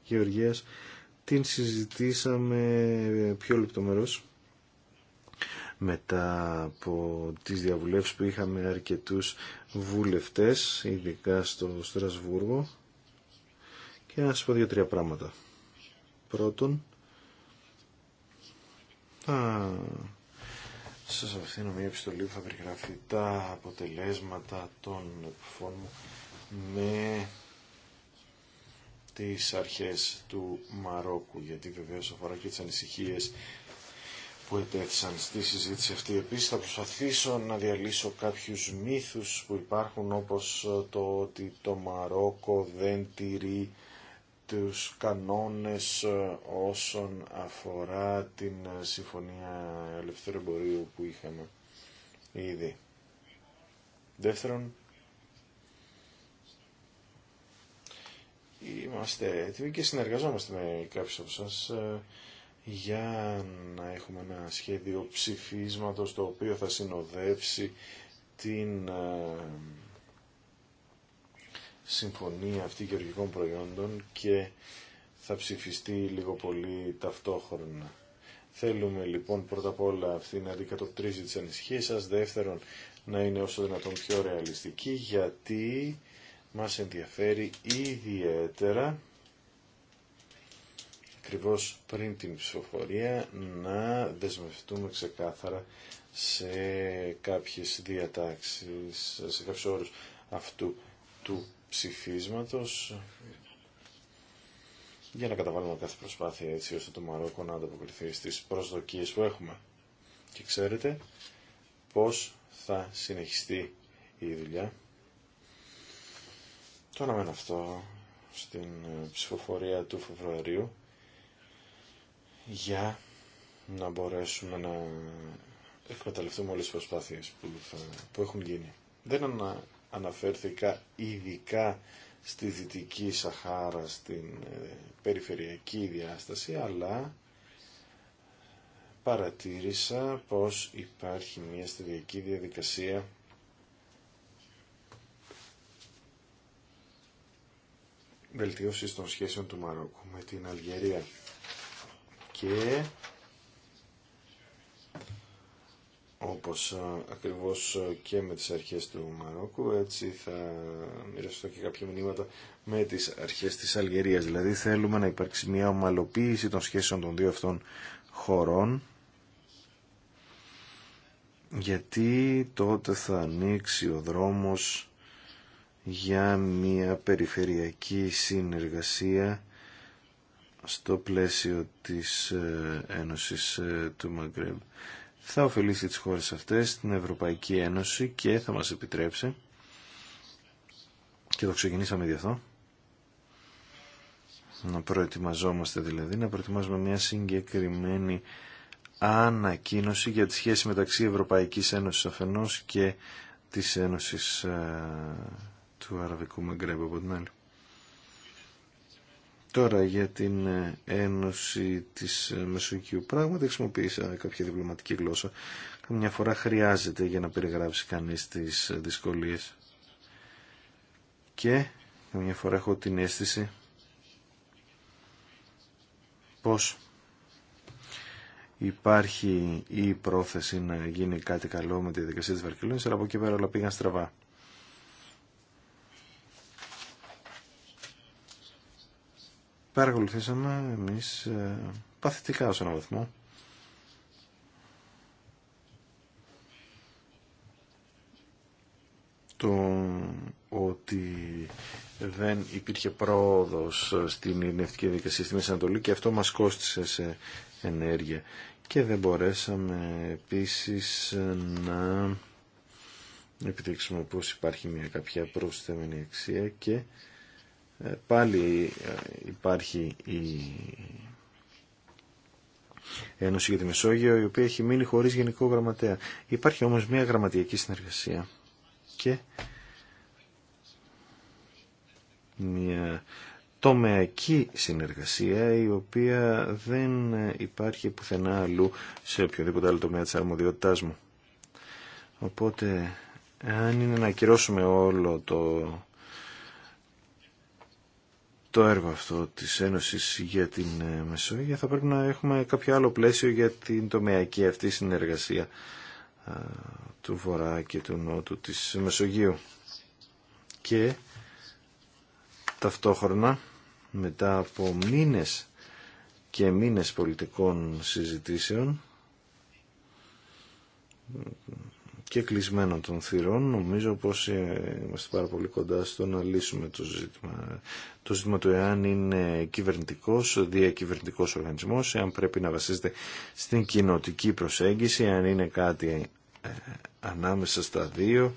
Γεωργίας την συζητήσαμε πιο λεπτομερώς μετά από τις διαβουλεύσεις που είχαμε αρκετούς βουλευτές, ειδικά στο Στρασβούργο. Και να σας πω δύο-τρία πράγματα. Πρώτον, θα σας αφήνω μια επιστολή που θα περιγράφει τα αποτελέσματα των επιφών μου με τις αρχές του Μαρόκου, γιατί βεβαίως αφορά και τις ανησυχίες που ετέθησαν στη συζήτηση αυτή. Επίσης θα προσπαθήσω να διαλύσω κάποιους μύθους που υπάρχουν όπως το ότι το Μαρόκο δεν τηρεί τους κανόνες όσον αφορά την Συμφωνία Ελευθερου που είχαμε ήδη. Δεύτερον, είμαστε έτοιμοι και συνεργαζόμαστε με κάποιους από σας ε, για να έχουμε ένα σχέδιο ψηφίσματος το οποίο θα συνοδεύσει την ε, συμφωνία αυτή γεωργικών προϊόντων και θα ψηφιστεί λίγο πολύ ταυτόχρονα. Θέλουμε λοιπόν πρώτα απ' όλα αυτή να αντικατοπτρίζει τις ανησυχίες σας, δεύτερον να είναι όσο δυνατόν πιο ρεαλιστική γιατί μας ενδιαφέρει ιδιαίτερα ακριβώ πριν την ψηφοφορία να δεσμευτούμε ξεκάθαρα σε κάποιες διατάξεις, σε κάποιους όρους αυτού του ψηφίσματος για να καταβάλουμε κάθε προσπάθεια έτσι ώστε το Μαρόκο να ανταποκριθεί στις προσδοκίες που έχουμε. Και ξέρετε πώς θα συνεχιστεί η δουλειά το αναμένω αυτό στην ε, ψηφοφορία του Φεβρουαρίου για να μπορέσουμε να εκμεταλλευτούμε όλες τις προσπάθειες που, που έχουν γίνει. Δεν αναφέρθηκα ειδικά στη Δυτική Σαχάρα, στην ε, περιφερειακή διάσταση, αλλά παρατήρησα πως υπάρχει μια στεδιακή διαδικασία βελτίωση των σχέσεων του Μαρόκου με την Αλγερία. Και όπως ακριβώς και με τις αρχές του Μαρόκου, έτσι θα μοιραστώ και κάποια μηνύματα με τις αρχές της Αλγερίας. Δηλαδή θέλουμε να υπάρξει μια ομαλοποίηση των σχέσεων των δύο αυτών χωρών, γιατί τότε θα ανοίξει ο δρόμος για μια περιφερειακή συνεργασία στο πλαίσιο της ε, Ένωσης ε, του Μαγκρέμπ. Θα ωφελήσει τις χώρες αυτές, την Ευρωπαϊκή Ένωση και θα μας επιτρέψει και το ξεκινήσαμε ήδη αυτό να προετοιμαζόμαστε δηλαδή, να προετοιμάζουμε μια συγκεκριμένη ανακοίνωση για τη σχέση μεταξύ Ευρωπαϊκής Ένωσης αφενός και της Ένωσης ε, του Αραβικού Μαγκρέμπ από την άλλη. Τώρα για την ε, Ένωση της ε, Μεσογείου πράγματι χρησιμοποίησα κάποια διπλωματική γλώσσα. Καμιά φορά χρειάζεται για να περιγράψει κανείς τις ε, δυσκολίες. Και καμιά φορά έχω την αίσθηση πως υπάρχει η πρόθεση να γίνει κάτι καλό με τη δικασία της Βαρκελόνης, αλλά από εκεί πέρα όλα πήγαν στραβά. παρακολουθήσαμε εμείς ε, παθητικά ως έναν βαθμό. Το ότι δεν υπήρχε πρόοδος στην ειρηνευτική δικασία στη Μέση Ανατολή και αυτό μας κόστησε σε ενέργεια. Και δεν μπορέσαμε επίσης να επιτύξουμε πως υπάρχει μια κάποια προσθέμενη αξία και ε, πάλι ε, υπάρχει η Ένωση για τη Μεσόγειο, η οποία έχει μείνει χωρίς γενικό γραμματέα. Υπάρχει όμως μια γραμματιακή συνεργασία και μια τομεακή συνεργασία η οποία δεν υπάρχει πουθενά αλλού σε οποιοδήποτε άλλο τομέα της αρμοδιότητάς μου. Οπότε, αν είναι να ακυρώσουμε όλο το το έργο αυτό της Ένωσης για την ε, Μεσόγειο θα πρέπει να έχουμε κάποιο άλλο πλαίσιο για την τομεακή αυτή συνεργασία του Βορρά και του Νότου της Μεσογείου και ταυτόχρονα μετά από μήνες και μήνες πολιτικών συζητήσεων και κλεισμένο των θυρών. Νομίζω πως ε, είμαστε πάρα πολύ κοντά στο να λύσουμε το ζήτημα. Το ζήτημα του εάν είναι κυβερνητικός, διακυβερνητικός οργανισμός, εάν πρέπει να βασίζεται στην κοινοτική προσέγγιση, αν είναι κάτι ε, ανάμεσα στα δύο,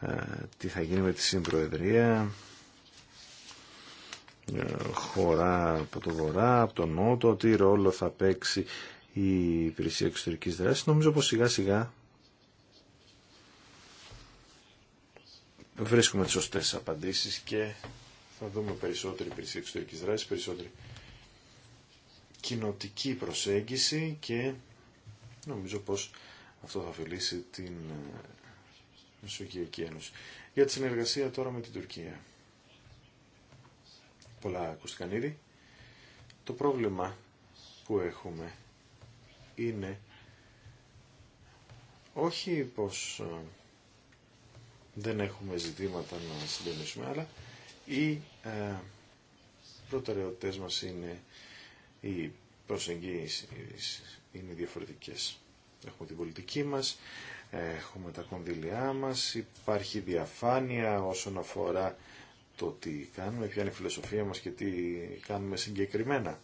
ε, τι θα γίνει με τη συμπροεδρία, χώρα από το βορρά, από τον νότο, τι ρόλο θα παίξει η υπηρεσία εξωτερικής δράσης. Νομίζω πως σιγά σιγά βρίσκουμε τις σωστές απαντήσεις και θα δούμε περισσότερη υπηρεσία εξωτερική δράση, περισσότερη κοινοτική προσέγγιση και νομίζω πως αυτό θα ωφελήσει την ε, Μεσογειακή Ένωση. Για τη συνεργασία τώρα με την Τουρκία. Πολλά ακούστηκαν ήδη. Το πρόβλημα που έχουμε είναι όχι πως ε, δεν έχουμε ζητήματα να συντονίσουμε, αλλά οι ε, προτεραιότητες μας είναι οι προσεγγίσεις είναι διαφορετικές. Έχουμε την πολιτική μας, έχουμε τα κονδυλιά μας, υπάρχει διαφάνεια όσον αφορά το τι κάνουμε, ποια είναι η φιλοσοφία μας και τι κάνουμε συγκεκριμένα.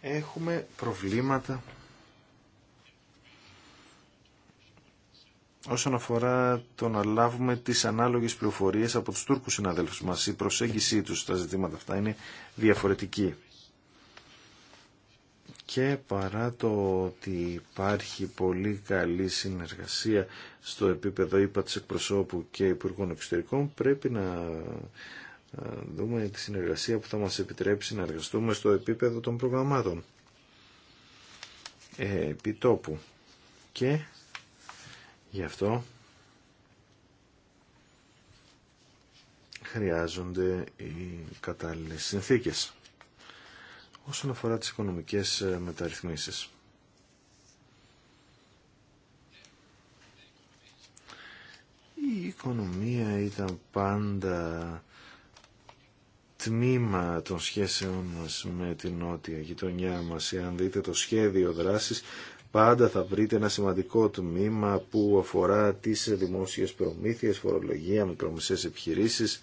Έχουμε προβλήματα όσον αφορά το να λάβουμε τις ανάλογες πληροφορίες από τους Τούρκους συναδέλφους μας. Η προσέγγιση τους στα ζητήματα αυτά είναι διαφορετική. Και παρά το ότι υπάρχει πολύ καλή συνεργασία στο επίπεδο ΥΠΑ της εκπροσώπου και Υπουργών Εξωτερικών, πρέπει να ε, δούμε τη συνεργασία που θα μας επιτρέψει να εργαστούμε στο επίπεδο των προγραμμάτων ε, επιτόπου. Και Γι' αυτό χρειάζονται οι κατάλληλες συνθήκες. Όσον αφορά τις οικονομικές ε, μεταρρυθμίσεις. Η οικονομία ήταν πάντα τμήμα των σχέσεων μας με την νότια γειτονιά μας. Αν δείτε το σχέδιο δράσης πάντα θα βρείτε ένα σημαντικό τμήμα που αφορά τις δημόσιες προμήθειες, φορολογία, μικρομεσαίες επιχειρήσεις,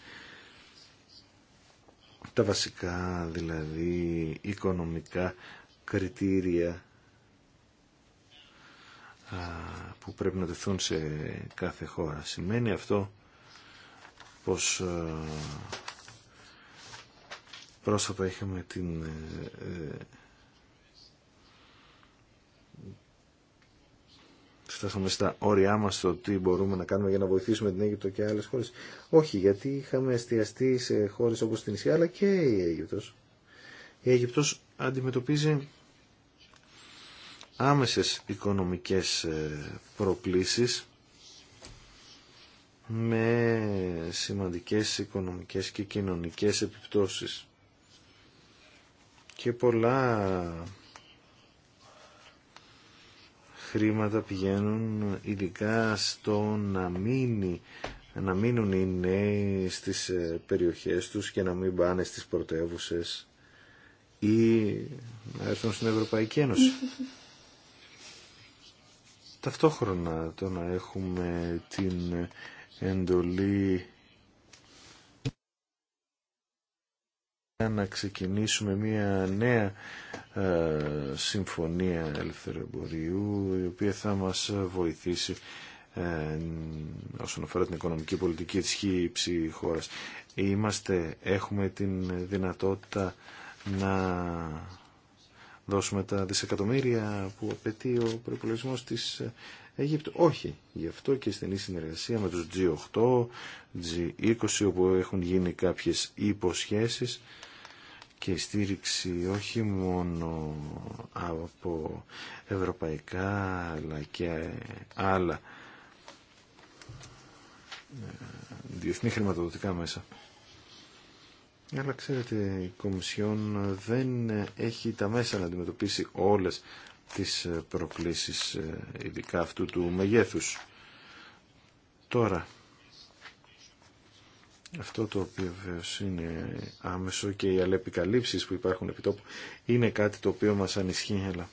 τα βασικά δηλαδή οικονομικά κριτήρια που πρέπει να τεθούν σε κάθε χώρα. Σημαίνει αυτό πως πρόσφατα είχαμε την ε, φτάσαμε στα όρια μας το τι μπορούμε να κάνουμε για να βοηθήσουμε την Αίγυπτο και άλλες χώρες. Όχι, γιατί είχαμε εστιαστεί σε χώρες όπως την Ισία, αλλά και η Αίγυπτος. Η Αίγυπτος αντιμετωπίζει άμεσες οικονομικές ε, προκλήσεις με σημαντικές οικονομικές και κοινωνικές επιπτώσεις. Και πολλά χρήματα πηγαίνουν ειδικά στο να, μείνει, να μείνουν οι νέοι στις ε, περιοχές τους και να μην πάνε στις πρωτεύουσε ή να έρθουν στην Ευρωπαϊκή Ένωση. Ταυτόχρονα το να έχουμε την εντολή να ξεκινήσουμε μια νέα ε, συμφωνία ελεύθερου η οποία θα μας βοηθήσει ε, όσον αφορά την οικονομική πολιτική της χύψη χώρας. Είμαστε, έχουμε την δυνατότητα να δώσουμε τα δισεκατομμύρια που απαιτεί ο προπολογισμό της ε, Αιγύπτου. Όχι. Γι' αυτό και στενή συνεργασία με τους G8, G20 όπου έχουν γίνει κάποιες υποσχέσεις και στήριξη όχι μόνο από ευρωπαϊκά αλλά και άλλα ε, διεθνή χρηματοδοτικά μέσα. Αλλά ξέρετε, η Κομισιόν δεν έχει τα μέσα να αντιμετωπίσει όλες τις ε, προκλήσεις ε, ειδικά αυτού του μεγέθους. Τώρα, αυτό το οποίο βεβαίω είναι άμεσο και οι αλεπικαλύψεις που υπάρχουν επί τόπου είναι κάτι το οποίο μας ανισχύει, αλλά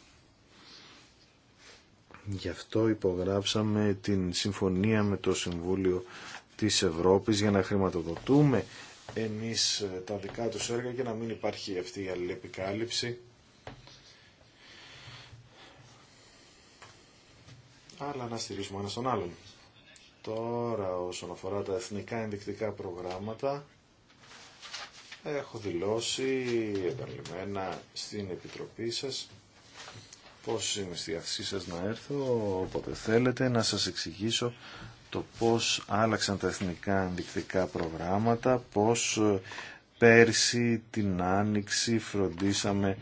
γι' αυτό υπογράψαμε την συμφωνία με το Συμβούλιο της Ευρώπης για να χρηματοδοτούμε εμείς τα δικά του έργα και να μην υπάρχει αυτή η αλληλεπικάλυψη. Αλλά να στηρίζουμε ένα στον άλλον. Τώρα όσον αφορά τα εθνικά ενδεικτικά προγράμματα έχω δηλώσει επανειλημμένα στην Επιτροπή σας πώς είμαι στη αυσή σας να έρθω όποτε θέλετε να σας εξηγήσω το πώς άλλαξαν τα εθνικά ενδεικτικά προγράμματα, πώς ε, πέρσι την Άνοιξη φροντίσαμε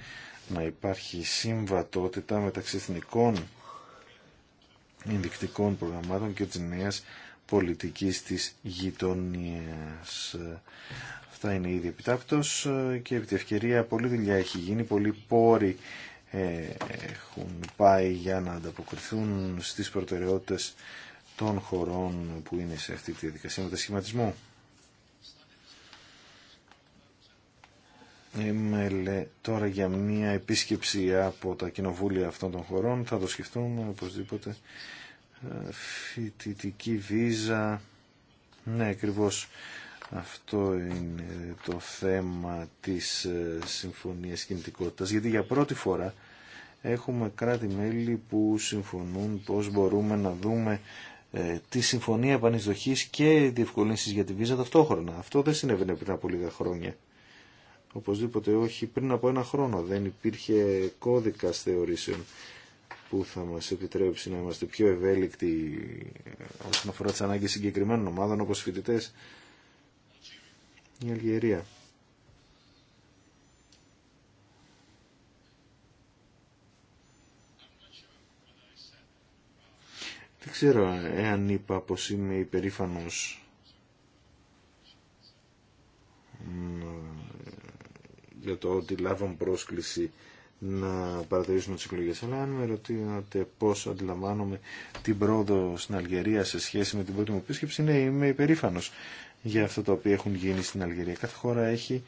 να υπάρχει συμβατότητα μεταξύ εθνικών ενδεικτικών προγραμμάτων και της νέας πολιτικής της γειτονίας. Αυτά είναι ήδη επιτάπτως και επί τη ευκαιρία πολλή δουλειά έχει γίνει, πολλοί πόροι ε, έχουν πάει για να ανταποκριθούν στις προτεραιότητες των χωρών που είναι σε αυτή τη διαδικασία μετασχηματισμού. Είμαι τώρα για μια επίσκεψη από τα κοινοβούλια αυτών των χωρών. Θα το σκεφτούμε οπωσδήποτε. Ε, φοιτητική βίζα. Ναι, ακριβώ αυτό είναι το θέμα της ε, συμφωνίας κινητικότητας. Γιατί για πρώτη φορά έχουμε κράτη-μέλη που συμφωνούν πώς μπορούμε να δούμε ε, τη συμφωνία επανεισδοχής και διευκολύνσεις για τη βίζα ταυτόχρονα. Αυτό δεν συνέβαινε πριν από λίγα χρόνια. Οπωσδήποτε όχι. Πριν από ένα χρόνο δεν υπήρχε κώδικας θεωρήσεων που θα μας επιτρέψει να είμαστε πιο ευέλικτοι όσον αφορά τις ανάγκες συγκεκριμένων ομάδων όπως φοιτητέ. Η Αλγερία. Δεν ξέρω εάν είπα πως είμαι υπερήφανος για το ότι λάβαμε πρόσκληση να παρατηρήσουμε τις εκλογές. Αλλά αν με ρωτήσατε πώς αντιλαμβάνομαι την πρόοδο στην Αλγερία σε σχέση με την πρώτη μου επίσκεψη, ναι, είμαι υπερήφανος για αυτό το οποίο έχουν γίνει στην Αλγερία. Κάθε χώρα έχει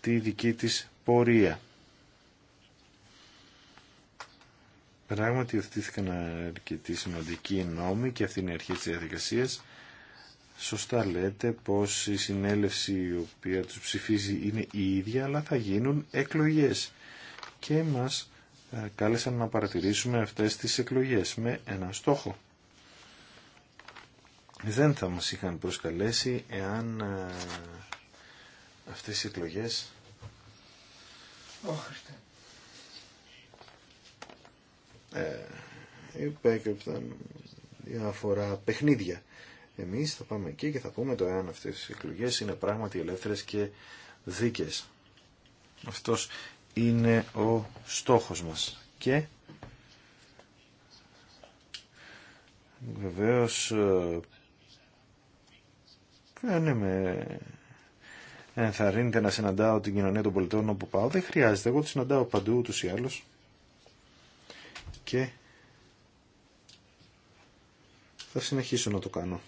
τη δική της πορεία. Πράγματι, οθήθηκαν αρκετοί σημαντικοί νόμοι και αυτή είναι η αρχή της διαδικασίας Σωστά λέτε πως η συνέλευση η οποία τους ψηφίζει είναι η ίδια, αλλά θα γίνουν εκλογές. Και μας ε, κάλεσαν να παρατηρήσουμε αυτές τις εκλογές με ένα στόχο. Δεν θα μας είχαν προσκαλέσει εάν ε, αυτές οι εκλογές... Ε, υπέκρυπταν διάφορα παιχνίδια εμείς θα πάμε εκεί και θα πούμε το εάν αυτές οι εκλογέ είναι πράγματι ελεύθερες και δίκες. Αυτός είναι ο στόχος μας. Και βεβαίως ε, ε, ναι, με να συναντάω την κοινωνία των πολιτών όπου πάω. Δεν χρειάζεται. Εγώ τη συναντάω παντού ούτω ή άλλω. Και θα συνεχίσω να το κάνω.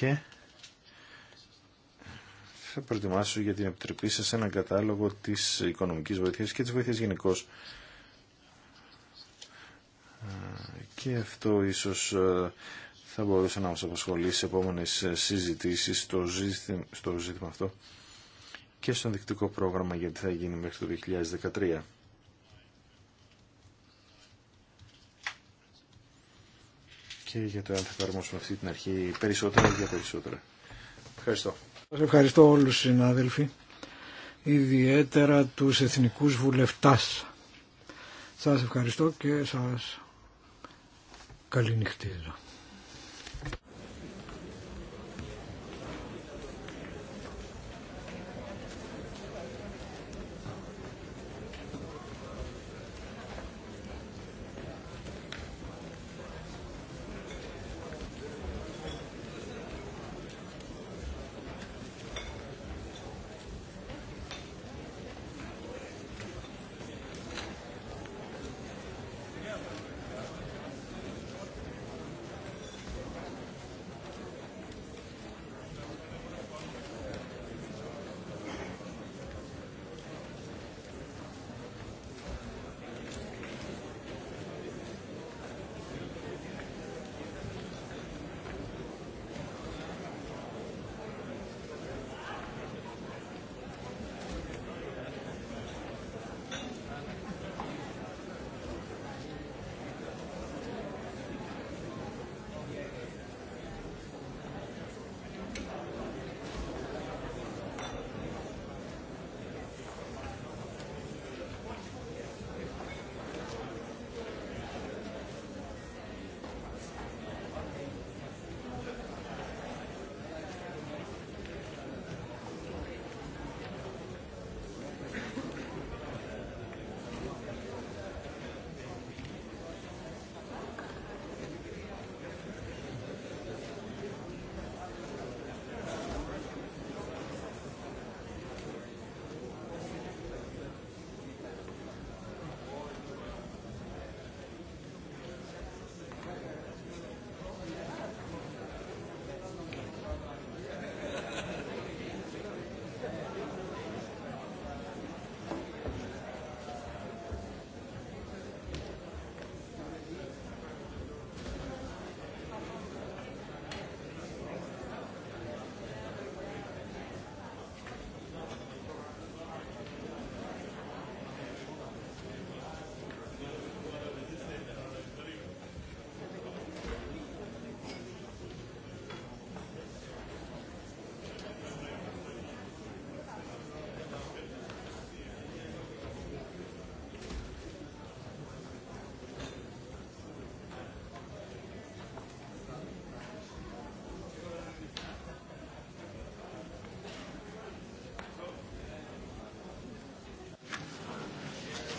και θα προετοιμάσω για την επιτροπή σας έναν κατάλογο της οικονομικής βοήθειας και της βοήθειας γενικώ. Ε, και αυτό ίσως ε, θα μπορούσε να μας απασχολεί σε επόμενες ε, συζητήσεις στο ζήτημα, στο ζήτημα αυτό και στο δεικτικό πρόγραμμα γιατί θα γίνει μέχρι το 2013. και για το αν θα εφαρμόσουμε αυτή την αρχή περισσότερα για περισσότερα. Ευχαριστώ. Σας ευχαριστώ όλους συνάδελφοι, ιδιαίτερα τους εθνικούς βουλευτάς. Σας ευχαριστώ και σας καληνυχτίζω.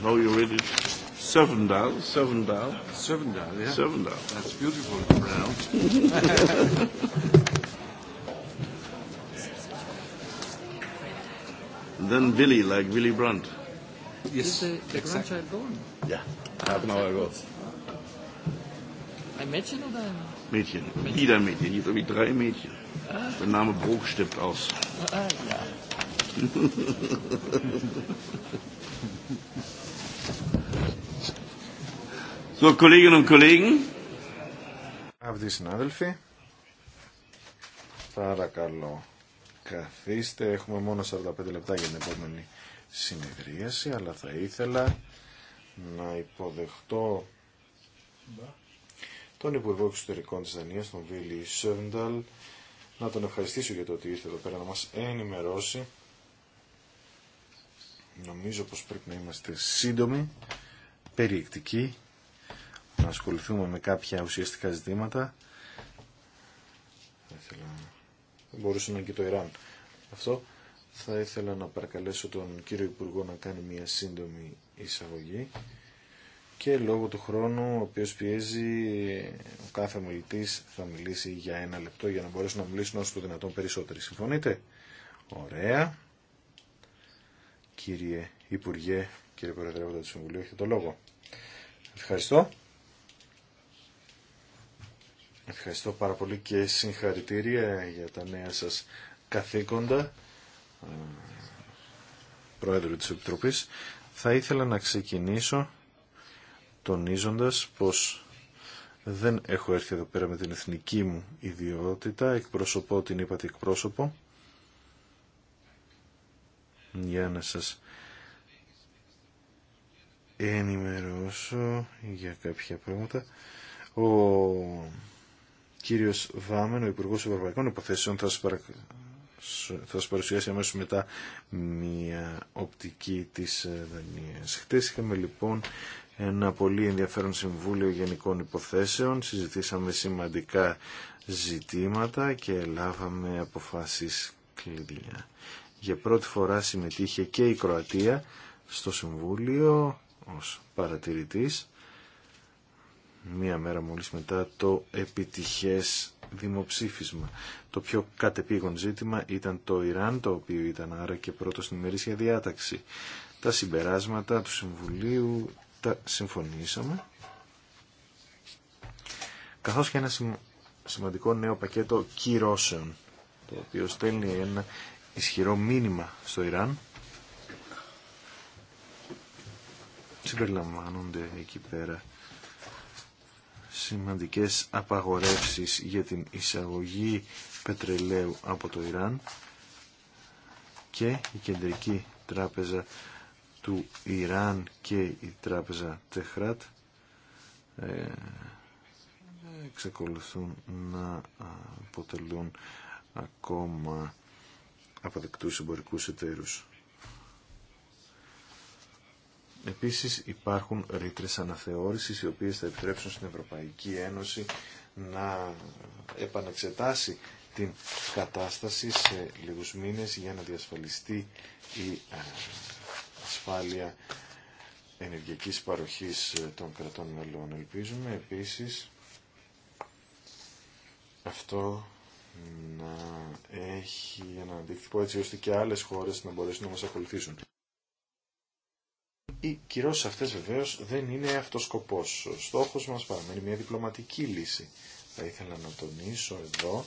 No, you read it. Seven down, seven down. Seven down, yeah. Seven down. That's beautiful and then Billy, like Willy Brandt. Yes, exactly. the, the Yeah, half an hour ago. Ein Mädchen oder ein... Mädchen, wieder ein Mädchen, hier wie drei Mädchen. Der Name Bruch stirbt aus. Ah, ja. So, Kolleginnen und Kollegen. οι συνάδελφοι, παρακαλώ καθίστε. Έχουμε μόνο 45 λεπτά για την επόμενη συνεδρίαση, αλλά θα ήθελα να υποδεχτώ τον Υπουργό Εξωτερικών της Δανίας, τον Βίλι Σέρνταλ, να τον ευχαριστήσω για το ότι ήρθε εδώ πέρα να μας ενημερώσει. Νομίζω πως πρέπει να είμαστε σύντομοι, περιεκτικοί να ασχοληθούμε με κάποια ουσιαστικά ζητήματα. ήθελα... μπορούσε να είναι και το Ιράν. Αυτό θα ήθελα να παρακαλέσω τον κύριο Υπουργό να κάνει μια σύντομη εισαγωγή και λόγω του χρόνου ο οποίος πιέζει ο κάθε μιλητής θα μιλήσει για ένα λεπτό για να μπορέσουν να μιλήσουν όσο το δυνατόν περισσότεροι. Συμφωνείτε? Ωραία. Κύριε Υπουργέ, κύριε Προεδρεύοντα του Συμβουλίου, έχετε το λόγο. Ευχαριστώ. Ευχαριστώ πάρα πολύ και συγχαρητήρια για τα νέα σας καθήκοντα ε, Πρόεδρο της Επιτροπής. Θα ήθελα να ξεκινήσω τονίζοντας πως δεν έχω έρθει εδώ πέρα με την εθνική μου ιδιότητα, εκπροσωπώ την είπατε εκπρόσωπο για να σας ενημερώσω για κάποια πράγματα. Ο κύριος Βάμεν, ο Υπουργός Ευρωπαϊκών Υποθέσεων, θα σας, παρουσιάσει αμέσως μετά μια οπτική της ε, Δανίας. Χτες είχαμε λοιπόν ένα πολύ ενδιαφέρον Συμβούλιο Γενικών Υποθέσεων, συζητήσαμε σημαντικά ζητήματα και λάβαμε αποφάσεις κλειδιά. Για πρώτη φορά συμμετείχε και η Κροατία στο Συμβούλιο ως παρατηρητής μία μέρα μόλις μετά το επιτυχές δημοψήφισμα. Το πιο κατεπήγον ζήτημα ήταν το Ιράν, το οποίο ήταν άρα και πρώτο στην ημερήσια διάταξη. Τα συμπεράσματα του Συμβουλίου τα συμφωνήσαμε, καθώς και ένα σημαντικό νέο πακέτο κυρώσεων, το οποίο στέλνει ένα ισχυρό μήνυμα στο Ιράν, συμπεριλαμβάνονται εκεί πέρα σημαντικές απαγορεύσεις για την εισαγωγή πετρελαίου από το Ιράν και η Κεντρική Τράπεζα του Ιράν και η Τράπεζα Τεχράτ ε, εξακολουθούν να αποτελούν ακόμα αποδεκτούς εμπορικούς εταίρους. Επίσης υπάρχουν ρήτρες αναθεώρησης οι οποίες θα επιτρέψουν στην Ευρωπαϊκή Ένωση να επανεξετάσει την κατάσταση σε λίγους μήνες για να διασφαλιστεί η ε, ασφάλεια ενεργειακής παροχής ε, των κρατών μελών. Ελπίζουμε επίσης αυτό να έχει ένα αντίκτυπο έτσι ώστε και άλλες χώρες να μπορέσουν να μας ακολουθήσουν. Οι κυρώσεις αυτές βεβαίως δεν είναι αυτός σκοπός. Ο στόχος μας παραμένει μια διπλωματική λύση. Θα ήθελα να τονίσω εδώ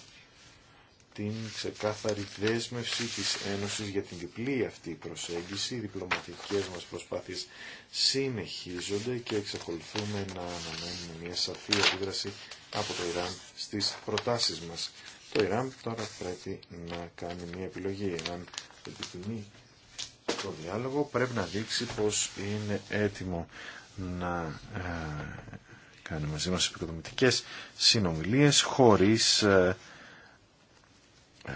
την ξεκάθαρη δέσμευση της Ένωσης για την διπλή αυτή προσέγγιση. Οι διπλωματικές μας προσπάθειες συνεχίζονται και εξακολουθούμε να αναμένουμε μια σαφή επίδραση από το Ιράν στις προτάσεις μας. Το Ιράν τώρα πρέπει να κάνει μια επιλογή, επιθυμεί το διάλογο πρέπει να δείξει πως είναι έτοιμο να ε, κάνει μαζί μας επικοδομητικές συνομιλίες χωρίς ε, ε,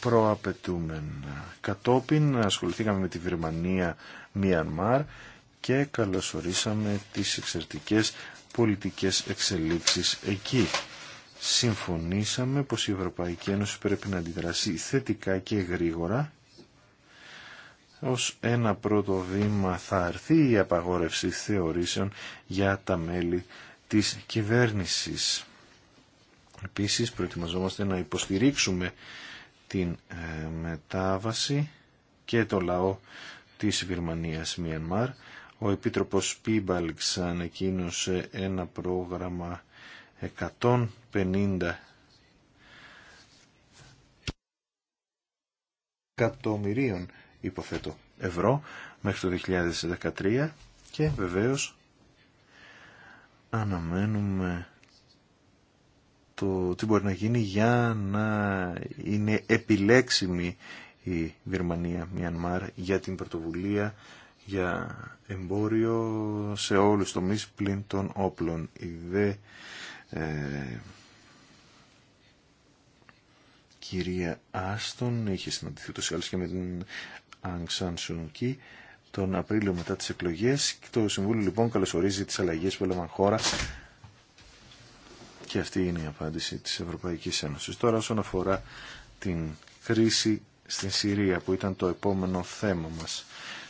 προαπαιτούμενα. Κατόπιν ασχοληθήκαμε με τη Βερμανία Μιανμάρ και καλωσορίσαμε τις εξαιρετικές πολιτικές εξελίξεις εκεί. Συμφωνήσαμε πως η Ευρωπαϊκή Ένωση πρέπει να αντιδράσει θετικά και γρήγορα ως ένα πρώτο βήμα θα αρθεί η απαγόρευση θεωρήσεων για τα μέλη της κυβέρνησης. Επίσης προετοιμαζόμαστε να υποστηρίξουμε την ε, μετάβαση και το λαό της Βυρμανίας Μιανμάρ. Ο Επίτροπος Πίμπαλξ ανακοίνωσε ένα πρόγραμμα 150 εκατομμυρίων υποθέτω ευρώ μέχρι το 2013 και βεβαίως αναμένουμε το τι μπορεί να γίνει για να είναι επιλέξιμη η Βερμανία, Μιανμάρ για την πρωτοβουλία για εμπόριο σε όλους τους τομείς πλην των όπλων. Η δε ε, κυρία Άστον είχε συναντηθεί ούτως ή και με την αν Σαν τον Απρίλιο μετά τις εκλογές. Το Συμβούλιο λοιπόν καλωσορίζει τις αλλαγές που έλαβαν χώρα και αυτή είναι η απάντηση της Ευρωπαϊκής Ένωσης. Τώρα όσον αφορά την κρίση στην Συρία που ήταν το επόμενο θέμα μας.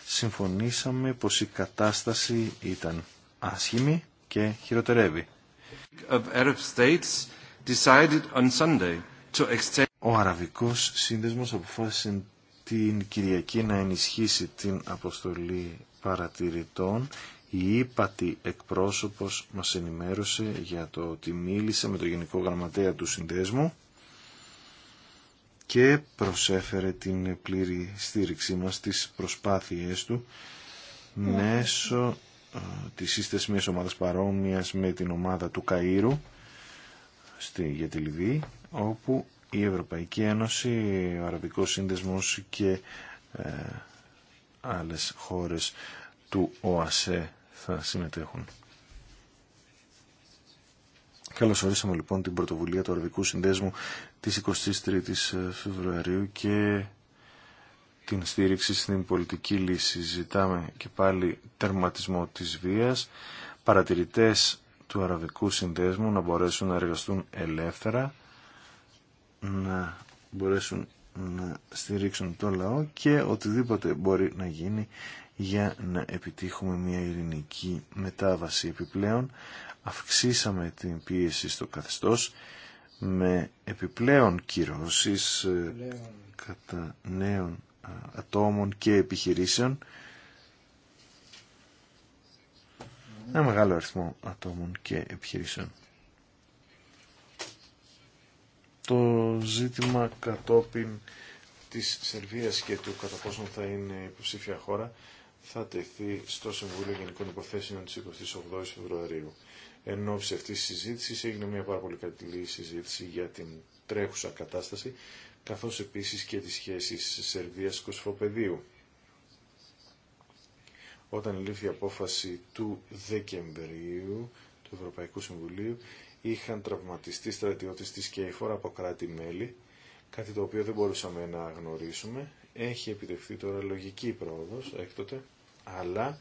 Συμφωνήσαμε πως η κατάσταση ήταν άσχημη και χειροτερεύει. Ο Αραβικός Σύνδεσμος αποφάσισε την Κυριακή να ενισχύσει την αποστολή παρατηρητών. Η ύπατη εκπρόσωπος μας ενημέρωσε για το ότι μίλησε με το Γενικό Γραμματέα του Συνδέσμου και προσέφερε την πλήρη στήριξή μας στις προσπάθειές του μέσω ε, της σύστασης μιας ομάδας παρόμοιας με την ομάδα του Καΐρου στη, για τη Λιβύη, όπου η Ευρωπαϊκή Ένωση, ο Αραβικός Σύνδεσμος και ε, άλλες χώρες του ΟΑΣΕ θα συμμετέχουν. Καλώς ορίσαμε λοιπόν την πρωτοβουλία του Αραβικού Συνδέσμου της 23ης ε, Φεβρουαρίου και την στήριξη στην πολιτική λύση. Ζητάμε και πάλι τερματισμό της βίας, παρατηρητές του Αραβικού Συνδέσμου να μπορέσουν να εργαστούν ελεύθερα να μπορέσουν να στηρίξουν το λαό και οτιδήποτε μπορεί να γίνει για να επιτύχουμε μια ειρηνική μετάβαση. Επιπλέον αυξήσαμε την πίεση στο καθεστώς με επιπλέον κυρώσεις ε, κατά νέων ατόμων και επιχειρήσεων ένα μεγάλο αριθμό ατόμων και επιχειρήσεων. το ζήτημα κατόπιν της Σερβίας και του κατά πόσο θα είναι υποψήφια χώρα θα τεθεί στο Συμβούλιο Γενικών Υποθέσεων της 28 Φεβρουαρίου. Εν ώψη αυτή της συζήτηση έγινε μια πάρα πολύ καλή συζήτηση για την τρέχουσα κατάσταση καθώς επίσης και τις σχέσεις Σερβίας-Κοσφοπεδίου. Όταν λήφθη η απόφαση του Δεκεμβρίου του Ευρωπαϊκού Συμβουλίου είχαν τραυματιστεί στρατιώτες της ΚΕΙΦΟΡ από κράτη-μέλη, κάτι το οποίο δεν μπορούσαμε να γνωρίσουμε. Έχει επιτευχθεί τώρα λογική πρόοδος έκτοτε, αλλά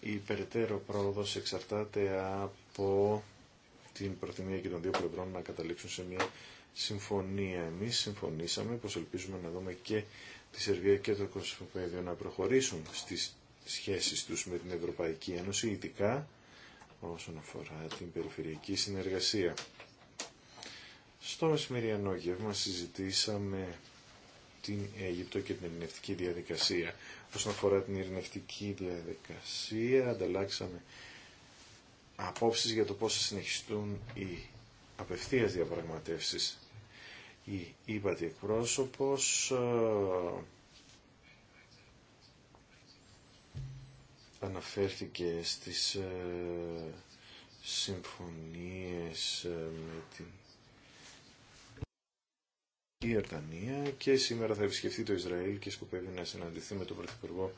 η περαιτέρω πρόοδος εξαρτάται από την προθυμία και των δύο πλευρών να καταλήξουν σε μια συμφωνία. Εμείς συμφωνήσαμε πως ελπίζουμε να δούμε και τη Σερβία και το Κωσυφοπαίδιο να προχωρήσουν στις σχέσεις τους με την Ευρωπαϊκή Ένωση, ειδικά όσον αφορά την περιφερειακή συνεργασία. Στο μεσημεριανό γεύμα συζητήσαμε την Αίγυπτο και την ειρηνευτική διαδικασία. Όσον αφορά την ειρηνευτική διαδικασία, ανταλλάξαμε απόψεις για το πώς θα συνεχιστούν οι απευθείας διαπραγματεύσεις. Η ύπατη εκπρόσωπος αναφέρθηκε στις ε, συμφωνίες ε, με την Ιορτανία και σήμερα θα επισκεφθεί το Ισραήλ και σκοπεύει να συναντηθεί με τον Πρωθυπουργό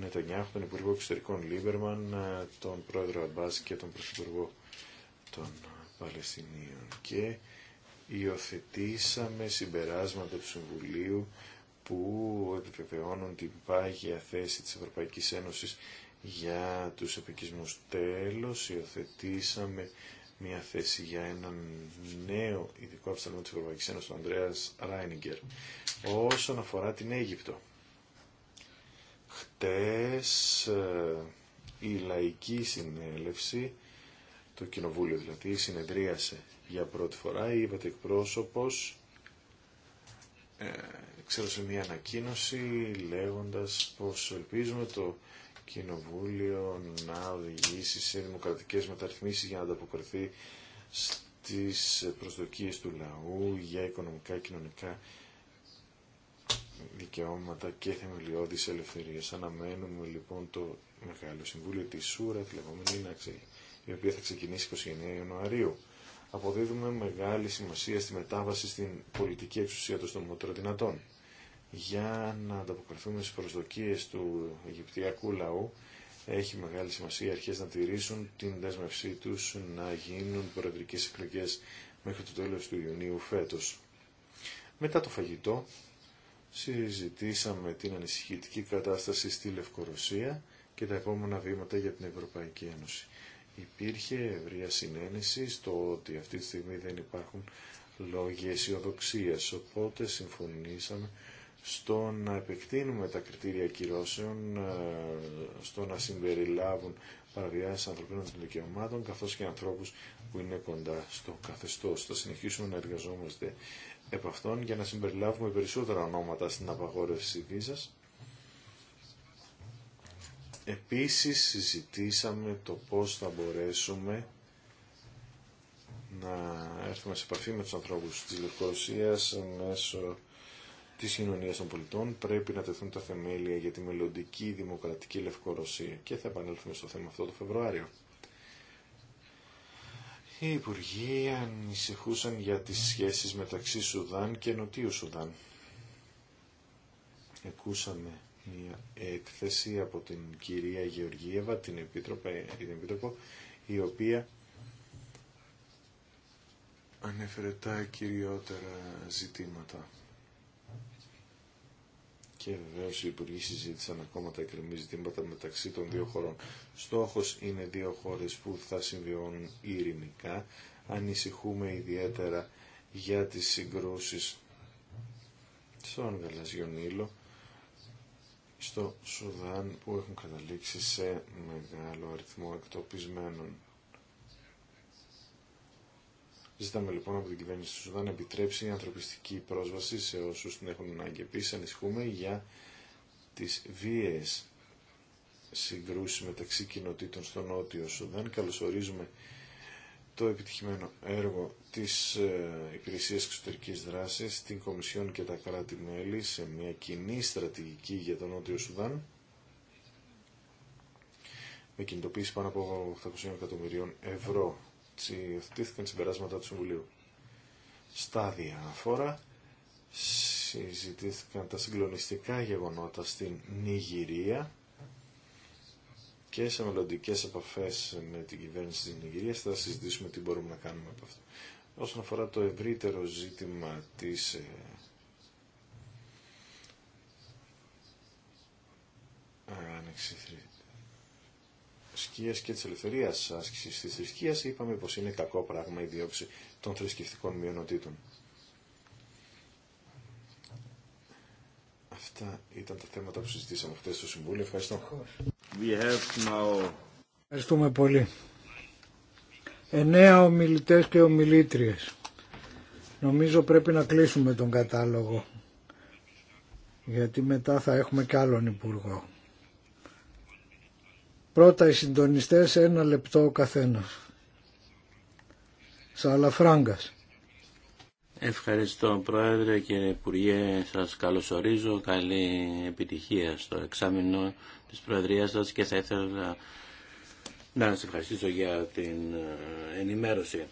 Νετανιάχου, τον Υπουργό Εξωτερικών Λίμπερμαν, ε, τον Πρόεδρο Αμπάς και τον Πρωθυπουργό των Παλαιστινίων. Και υιοθετήσαμε συμπεράσματα του Συμβουλίου που επιβεβαιώνουν την πάγια θέση της Ευρωπαϊκής Ένωσης για τους επικισμούς. Τέλος, υιοθετήσαμε μια θέση για έναν νέο ειδικό αυσταλμό της Ευρωπαϊκής Ένωσης, τον Ανδρέας Ράινιγκερ, όσον αφορά την Αίγυπτο. Χτες ε, η Λαϊκή Συνέλευση, το Κοινοβούλιο δηλαδή, συνεδρίασε για πρώτη φορά, είπατε εκπρόσωπος, ε, ξέρω σε μια ανακοίνωση λέγοντας πως ελπίζουμε το Κοινοβούλιο να οδηγήσει σε δημοκρατικές μεταρρυθμίσεις για να ανταποκριθεί στις προσδοκίες του λαού για οικονομικά, και κοινωνικά δικαιώματα και θεμελιώδεις ελευθερίες. Αναμένουμε λοιπόν το Μεγάλο Συμβούλιο της ΣΟΥΡΑ, τη λεγόμενη η οποία θα ξεκινήσει 29 Ιανουαρίου. Αποδίδουμε μεγάλη σημασία στη μετάβαση στην πολιτική εξουσία των στομότερων δυνατών για να ανταποκριθούμε στις προσδοκίες του Αιγυπτιακού λαού έχει μεγάλη σημασία οι αρχές να τηρήσουν την δέσμευσή τους να γίνουν προεδρικές εκλογές μέχρι το τέλος του Ιουνίου φέτος. Μετά το φαγητό συζητήσαμε την ανησυχητική κατάσταση στη Λευκορωσία και τα επόμενα βήματα για την Ευρωπαϊκή Ένωση. Υπήρχε ευρεία συνένεση στο ότι αυτή τη στιγμή δεν υπάρχουν λόγια αισιοδοξία, οπότε συμφωνήσαμε στο να επεκτείνουμε τα κριτήρια κυρώσεων, ε, στο να συμπεριλάβουν παραβιάσεις ανθρωπίνων δικαιωμάτων, καθώς και ανθρώπους που είναι κοντά στο καθεστώς. Θα συνεχίσουμε να εργαζόμαστε επ' αυτών για να συμπεριλάβουμε περισσότερα ονόματα στην απαγόρευση βίζας. Επίσης συζητήσαμε το πώς θα μπορέσουμε να έρθουμε σε επαφή με τους ανθρώπους της Λευκορωσίας μέσω Τη κοινωνία των πολιτών πρέπει να τεθούν τα θεμέλια για τη μελλοντική δημοκρατική Λευκορωσία και θα επανέλθουμε στο θέμα αυτό το Φεβρουάριο. Οι Υπουργοί ανησυχούσαν για τις σχέσεις μεταξύ Σουδάν και Νοτίου Σουδάν. Εκούσαμε μια έκθεση από την κυρία Γεωργίευα, την Επίτροπο, την Επίτροπο η οποία ανέφερε τα κυριότερα ζητήματα και βεβαίω οι υπουργοί συζήτησαν ακόμα τα εκκρεμή ζητήματα μεταξύ των δύο χωρών. Στόχο είναι δύο χώρε που θα συμβιώνουν ειρηνικά. Ανησυχούμε ιδιαίτερα για τι συγκρούσει στον Γαλαζιονίλο, στο Σουδάν που έχουν καταλήξει σε μεγάλο αριθμό εκτοπισμένων. Ζητάμε λοιπόν από την κυβέρνηση του Σουδάν να επιτρέψει η ανθρωπιστική πρόσβαση σε όσου την έχουν ανάγκη. Επίση, ανησυχούμε για τι βίαιε συγκρούσει μεταξύ κοινοτήτων στο νότιο Σουδάν. Καλωσορίζουμε το επιτυχημένο έργο της ε, Υπηρεσία Εξωτερικής Δράση την Κομισιόν και τα κράτη-μέλη σε μια κοινή στρατηγική για τον Νότιο Σουδάν με κινητοποίηση πάνω από 800 εκατομμυρίων ευρώ υιοθετήθηκαν συμπεράσματα του Συμβουλίου. Στα διάφορα συζητήθηκαν τα συγκλονιστικά γεγονότα στην Νιγηρία και σε μελλοντικέ επαφέ με την κυβέρνηση της Νιγηρίας θα συζητήσουμε τι μπορούμε να κάνουμε από αυτό. Όσον αφορά το ευρύτερο ζήτημα της ε, Άνοιξη σκίας και της ελευθερία άσκηση της θρησκεία, είπαμε πω είναι κακό πράγμα η διώξη των θρησκευτικών μειονοτήτων. Αυτά ήταν τα θέματα που συζητήσαμε χθε στο Συμβούλιο. Ευχαριστώ. Ευχαριστούμε πολύ. Εννέα ομιλητέ και ομιλήτριε. Νομίζω πρέπει να κλείσουμε τον κατάλογο. Γιατί μετά θα έχουμε κι άλλον υπουργό. Πρώτα οι συντονιστές ένα λεπτό ο καθένας. Σαλαφράγκας. Ευχαριστώ Πρόεδρε και Υπουργέ, σας καλωσορίζω, καλή επιτυχία στο εξάμεινο της Προεδρίας σας και θα ήθελα να σας ευχαριστήσω για την ε, ενημέρωση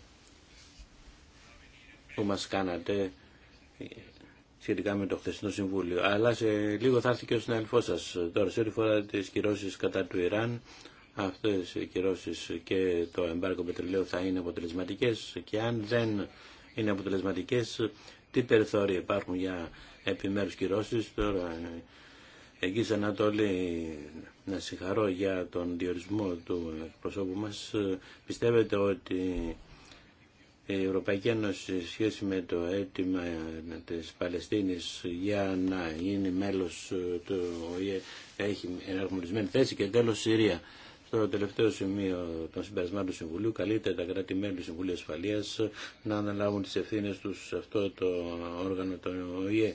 που μας κάνατε σχετικά με το χθεσινό συμβούλιο. Αλλά σε λίγο θα έρθει και ο συνάδελφό σα. Τώρα, σε ό,τι φορά τι κυρώσει κατά του Ιράν, αυτέ οι κυρώσει και το εμπάρκο πετρελαίου θα είναι αποτελεσματικέ και αν δεν είναι αποτελεσματικέ, τι περιθώρια υπάρχουν για επιμέρου κυρώσει. Τώρα, εκεί στην Ανατολή, να συγχαρώ για τον διορισμό του προσώπου μα. Πιστεύετε ότι η Ευρωπαϊκή Ένωση σε σχέση με το αίτημα της Παλαιστίνης για να γίνει μέλος ε, του ΟΗΕ έχει εναρμονισμένη θέση και τέλος Συρία. Στο τελευταίο σημείο των συμπερισμάτων του Συμβουλίου καλείται τα κράτη-μέλη του Συμβουλίου Ασφαλείας να αναλάβουν τις ευθύνες τους σε αυτό το όργανο του ΟΗΕ.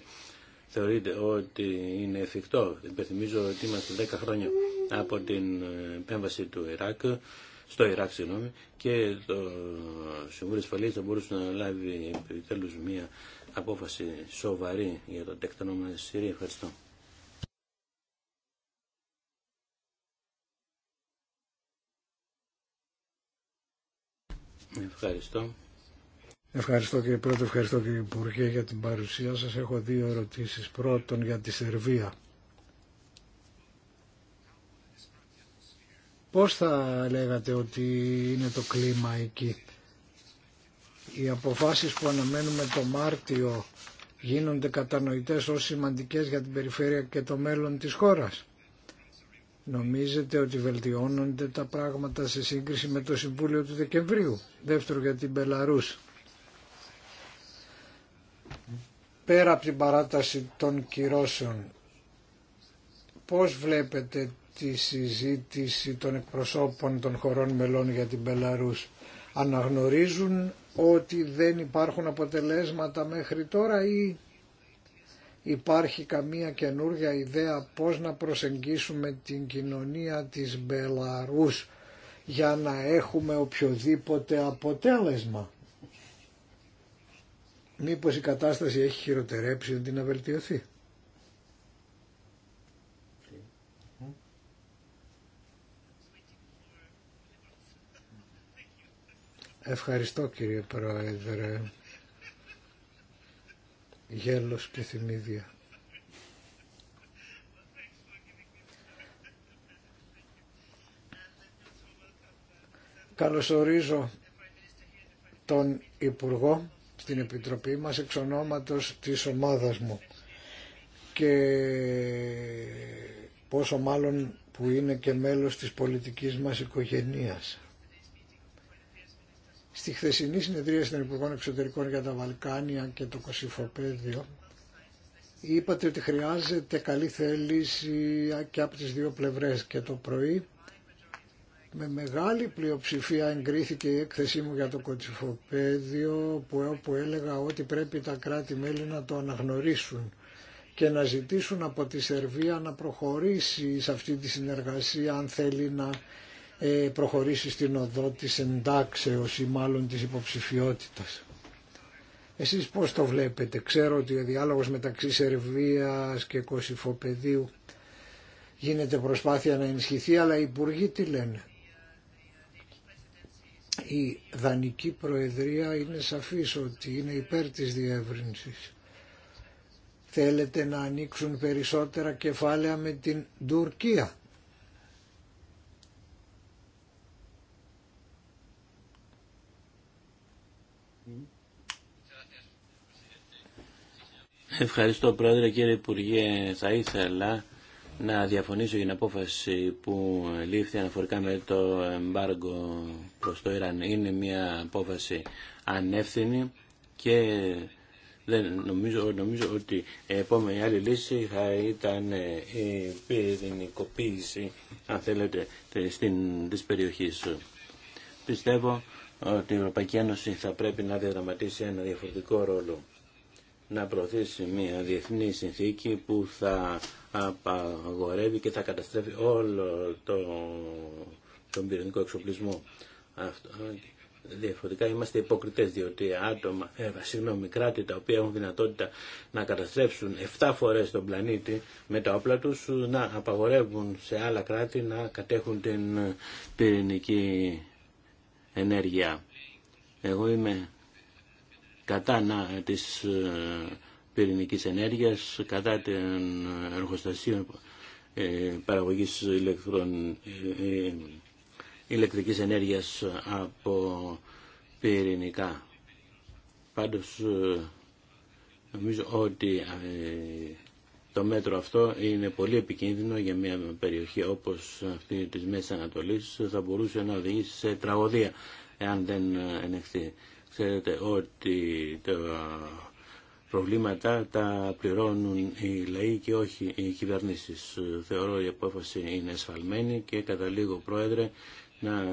Θεωρείται ότι είναι εφικτό. Υπενθυμίζω ότι είμαστε 10 χρόνια από την ε, επέμβαση του Ιράκ στο Ιράκ συγγνώμη, και το Συμβούλιο Ασφαλείας θα μπορούσε να λάβει επιτέλου μια απόφαση σοβαρή για το τέκτανο της Συρία. Ευχαριστώ. Ευχαριστώ. Ευχαριστώ κύριε Πρόεδρε, ευχαριστώ κύριε Υπουργέ για την παρουσία σας. Έχω δύο ερωτήσεις. Πρώτον για τη Σερβία. Πώς θα λέγατε ότι είναι το κλίμα εκεί. Οι αποφάσεις που αναμένουμε το Μάρτιο γίνονται κατανοητές ως σημαντικές για την περιφέρεια και το μέλλον της χώρας. Νομίζετε ότι βελτιώνονται τα πράγματα σε σύγκριση με το Συμβούλιο του Δεκεμβρίου. Δεύτερο για την Πελαρούς. Πέρα από την παράταση των κυρώσεων, πώς βλέπετε τη συζήτηση των εκπροσώπων των χωρών μελών για την Πελαρούς. Αναγνωρίζουν ότι δεν υπάρχουν αποτελέσματα μέχρι τώρα ή υπάρχει καμία καινούργια ιδέα πώς να προσεγγίσουμε την κοινωνία της Μπελαρούς για να έχουμε οποιοδήποτε αποτέλεσμα. Μήπως η κατάσταση έχει χειροτερέψει αντί να βελτιωθεί. Ευχαριστώ κύριε Πρόεδρε. Γέλος και θυμίδια. Καλωσορίζω τον Υπουργό στην Επιτροπή μας εξ ονόματος της ομάδας μου και πόσο μάλλον που είναι και μέλος της πολιτικής μας οικογένειας. Στη χθεσινή συνεδρία των Υπουργών Εξωτερικών για τα Βαλκάνια και το Κωσυφοπαίδιο είπατε ότι χρειάζεται καλή θέληση και από τις δύο πλευρές και το πρωί με μεγάλη πλειοψηφία εγκρίθηκε η έκθεσή μου για το Κωσυφοπαίδιο που όπου έλεγα ότι πρέπει τα κράτη-μέλη να το αναγνωρίσουν και να ζητήσουν από τη Σερβία να προχωρήσει σε αυτή τη συνεργασία αν θέλει να ε, προχωρήσει στην οδό της εντάξεως ή μάλλον της υποψηφιότητας. Εσείς πώς το βλέπετε. Ξέρω ότι ο διάλογος μεταξύ Σερβίας και Κωσυφοπεδίου γίνεται προσπάθεια να ενισχυθεί, αλλά οι υπουργοί τι λένε. Η Δανική Προεδρία είναι σαφής ότι είναι υπέρ της διεύρυνσης. Θέλετε να ανοίξουν περισσότερα κεφάλαια με την Τουρκία Ευχαριστώ Πρόεδρε κύριε Υπουργέ. Θα ήθελα να διαφωνήσω για την απόφαση που λήφθη αναφορικά με το εμπάργκο προς το Ιράν. Είναι μια απόφαση ανεύθυνη και δεν νομίζω, ότι η επόμενη άλλη λύση θα ήταν η πυρηνικοποίηση, αν θέλετε, στην, της περιοχής. Πιστεύω ότι η Ευρωπαϊκή Ένωση θα πρέπει να διαδραματίσει ένα διαφορετικό ρόλο να προωθήσει μια διεθνή συνθήκη που θα απαγορεύει και θα καταστρέφει όλο το, τον πυρηνικό εξοπλισμό. Αυτό, διαφορετικά είμαστε υποκριτές διότι άτομα, ε, συγγνώμη, κράτη τα οποία έχουν δυνατότητα να καταστρέψουν 7 φορές τον πλανήτη με τα όπλα τους να απαγορεύουν σε άλλα κράτη να κατέχουν την πυρηνική ενέργεια. Εγώ είμαι κατά της ε, πυρηνικής ενέργειας, κατά των εργοστασίων ε, παραγωγής ηλεκτρική ε, ηλεκτρικής ενέργειας από πυρηνικά. Πάντως νομίζω ότι το μέτρο αυτό είναι πολύ επικίνδυνο για μια περιοχή όπως αυτή της Μέσης Ανατολής θα μπορούσε να οδηγήσει σε τραγωδία εάν δεν ενεχθεί. Ξέρετε ότι τα προβλήματα τα πληρώνουν οι λαοί και όχι οι κυβερνήσεις. Θεωρώ η απόφαση είναι εσφαλμένη και καταλήγω Πρόεδρε να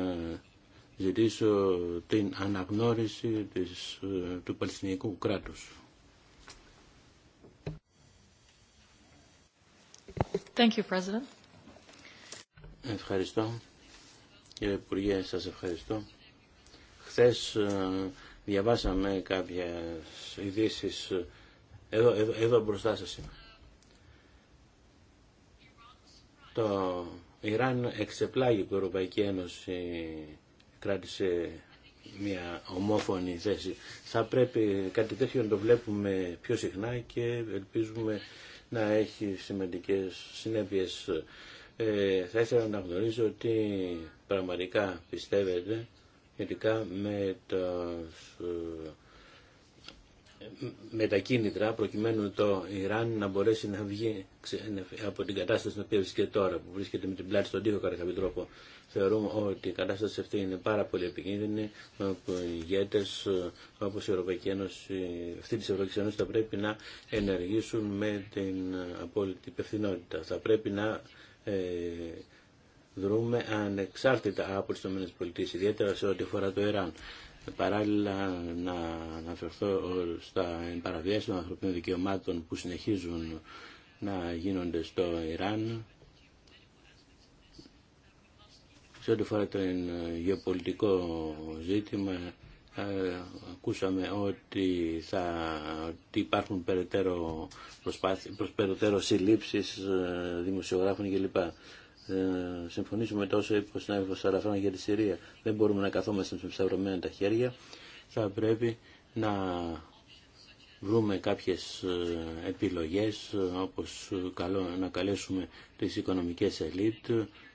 ζητήσω την αναγνώριση της, του Παλαιστινιακού κράτους. Thank you, President. Ευχαριστώ. Κύριε Υπουργέ, σας ευχαριστώ. Χθες ε, διαβάσαμε κάποιες ειδήσει εδώ, εδώ, εδώ μπροστά σας Το Ιράν εξεπλάγει που η Ευρωπαϊκή Ένωση κράτησε μια ομόφωνη θέση. Θα πρέπει κάτι τέτοιο να το βλέπουμε πιο συχνά και ελπίζουμε να έχει σημαντικές συνέπειες. Ε, θα ήθελα να γνωρίζω ότι πραγματικά πιστεύετε Ειδικά με τα, ε, με τα κίνητρα προκειμένου το Ιράν να μπορέσει να βγει από την κατάσταση που βρίσκεται τώρα, που βρίσκεται με την πλάτη στον τοίχο κατά κάποιο τρόπο. Θεωρούμε ότι η κατάσταση αυτή είναι πάρα πολύ επικίνδυνη, όπου οι ηγέτε όπω η Ευρωπαϊκή Ένωση, αυτή τη Ευρωπαϊκή Ένωση θα πρέπει να ενεργήσουν με την απόλυτη υπευθυνότητα. Θα πρέπει να ε, δρούμε ανεξάρτητα από τις ΗΠΑ, ιδιαίτερα σε ό,τι αφορά το Ιράν. Παράλληλα να αναφερθώ στα παραβιάσεις των ανθρωπίνων δικαιωμάτων που συνεχίζουν να γίνονται στο Ιράν. Σε ό,τι αφορά το γεωπολιτικό ζήτημα, ε, ακούσαμε ότι, θα, ότι υπάρχουν περαιτέρω, προσπάθει, περαιτέρω συλλήψεις ε, δημοσιογράφων κλπ συμφωνήσουμε τόσο είπε να συνάδελφος Σαραφράν για τη Συρία. Δεν μπορούμε να καθόμαστε με ψευρωμένα τα χέρια. Θα πρέπει να βρούμε κάποιες ε, επιλογές ε, όπως ε, να καλέσουμε τις οικονομικές ελίτ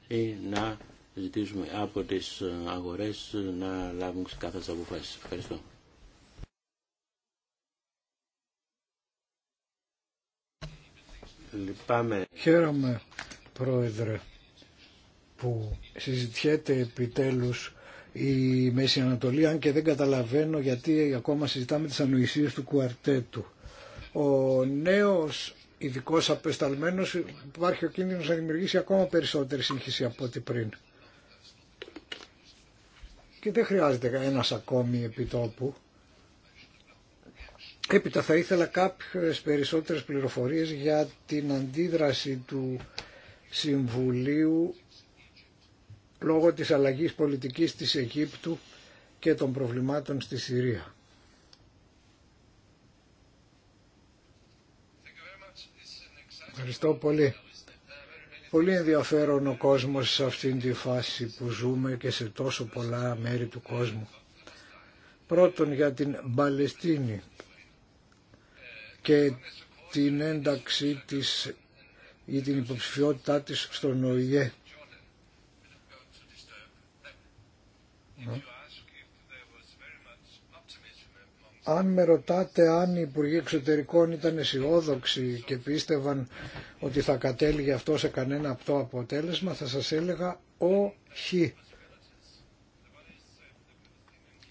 ή να ζητήσουμε από τις αγορές να λάβουν ξεκάθαρες αποφάσεις. Ευχαριστώ. Λυπάμαι. Χαίρομαι, Πρόεδρε, που συζητιέται επιτέλους η Μέση Ανατολή, αν και δεν καταλαβαίνω γιατί ακόμα συζητάμε τις ανοησίες του κουαρτέτου. Ο νέος ειδικό απεσταλμένος υπάρχει ο κίνδυνος να δημιουργήσει ακόμα περισσότερη σύγχυση από ό,τι πριν. Και δεν χρειάζεται ένας ακόμη επιτόπου. Έπειτα θα ήθελα κάποιες περισσότερες πληροφορίες για την αντίδραση του Συμβουλίου λόγω της αλλαγής πολιτικής της Αιγύπτου και των προβλημάτων στη Συρία. Ευχαριστώ πολύ. Πολύ ενδιαφέρον ο κόσμος σε αυτήν τη φάση που ζούμε και σε τόσο πολλά μέρη του κόσμου. Πρώτον για την Παλαιστίνη και την ένταξή της ή την υποψηφιότητά της στον ΟΗΕ Αν με ρωτάτε αν οι Υπουργοί Εξωτερικών ήταν αισιόδοξοι και πίστευαν ότι θα κατέληγε αυτό σε κανένα αυτό αποτέλεσμα, θα σας έλεγα όχι.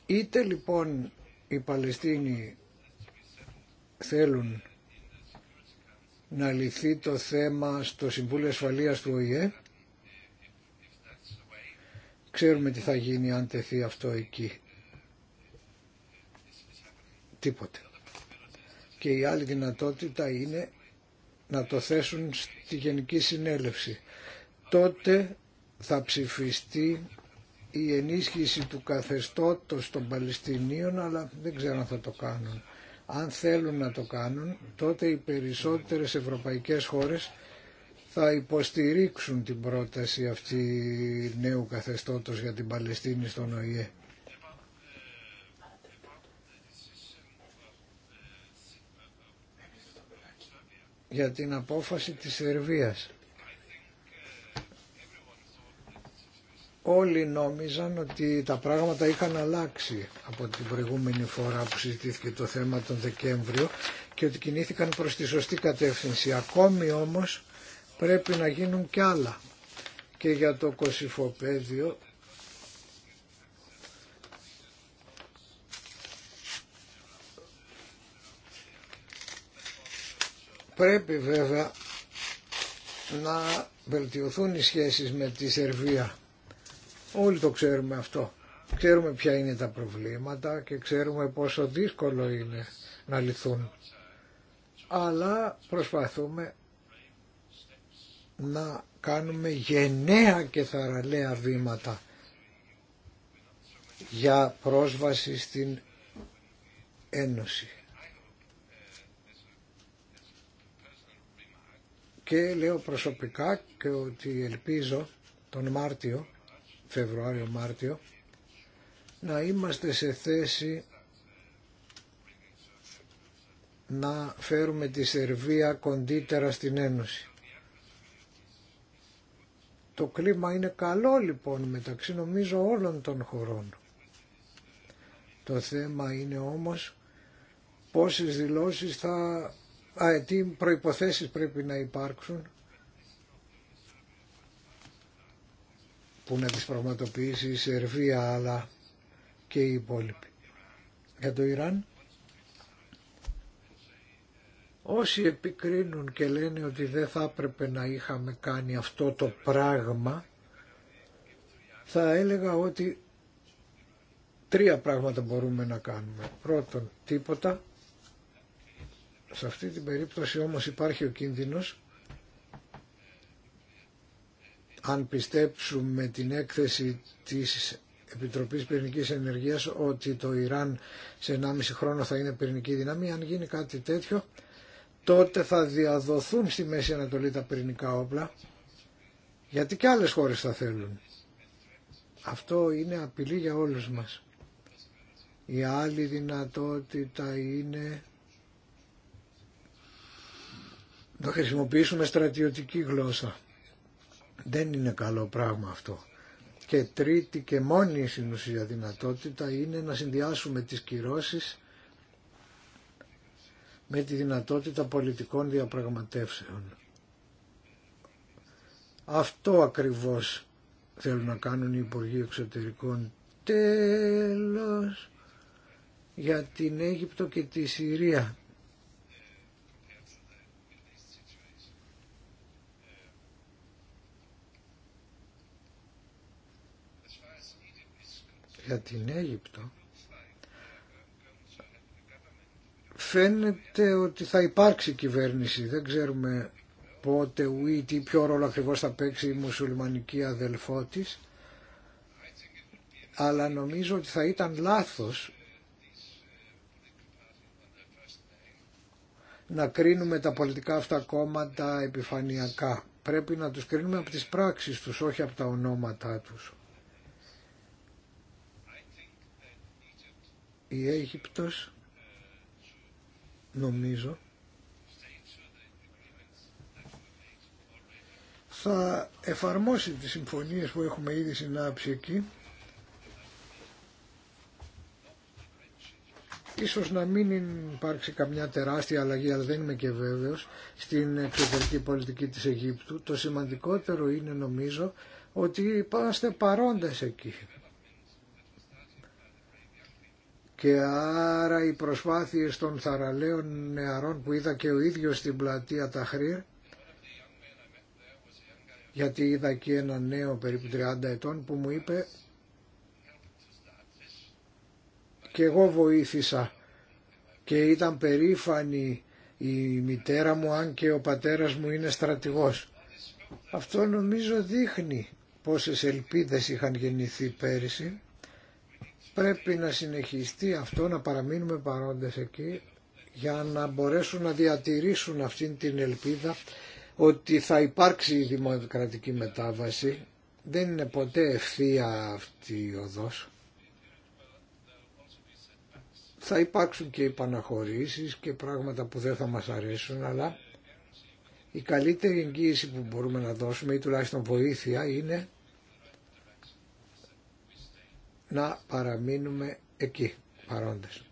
Είτε λοιπόν οι Παλαιστίνοι θέλουν να λυθεί το θέμα στο Συμβούλιο Ασφαλείας του ΟΗΕ Ξέρουμε τι θα γίνει αν τεθεί αυτό εκεί. Τίποτε. Και η άλλη δυνατότητα είναι να το θέσουν στη Γενική Συνέλευση. Τότε θα ψηφιστεί η ενίσχυση του καθεστώτος των Παλαιστινίων, αλλά δεν ξέρω αν θα το κάνουν. Αν θέλουν να το κάνουν, τότε οι περισσότερες ευρωπαϊκές χώρες θα υποστηρίξουν την πρόταση αυτή νέου καθεστώτος για την Παλαιστίνη στον ΟΗΕ. για την απόφαση της Σερβίας. Όλοι νόμιζαν ότι τα πράγματα είχαν αλλάξει από την προηγούμενη φορά που συζητήθηκε το θέμα τον Δεκέμβριο και ότι κινήθηκαν προς τη σωστή κατεύθυνση. Ακόμη όμως πρέπει να γίνουν κι άλλα. Και για το κοσυφοπέδιο πρέπει βέβαια να βελτιωθούν οι σχέσεις με τη Σερβία. Όλοι το ξέρουμε αυτό. Ξέρουμε ποια είναι τα προβλήματα και ξέρουμε πόσο δύσκολο είναι να λυθούν. Αλλά προσπαθούμε να κάνουμε γενναία και θαραλέα βήματα για πρόσβαση στην Ένωση. Και λέω προσωπικά και ότι ελπίζω τον Μάρτιο, Φεβρουάριο-Μάρτιο, να είμαστε σε θέση να φέρουμε τη Σερβία κοντύτερα στην Ένωση. Το κλίμα είναι καλό λοιπόν μεταξύ νομίζω όλων των χωρών. Το θέμα είναι όμως πόσες δηλώσεις θα... Α, ε, τι προϋποθέσεις πρέπει να υπάρξουν που να τις πραγματοποιήσει η Σερβία αλλά και οι υπόλοιποι. Για το Ιράν Όσοι επικρίνουν και λένε ότι δεν θα έπρεπε να είχαμε κάνει αυτό το πράγμα, θα έλεγα ότι τρία πράγματα μπορούμε να κάνουμε. Πρώτον, τίποτα. Σε αυτή την περίπτωση όμως υπάρχει ο κίνδυνος αν πιστέψουμε την έκθεση της Επιτροπής Πυρηνικής Ενεργείας ότι το Ιράν σε 1,5 χρόνο θα είναι πυρηνική δύναμη, αν γίνει κάτι τέτοιο τότε θα διαδοθούν στη Μέση Ανατολή τα πυρηνικά όπλα γιατί και άλλες χώρες θα θέλουν. Αυτό είναι απειλή για όλους μας. Η άλλη δυνατότητα είναι να χρησιμοποιήσουμε στρατιωτική γλώσσα. Δεν είναι καλό πράγμα αυτό. Και τρίτη και μόνη η δυνατότητα είναι να συνδυάσουμε τις κυρώσεις με τη δυνατότητα πολιτικών διαπραγματεύσεων. Αυτό ακριβώς θέλουν να κάνουν οι Υπουργοί Εξωτερικών. Τέλος για την Αίγυπτο και τη Συρία. Για την Αίγυπτο φαίνεται ότι θα υπάρξει κυβέρνηση. Δεν ξέρουμε πότε ή τι ποιο ρόλο ακριβώς θα παίξει η μουσουλμανική αδελφό της. Αλλά νομίζω ότι θα ήταν λάθος να κρίνουμε τα πολιτικά αυτά κόμματα επιφανειακά. Πρέπει να τους κρίνουμε από τις πράξεις τους, όχι από τα ονόματά τους. Η Αίγυπτος νομίζω θα εφαρμόσει τις συμφωνίες που έχουμε ήδη συνάψει εκεί Ίσως να μην υπάρξει καμιά τεράστια αλλαγή, αλλά δεν είμαι και βέβαιος, στην εξωτερική πολιτική της Αιγύπτου. Το σημαντικότερο είναι νομίζω ότι είμαστε παρόντες εκεί και άρα οι προσπάθειες των θαραλέων νεαρών που είδα και ο ίδιος στην πλατεία Ταχρήρ γιατί είδα και ένα νέο περίπου 30 ετών που μου είπε και εγώ βοήθησα και ήταν περήφανη η μητέρα μου αν και ο πατέρας μου είναι στρατηγός. Αυτό νομίζω δείχνει πόσες ελπίδες είχαν γεννηθεί πέρυσι πρέπει να συνεχιστεί αυτό, να παραμείνουμε παρόντες εκεί για να μπορέσουν να διατηρήσουν αυτήν την ελπίδα ότι θα υπάρξει η δημοκρατική μετάβαση. Δεν είναι ποτέ ευθεία αυτή η οδός. Θα υπάρξουν και οι και πράγματα που δεν θα μας αρέσουν, αλλά η καλύτερη εγγύηση που μπορούμε να δώσουμε ή τουλάχιστον βοήθεια είναι να παραμείνουμε εκεί παρόντες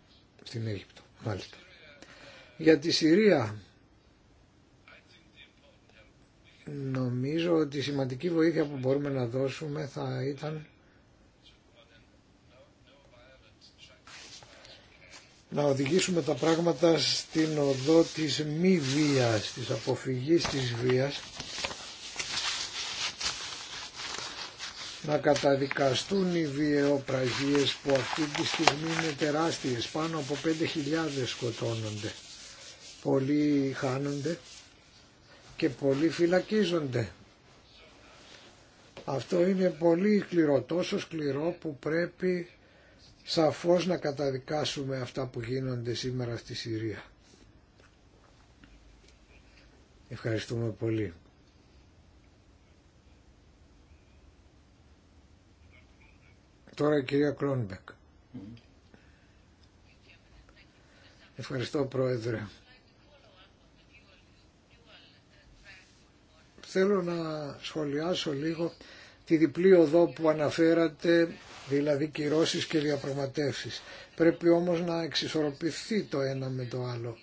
στην Αίγυπτο μάλιστα. Για τη Συρία νομίζω ότι η σημαντική βοήθεια που μπορούμε να δώσουμε θα ήταν να οδηγήσουμε τα πράγματα στην οδό της μη βίας, της αποφυγής της βίας να καταδικαστούν οι βιαιοπραγίες που αυτή τη στιγμή είναι τεράστιες, πάνω από 5.000 σκοτώνονται. Πολλοί χάνονται και πολλοί φυλακίζονται. Αυτό είναι πολύ σκληρό, τόσο σκληρό που πρέπει σαφώς να καταδικάσουμε αυτά που γίνονται σήμερα στη Συρία. Ευχαριστούμε πολύ. Τώρα η κυρία Κρόνμπεκ. Ευχαριστώ Πρόεδρε. Θέλω να σχολιάσω λίγο τη διπλή οδό που αναφέρατε, δηλαδή κυρώσεις και διαπραγματεύσεις. Πρέπει όμως να εξισορροπηθεί το ένα με το άλλο.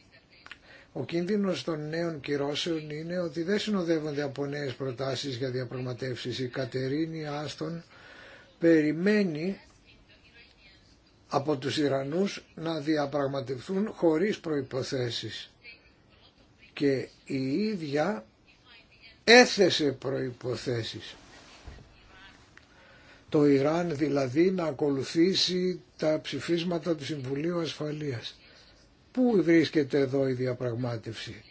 Ο κίνδυνος των νέων κυρώσεων είναι ότι δεν συνοδεύονται από νέες προτάσεις για διαπραγματεύσεις. Η Κατερίνη Άστον περιμένει από τους Ιρανούς να διαπραγματευτούν χωρίς προϋποθέσεις. Και η ίδια έθεσε προϋποθέσεις. Το Ιράν δηλαδή να ακολουθήσει τα ψηφίσματα του Συμβουλίου Ασφαλείας. Πού βρίσκεται εδώ η διαπραγμάτευση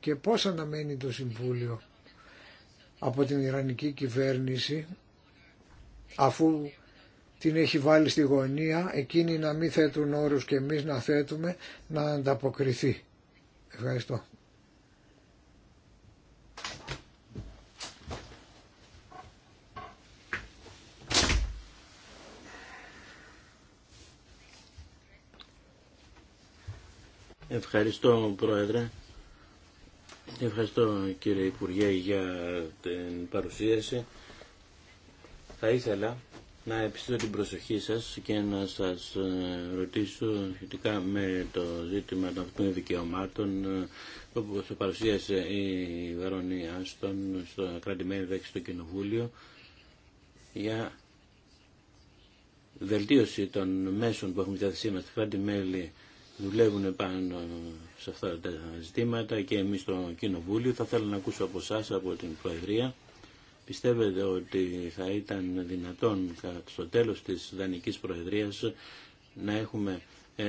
και πώς αναμένει το Συμβούλιο από την Ιρανική κυβέρνηση αφού την έχει βάλει στη γωνία, εκείνοι να μην θέτουν όρους και εμείς να θέτουμε, να ανταποκριθεί. Ευχαριστώ. Ευχαριστώ Πρόεδρε. Ευχαριστώ κύριε Υπουργέ για την παρουσίαση. Θα ήθελα να επιστήσω την προσοχή σας και να σας ε, ρωτήσω σχετικά με το ζήτημα των δικαιωμάτων ε, που σε παρουσίασε η Βαρονή Άστον στο κρατημένο δέξη στο Κοινοβούλιο για βελτίωση των μέσων που έχουμε διάθεσή μας. κράτη-μέλη δουλεύουν πάνω σε αυτά τα ζητήματα και εμείς στο Κοινοβούλιο. Θα θέλω να ακούσω από εσά από την Προεδρία Πιστεύετε ότι θα ήταν δυνατόν στο τέλος της Δανικής Προεδρίας να έχουμε ε,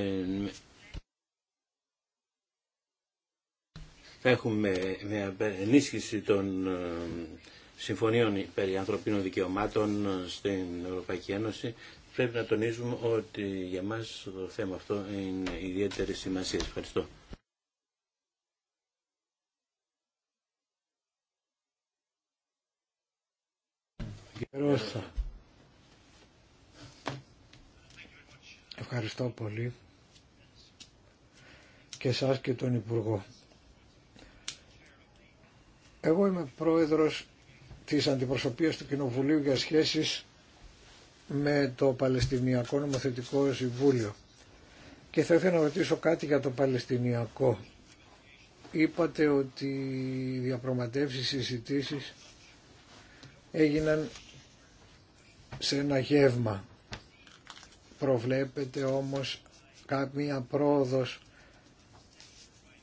έχουμε μια ενίσχυση των ε, συμφωνίων περί ανθρωπίνων δικαιωμάτων στην Ευρωπαϊκή Ένωση. Πρέπει να τονίζουμε ότι για μας το θέμα αυτό είναι ιδιαίτερη σημασία. Ευχαριστώ. Ευχαριστώ πολύ και σας και τον Υπουργό. Εγώ είμαι πρόεδρος της Αντιπροσωπείας του Κοινοβουλίου για σχέσεις με το Παλαιστινιακό Νομοθετικό Συμβούλιο. Και θα ήθελα να ρωτήσω κάτι για το Παλαιστινιακό. Είπατε ότι οι διαπραγματεύσεις, οι συζητήσεις έγιναν σε ένα γεύμα. Προβλέπεται όμως κάποια πρόοδος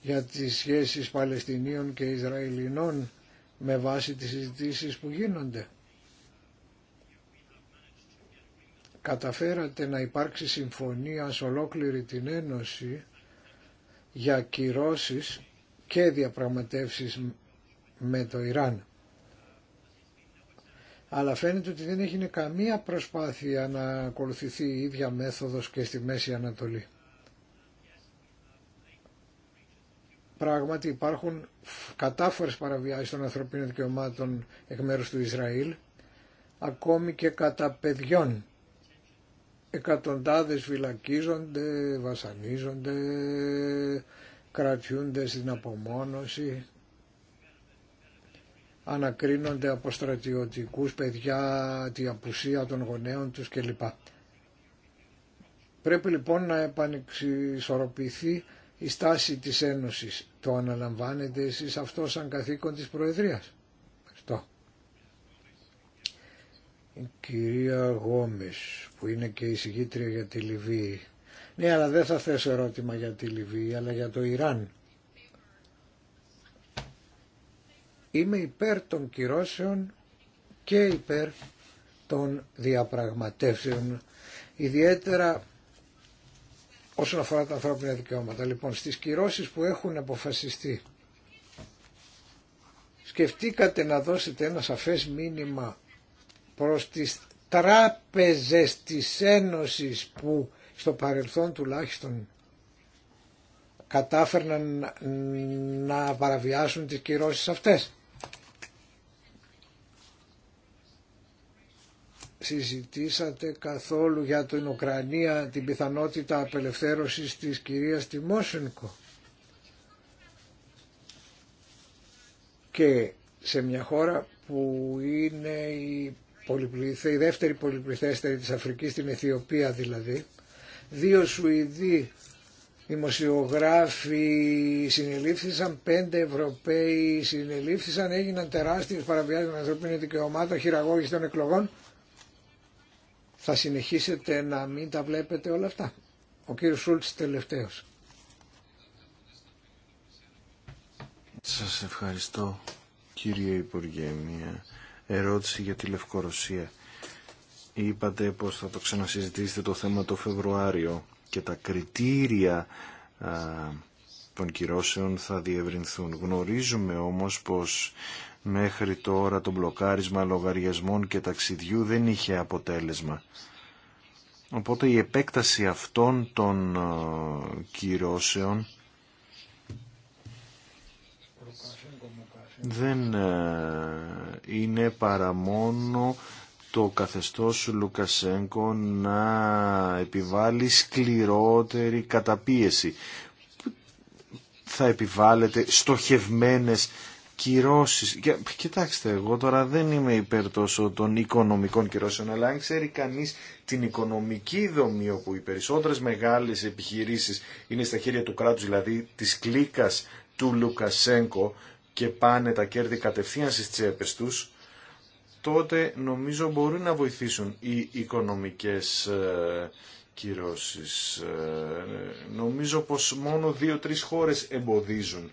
για τις σχέσεις Παλαιστινίων και Ισραηλινών με βάση τις συζητήσεις που γίνονται. Καταφέρατε να υπάρξει συμφωνία σε ολόκληρη την Ένωση για κυρώσεις και διαπραγματεύσεις με το Ιράν αλλά φαίνεται ότι δεν έγινε καμία προσπάθεια να ακολουθηθεί η ίδια μέθοδος και στη Μέση Ανατολή. Πράγματι υπάρχουν κατάφορες παραβιάσεις των ανθρωπίνων δικαιωμάτων εκ μέρους του Ισραήλ, ακόμη και κατά παιδιών. Εκατοντάδες φυλακίζονται, βασανίζονται, κρατιούνται στην απομόνωση ανακρίνονται από στρατιωτικούς παιδιά, τη απουσία των γονέων τους κλπ. Πρέπει λοιπόν να επανεξισορροπηθεί η στάση της Ένωσης. Το αναλαμβάνετε εσείς αυτό σαν καθήκον της Προεδρίας. Ευχαριστώ. Η κυρία Γόμης που είναι και η συγγήτρια για τη Λιβύη. Ναι αλλά δεν θα θέσω ερώτημα για τη Λιβύη αλλά για το Ιράν. Είμαι υπέρ των κυρώσεων και υπέρ των διαπραγματεύσεων, ιδιαίτερα όσον αφορά τα ανθρώπινα δικαιώματα. Λοιπόν, στις κυρώσεις που έχουν αποφασιστεί, σκεφτήκατε να δώσετε ένα σαφές μήνυμα προς τις τράπεζες της Ένωσης που στο παρελθόν τουλάχιστον κατάφερναν να παραβιάσουν τις κυρώσεις αυτές. συζητήσατε καθόλου για την Ουκρανία την πιθανότητα απελευθέρωσης της κυρίας Τιμόσενκο. Και σε μια χώρα που είναι η, πολυπληθε, η δεύτερη πολυπληθέστερη της Αφρικής, την Αιθιοπία δηλαδή, δύο Σουηδοί δημοσιογράφοι συνελήφθησαν, πέντε Ευρωπαίοι συνελήφθησαν, έγιναν τεράστιες παραβιάσεις των ανθρωπίνων δικαιωμάτων, χειραγώγηση των εκλογών θα συνεχίσετε να μην τα βλέπετε όλα αυτά. Ο κύριος Σούλτς τελευταίος. Σας ευχαριστώ κύριε Υπουργέ. Μια ερώτηση για τη Λευκορωσία. Είπατε πως θα το ξανασυζητήσετε το θέμα το Φεβρουάριο και τα κριτήρια α, των κυρώσεων θα διευρυνθούν. Γνωρίζουμε όμως πως Μέχρι τώρα το μπλοκάρισμα λογαριασμών και ταξιδιού δεν είχε αποτέλεσμα. Οπότε η επέκταση αυτών των ε, κυρώσεων δεν ε, είναι παρά μόνο το καθεστώς Λουκασέγκο να επιβάλλει σκληρότερη καταπίεση. Θα επιβάλλεται στοχευμένες κυρώσεις. Κοιτάξτε, εγώ τώρα δεν είμαι υπέρ τόσο των οικονομικών κυρώσεων, αλλά αν ξέρει κανείς την οικονομική δομή όπου οι περισσότερες μεγάλες επιχειρήσεις είναι στα χέρια του κράτους, δηλαδή της κλίκας του Λουκασέγκο και πάνε τα κέρδη κατευθείαν στις τσέπες τους, τότε νομίζω μπορεί να βοηθήσουν οι οικονομικές ε, κυρώσεις. Ε, νομίζω πως μόνο δύο-τρεις χώρες εμποδίζουν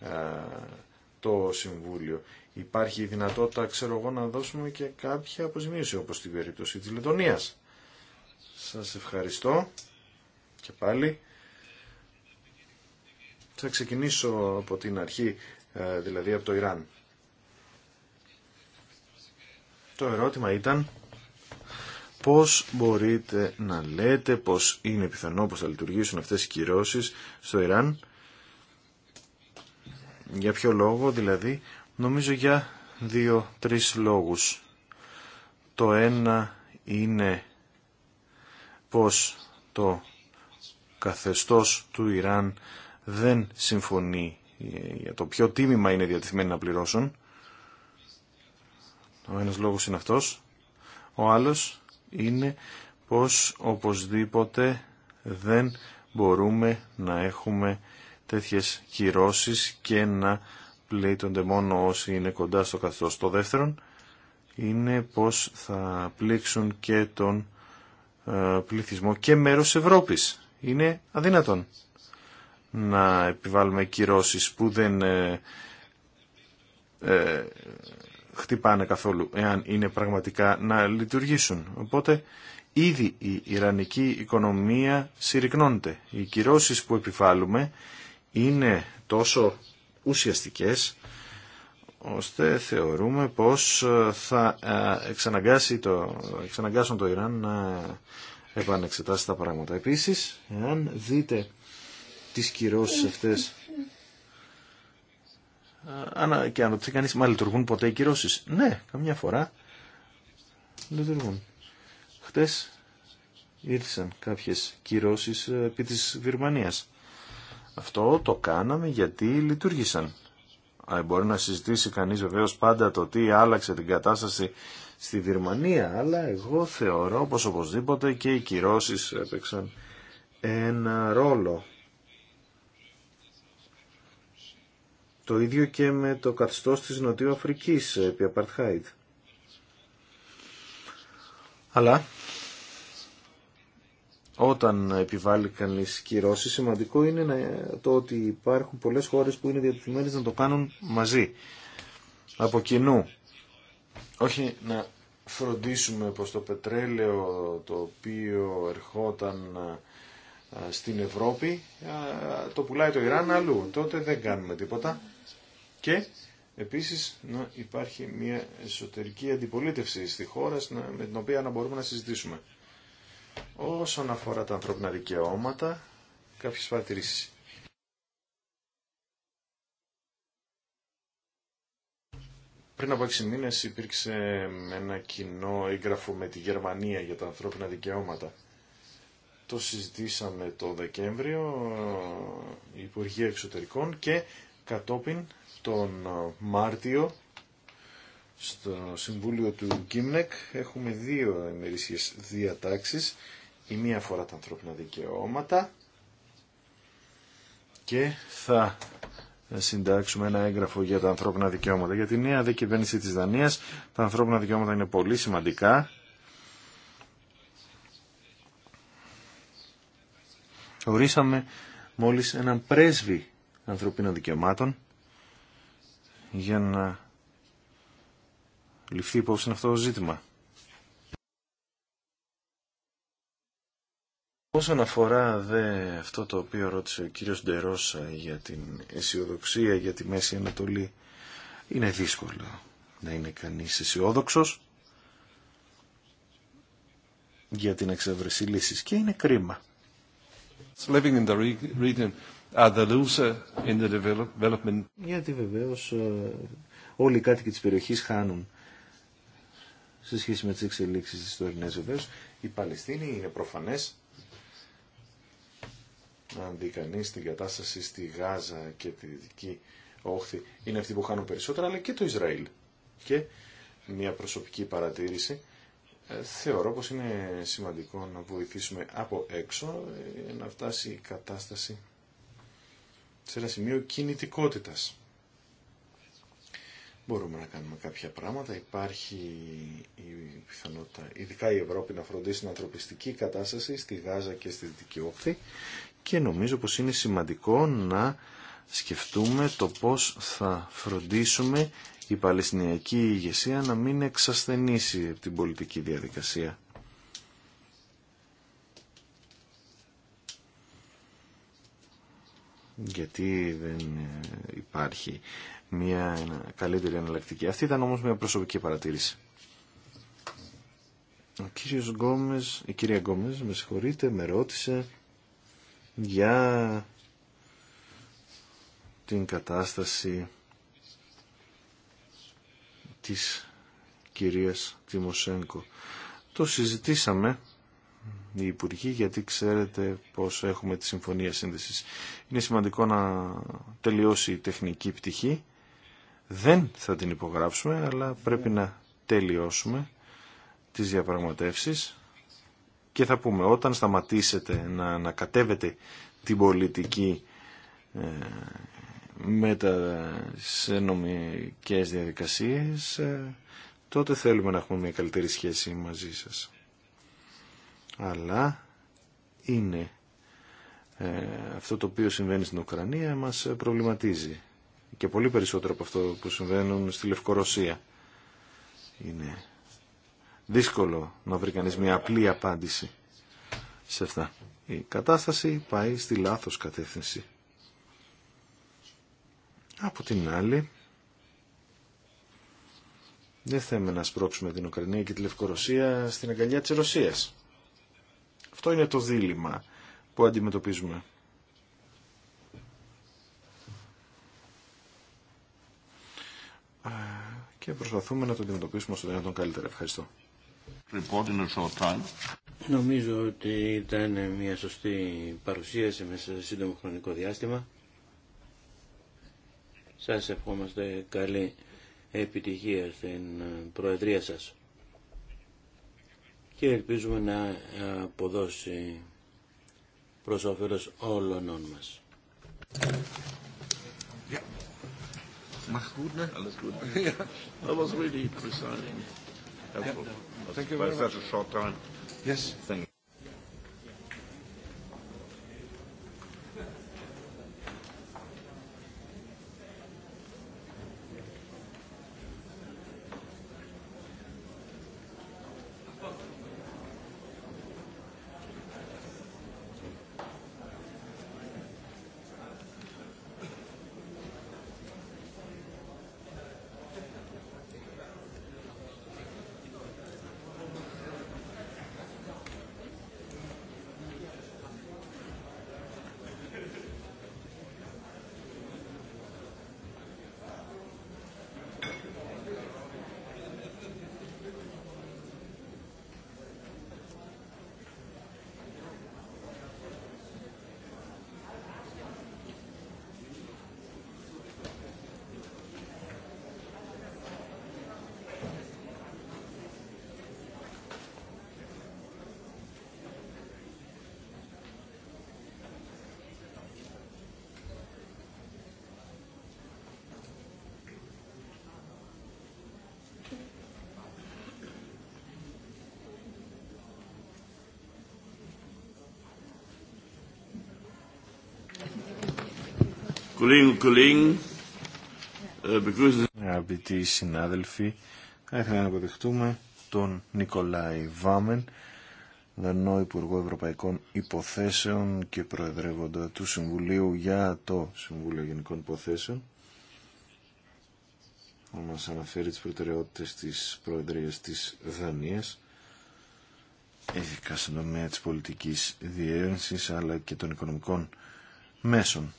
ε, το Συμβούλιο. Υπάρχει η δυνατότητα, ξέρω εγώ, να δώσουμε και κάποια αποζημίωση, όπως στην περίπτωση της Λετωνίας. Σας ευχαριστώ και πάλι. Θα ξεκινήσω από την αρχή, ε, δηλαδή από το Ιράν. Το ερώτημα ήταν πώς μπορείτε να λέτε πως είναι πιθανό πως θα λειτουργήσουν αυτές οι κυρώσεις στο Ιράν για ποιο λόγο δηλαδή, νομίζω για δύο-τρεις λόγους. Το ένα είναι πως το καθεστώς του Ιράν δεν συμφωνεί για το ποιο τίμημα είναι διατεθειμένοι να πληρώσουν. Ο ένας λόγος είναι αυτός. Ο άλλος είναι πως οπωσδήποτε δεν μπορούμε να έχουμε τέτοιες κυρώσεις και να πλήττονται μόνο όσοι είναι κοντά στο καθώς. Το δεύτερον είναι πως θα πλήξουν και τον ε, πληθυσμό και μέρος Ευρώπης. Είναι αδύνατον να επιβάλλουμε κυρώσεις που δεν ε, ε, χτυπάνε καθόλου εάν είναι πραγματικά να λειτουργήσουν. Οπότε ήδη η Ιρανική οικονομία συρρυκνώνεται. Οι κυρώσεις που επιβάλλουμε είναι τόσο ουσιαστικές ώστε θεωρούμε πως ε, θα ε, εξαναγκάσει το, εξαναγκάσουν το Ιράν να επανεξετάσει τα πράγματα. Επίσης, εάν δείτε τις κυρώσεις αυτές ε, και αν ρωτήσει κανείς, μα λειτουργούν ποτέ οι κυρώσεις. Ναι, καμιά φορά λειτουργούν. Χτες ήρθαν κάποιες κυρώσεις επί της Βυρμανίας. Αυτό το κάναμε γιατί λειτουργήσαν. Μπορεί να συζητήσει κανείς βεβαίως πάντα το τι άλλαξε την κατάσταση στη Γερμανία, αλλά εγώ θεωρώ πως οπωσδήποτε και οι κυρώσεις έπαιξαν ένα ρόλο. Το ίδιο και με το καθεστώς της Νοτιοαφρικής Αφρικής επί Απαρτχάιτ. Αλλά όταν επιβάλλει κανεί κυρώσει, σημαντικό είναι το ότι υπάρχουν πολλές χώρες που είναι διατεθειμένες να το κάνουν μαζί, από κοινού. Όχι να φροντίσουμε πως το πετρέλαιο το οποίο ερχόταν στην Ευρώπη το πουλάει το Ιράν αλλού. Τότε δεν κάνουμε τίποτα. Και επίσης να υπάρχει μια εσωτερική αντιπολίτευση στη χώρα με την οποία να μπορούμε να συζητήσουμε. Όσον αφορά τα ανθρώπινα δικαιώματα, κάποιες παρατηρήσεις. Πριν από έξι μήνες υπήρξε ένα κοινό έγγραφο με τη Γερμανία για τα ανθρώπινα δικαιώματα. Το συζητήσαμε το Δεκέμβριο, η Υπουργεία Εξωτερικών και κατόπιν τον Μάρτιο στο Συμβούλιο του ΚΙΜΝΕΚ έχουμε δύο ημερήσιες διατάξεις. Η μία αφορά τα ανθρώπινα δικαιώματα και θα συντάξουμε ένα έγγραφο για τα ανθρώπινα δικαιώματα. Για τη νέα κυβέρνηση της Δανίας τα ανθρώπινα δικαιώματα είναι πολύ σημαντικά. Ορίσαμε μόλις έναν πρέσβη ανθρωπίνων δικαιωμάτων για να ληφθεί υπόψη αυτό το ζήτημα. Όσον αφορά δε αυτό το οποίο ρώτησε ο κύριος Ντερόσα ε, για την αισιοδοξία για τη Μέση Ανατολή, είναι δύσκολο να είναι κανείς αισιόδοξο για την εξεύρεση λύσης και είναι κρίμα. Γιατί βεβαίως ε, όλοι οι κάτοικοι της περιοχής χάνουν σε σχέση με τι εξελίξει τη τωρινή βεβαίω. Η Παλαιστίνη είναι προφανές αν δει κανεί την κατάσταση στη Γάζα και τη δική Όχθη, είναι αυτοί που χάνουν περισσότερα, αλλά και το Ισραήλ. Και μια προσωπική παρατήρηση, ε, θεωρώ πως είναι σημαντικό να βοηθήσουμε από έξω ε, να φτάσει η κατάσταση σε ένα σημείο κινητικότητας μπορούμε να κάνουμε κάποια πράγματα. Υπάρχει η πιθανότητα, ειδικά η Ευρώπη, να φροντίσει την ανθρωπιστική κατάσταση στη Γάζα και στη Δυτική Όχθη και νομίζω πως είναι σημαντικό να σκεφτούμε το πώς θα φροντίσουμε η Παλαιστινιακή ηγεσία να μην εξασθενήσει την πολιτική διαδικασία. γιατί δεν υπάρχει μια καλύτερη εναλλακτική. Αυτή ήταν όμως μια προσωπική παρατήρηση. Ο κύριος Γκόμες, η κυρία Γκόμες, με συγχωρείτε, με ρώτησε για την κατάσταση της κυρίας Τιμοσένκο. Το συζητήσαμε οι υπουργοί γιατί ξέρετε πως έχουμε τη συμφωνία σύνδεσης. Είναι σημαντικό να τελειώσει η τεχνική πτυχή δεν θα την υπογράψουμε, αλλά πρέπει να τελειώσουμε τις διαπραγματεύσεις και θα πούμε όταν σταματήσετε να ανακατεύετε την πολιτική ε, με τις νομικές διαδικασίες ε, τότε θέλουμε να έχουμε μια καλύτερη σχέση μαζί σας. Αλλά είναι ε, αυτό το οποίο συμβαίνει στην Ουκρανία μας προβληματίζει και πολύ περισσότερο από αυτό που συμβαίνουν στη Λευκορωσία. Είναι δύσκολο να βρει κανείς μια απλή απάντηση σε αυτά. Η κατάσταση πάει στη λάθος κατεύθυνση. Από την άλλη, δεν θέλουμε να σπρώξουμε την Ουκρανία και τη Λευκορωσία στην αγκαλιά της Ρωσίας. Αυτό είναι το δίλημα που αντιμετωπίζουμε. και προσπαθούμε να το αντιμετωπίσουμε όσο δυνατόν καλύτερα. Ευχαριστώ. Νομίζω ότι ήταν μια σωστή παρουσίαση μέσα σε σύντομο χρονικό διάστημα. Σας ευχόμαστε καλή επιτυχία στην Προεδρία σας και ελπίζουμε να αποδώσει προς όφελος όλων μας. Macht gut, ne? Alles gut. that was really precise. Thank you very much. a short time. Yes. Äh, Αγαπητοί συνάδελφοι, θα ήθελα να αποδεχτούμε τον Νικολάη Βάμεν, Δανό Υπουργό Ευρωπαϊκών Υποθέσεων και Προεδρεύοντα του Συμβουλίου για το Συμβούλιο Γενικών Υποθέσεων. Θα αναφέρει τις προτεραιότητε της Προεδρίας της Δανίας ειδικά στον τομέα τη πολιτική αλλά και των οικονομικών μέσων.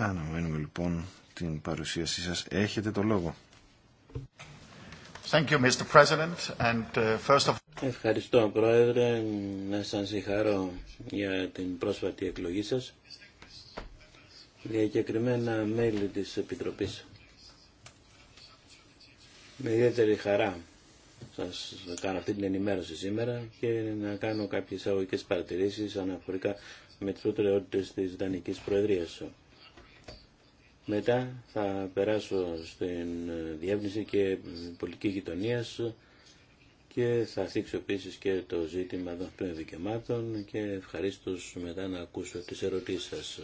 Αναμένουμε λοιπόν την παρουσίασή σας. Έχετε το λόγο. Thank And, uh, first Ευχαριστώ Πρόεδρε, να σας συγχαρώ για την πρόσφατη εκλογή σας. Διακεκριμένα μέλη της Επιτροπής. Με ιδιαίτερη χαρά σας κάνω αυτή την ενημέρωση σήμερα και να κάνω κάποιες αγωγικές παρατηρήσεις αναφορικά με τις προτεραιότητες της Δανικής Προεδρίας. Μετά θα περάσω στην ε, διεύνηση και ε, πολιτική γειτονία και θα θίξω επίσης και το ζήτημα των δικαιωμάτων και ευχαρίστω μετά να ακούσω τις ερωτήσεις σας.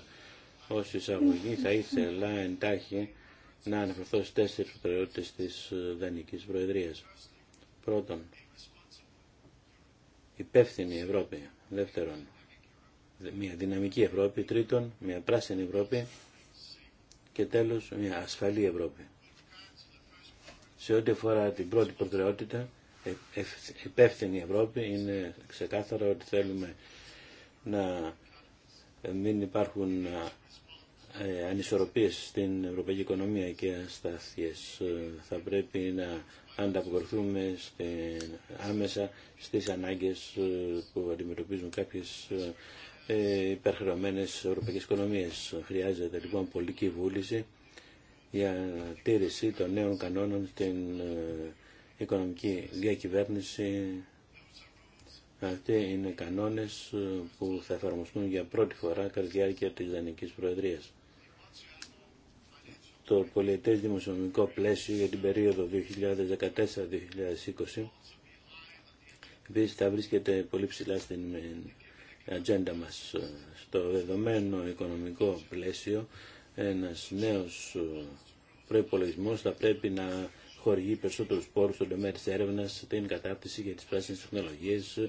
Ως εισαγωγή θα ήθελα εντάχει να αναφερθώ στις τέσσερις προτεραιότητες της ε, Δανικής Προεδρίας. Πρώτον, υπεύθυνη Ευρώπη. Δεύτερον, μια δυναμική Ευρώπη. Τρίτον, μια πράσινη Ευρώπη και τέλος μια ασφαλή Ευρώπη. Σε ό,τι αφορά την πρώτη προτεραιότητα, ε, υπεύθυνη Ευρώπη, είναι ξεκάθαρο ότι θέλουμε να ε, μην υπάρχουν ε, ανισορροπίες στην ευρωπαϊκή οικονομία και αστάθειες. Θα πρέπει να ανταποκριθούμε άμεσα στις ανάγκες που αντιμετωπίζουν κάποιες ε, υπερχρεωμένες ευρωπαϊκές οικονομίες. Χρειάζεται λοιπόν πολιτική βούληση για τήρηση των νέων κανόνων στην ε, οικονομική διακυβέρνηση. Αυτοί είναι κανόνες ε, που θα εφαρμοστούν για πρώτη φορά κατά τη διάρκεια της Δανικής Προεδρίας. Το πολιετές δημοσιονομικό πλαίσιο για την περίοδο 2014-2020 Επίση θα βρίσκεται πολύ ψηλά στην ατζέντα μας. Ε, στο δεδομένο οικονομικό πλαίσιο ένας νέος ε, προπολογισμό θα πρέπει να χορηγεί περισσότερους πόρους στον τομέα της έρευνας, την κατάρτιση για τις πράσινες τεχνολογίες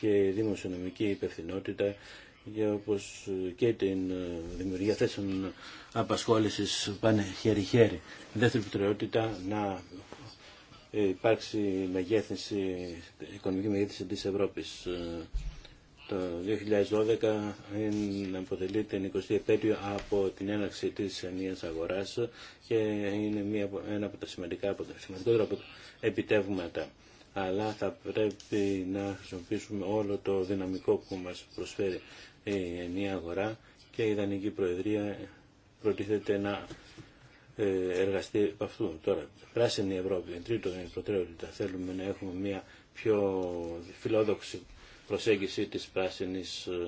και η δημοσιονομική υπευθυνότητα για όπως ε, και την δημιουργία θέσεων απασχόλησης πάνε χέρι-χέρι. Δεύτερη προτεραιότητα να υπάρξει μεγέθυνση, οικονομική μεγέθυνση της Ευρώπης. Το 2012 είναι, αποτελεί την 20η επέτειο από την έναρξη της ενίας αγοράς και είναι μία, ένα από τα σημαντικά, σημαντικότερα επιτεύγματα. Αλλά θα πρέπει να χρησιμοποιήσουμε όλο το δυναμικό που μας προσφέρει η ενία αγορά και η Ιδανική Προεδρία προτίθεται να ε, εργαστεί από αυτού. Τώρα, πράσινη Ευρώπη, τρίτο είναι προτεραιότητα. Θέλουμε να έχουμε μια πιο φιλόδοξη προσέγγιση της πράσινης ε,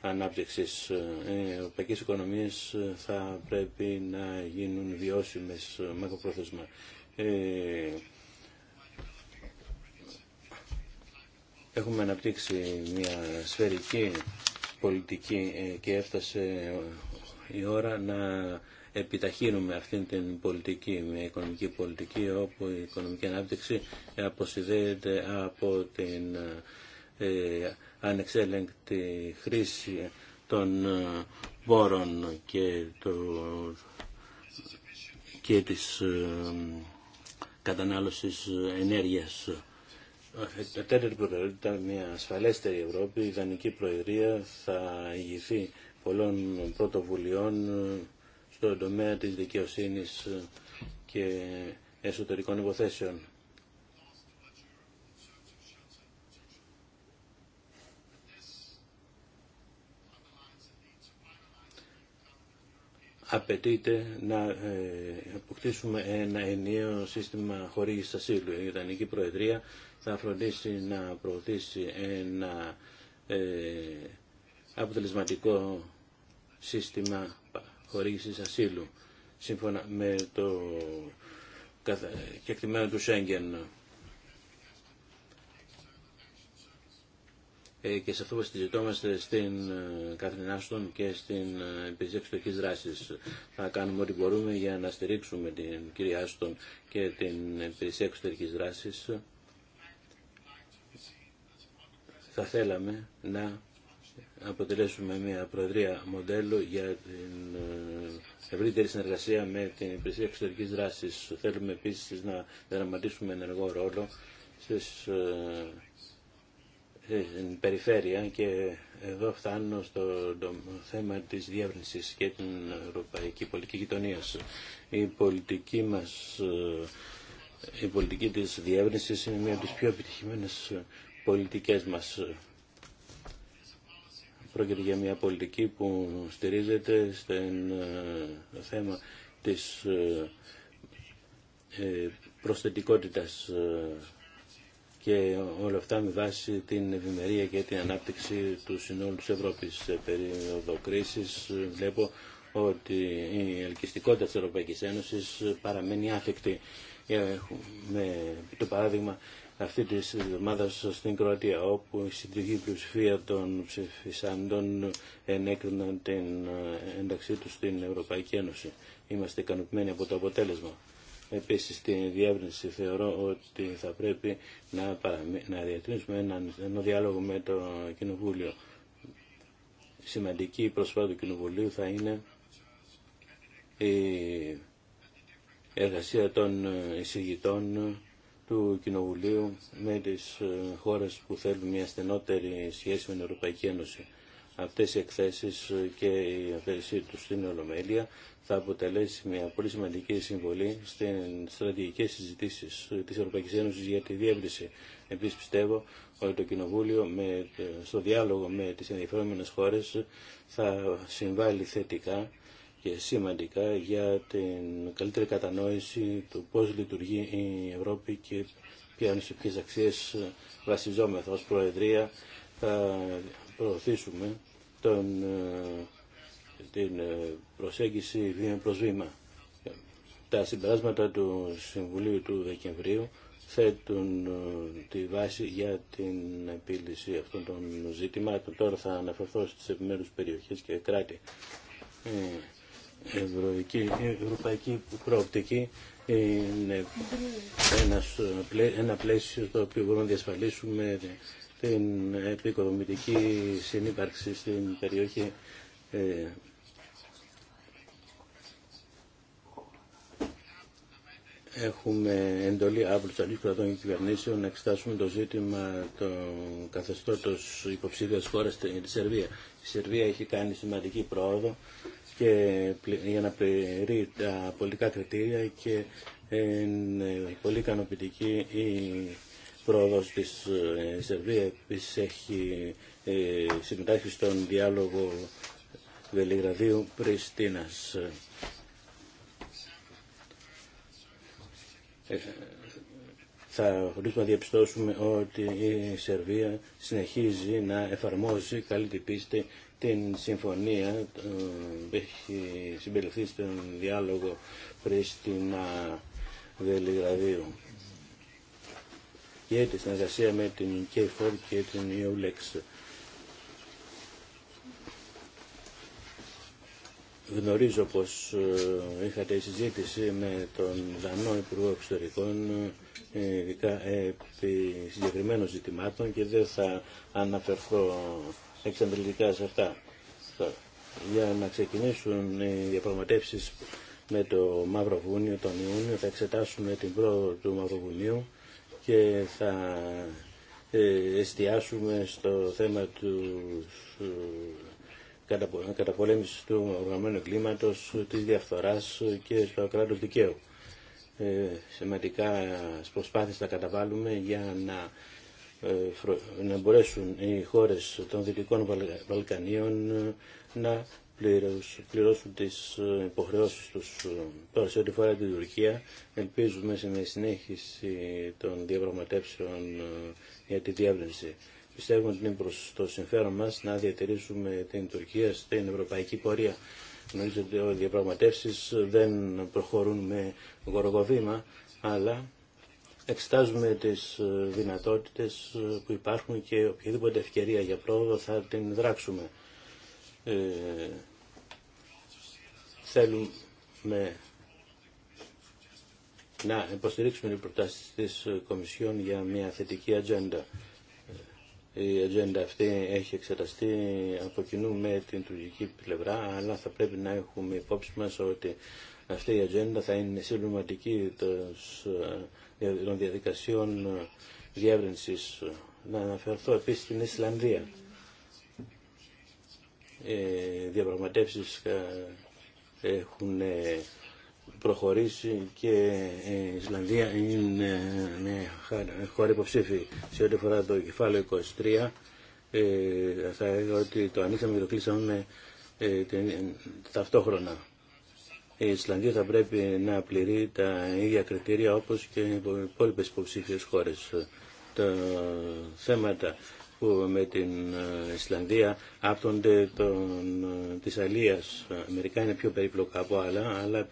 ανάπτυξης. Οι ε, ε, ευρωπαϊκές οικονομίες θα πρέπει να γίνουν βιώσιμες πρόθεσμα. Έχουμε αναπτύξει μια σφαιρική πολιτική και έφτασε η ώρα να επιταχύνουμε αυτήν την πολιτική, μια οικονομική πολιτική όπου η οικονομική ανάπτυξη αποσυνδέεται από την ε, ανεξέλεγκτη χρήση των ε, πόρων και, το, και της ε, κατανάλωσης ενέργειας. τέταρτη προτεραιότητα μια ασφαλέστερη Ευρώπη, η ιδανική προεδρία θα ηγηθεί πολλών πρωτοβουλειών στον τομέα της δικαιοσύνης και εσωτερικών υποθέσεων. απαιτείται να ε, αποκτήσουμε ένα ενιαίο σύστημα χορήγησης ασύλου. Η Ιδανική Προεδρία θα φροντίσει να προωθήσει ένα ε, αποτελεσματικό σύστημα χορήγησης ασύλου σύμφωνα με το κεκτημένο του Σέγγεν. Ε, και σε αυτό που συζητόμαστε στην Καθρινάστον ε, και στην Επιτροπή εξωτερική Δράσης. Θα κάνουμε ό,τι μπορούμε για να στηρίξουμε την κυρία Άστον και την Επιτροπή εξωτερική Δράσης. Θα θέλαμε να αποτελέσουμε μια προεδρία μοντέλο για την ε, ευρύτερη συνεργασία με την Υπηρεσία εξωτερική δράση. Θέλουμε επίση να δραματίσουμε ενεργό ρόλο στην περιφέρεια και εδώ φτάνω στο θέμα της διεύρυνσης και την ευρωπαϊκή πολιτική γειτονία. Η πολιτική μας, ε, η πολιτική της διεύρυνσης είναι μία από τις πιο επιτυχημένες πολιτικές μας. Πρόκειται για μια πολιτική που στηρίζεται στο ε, θέμα της ε, προσθετικότητας και όλα αυτά με βάση την ευημερία και την ανάπτυξη του συνόλου της Ευρώπης σε περίοδο κρίσης. Βλέπω ότι η ελκυστικότητα της Ευρωπαϊκής Ένωσης παραμένει άφεκτη. Ε, με το παράδειγμα αυτή της εβδομάδα στην Κροατία, όπου η συντριχή πλειοψηφία των ψηφισάντων ενέκριναν την ένταξή τους στην Ευρωπαϊκή Ένωση. Είμαστε ικανοποιημένοι από το αποτέλεσμα. Επίσης, την διεύρυνση θεωρώ ότι θα πρέπει να, να διατηρήσουμε έναν, ένα διάλογο με το Κοινοβούλιο. Σημαντική προσφορά του Κοινοβουλίου θα είναι η εργασία των εισηγητών του Κοινοβουλίου με τις ε, χώρες που θέλουν μια στενότερη σχέση με την Ευρωπαϊκή Ένωση αυτές οι εκθέσεις και η αφαίρεσή του στην Ολομέλεια θα αποτελέσει μια πολύ σημαντική συμβολή στις στρατηγικές συζητήσεις της Ευρωπαϊκής Ένωσης για τη διεύρυνση. Επίσης πιστεύω ότι το Κοινοβούλιο με, στο διάλογο με τις ενδιαφερόμενες χώρες θα συμβάλλει θετικά και σημαντικά για την καλύτερη κατανόηση του πώς λειτουργεί η Ευρώπη και ποια είναι ποιες αξίες βασιζόμεθα ως Προεδρία θα προωθήσουμε τον, ε, την ε, προσέγγιση βήμα προς βήμα. Τα συμπεράσματα του Συμβουλίου του Δεκεμβρίου θέτουν ε, τη βάση για την επίλυση αυτών των ζητημάτων. Τώρα θα αναφερθώ στις επιμέρους περιοχές και κράτη. Η ευρωπαϊκή προοπτική είναι ένα πλαίσιο το οποίο μπορούμε να διασφαλίσουμε την επικοδομητική συνύπαρξη στην περιοχή ε, έχουμε εντολή αύριο στα λίγο κρατών και κυβερνήσεων να εξετάσουμε το ζήτημα του καθεστώτος υποψήφιας χώρας στη Σερβία. Η Σερβία έχει κάνει σημαντική πρόοδο και για να πληρεί τα πολιτικά κριτήρια και είναι πολύ ικανοποιητική η πρόοδος της ε, Σερβία επίσης έχει ε, συμμετάσχει στον διάλογο Βελιγραδίου Πριστίνας. Ε, θα χωρίς να διαπιστώσουμε ότι η Σερβία συνεχίζει να εφαρμόζει καλή την πίστη την συμφωνία που έχει συμπεριληφθεί στον διάλογο Πρίστινα Βελιγραδίου και τη συνεργασία με την K4 και την EULEX. Γνωρίζω πως ε, είχατε συζήτηση με τον Δανό Υπουργό Εξωτερικών ε, ειδικά επί συγκεκριμένων ζητημάτων και δεν θα αναφερθώ εξαντλητικά σε αυτά. Για να ξεκινήσουν οι διαπραγματεύσεις με το Μαύρο Βούνιο τον Ιούνιο, θα εξετάσουμε την πρόοδο του Μαυροβουνίου και θα ε, εστιάσουμε στο θέμα του ε, καταπολέμησης του οργανωμένου κλίματος, της διαφθοράς και του κράτος δικαίου. Ε, σημαντικά προσπάθειες θα καταβάλουμε για να, ε, να μπορέσουν οι χώρες των Δυτικών Βαλκανίων να πληρώσουν τις ε, υποχρεώσει τους ε, τώρα σε ό,τι φορά την Τουρκία. Ελπίζουμε σε μια συνέχιση των διαπραγματεύσεων ε, για τη διεύρυνση. Πιστεύουμε ότι είναι προς το συμφέρον μας να διατηρήσουμε την Τουρκία στην ευρωπαϊκή πορεία. Γνωρίζετε ότι οι διαπραγματεύσει δεν προχωρούν με γοργοβήμα, αλλά εξετάζουμε τις δυνατότητες που υπάρχουν και οποιαδήποτε ευκαιρία για πρόοδο θα την δράξουμε. Θέλουμε να υποστηρίξουμε την προτάσεις της Κομισιόν για μια θετική ατζέντα. Η ατζέντα αυτή έχει εξεταστεί από κοινού με την τουρκική πλευρά, αλλά θα πρέπει να έχουμε υπόψη μας ότι αυτή η ατζέντα θα είναι συμπληρωματική ε, των διαδικασιών διεύρυνσης. Να αναφερθώ επίσης στην Ισλανδία. Οι διαπραγματεύσεις ε, έχουν προχωρήσει και ε, η Ισλανδία είναι μια χώρα υποψήφη σε ό,τι αφορά το κεφάλαιο 23. Ε, θα έλεγα ότι το ανοίξαμε και το κλείσαμε ε, ταυτόχρονα. Η Ισλανδία θα πρέπει να πληρεί τα ίδια κριτήρια όπως και οι υπόλοιπε υποψήφιε χώρες. Τα θέματα που με την ε, Ισλανδία άπτονται τον ε, της αλίας. Μερικά είναι πιο περίπλοκα από άλλα, αλλά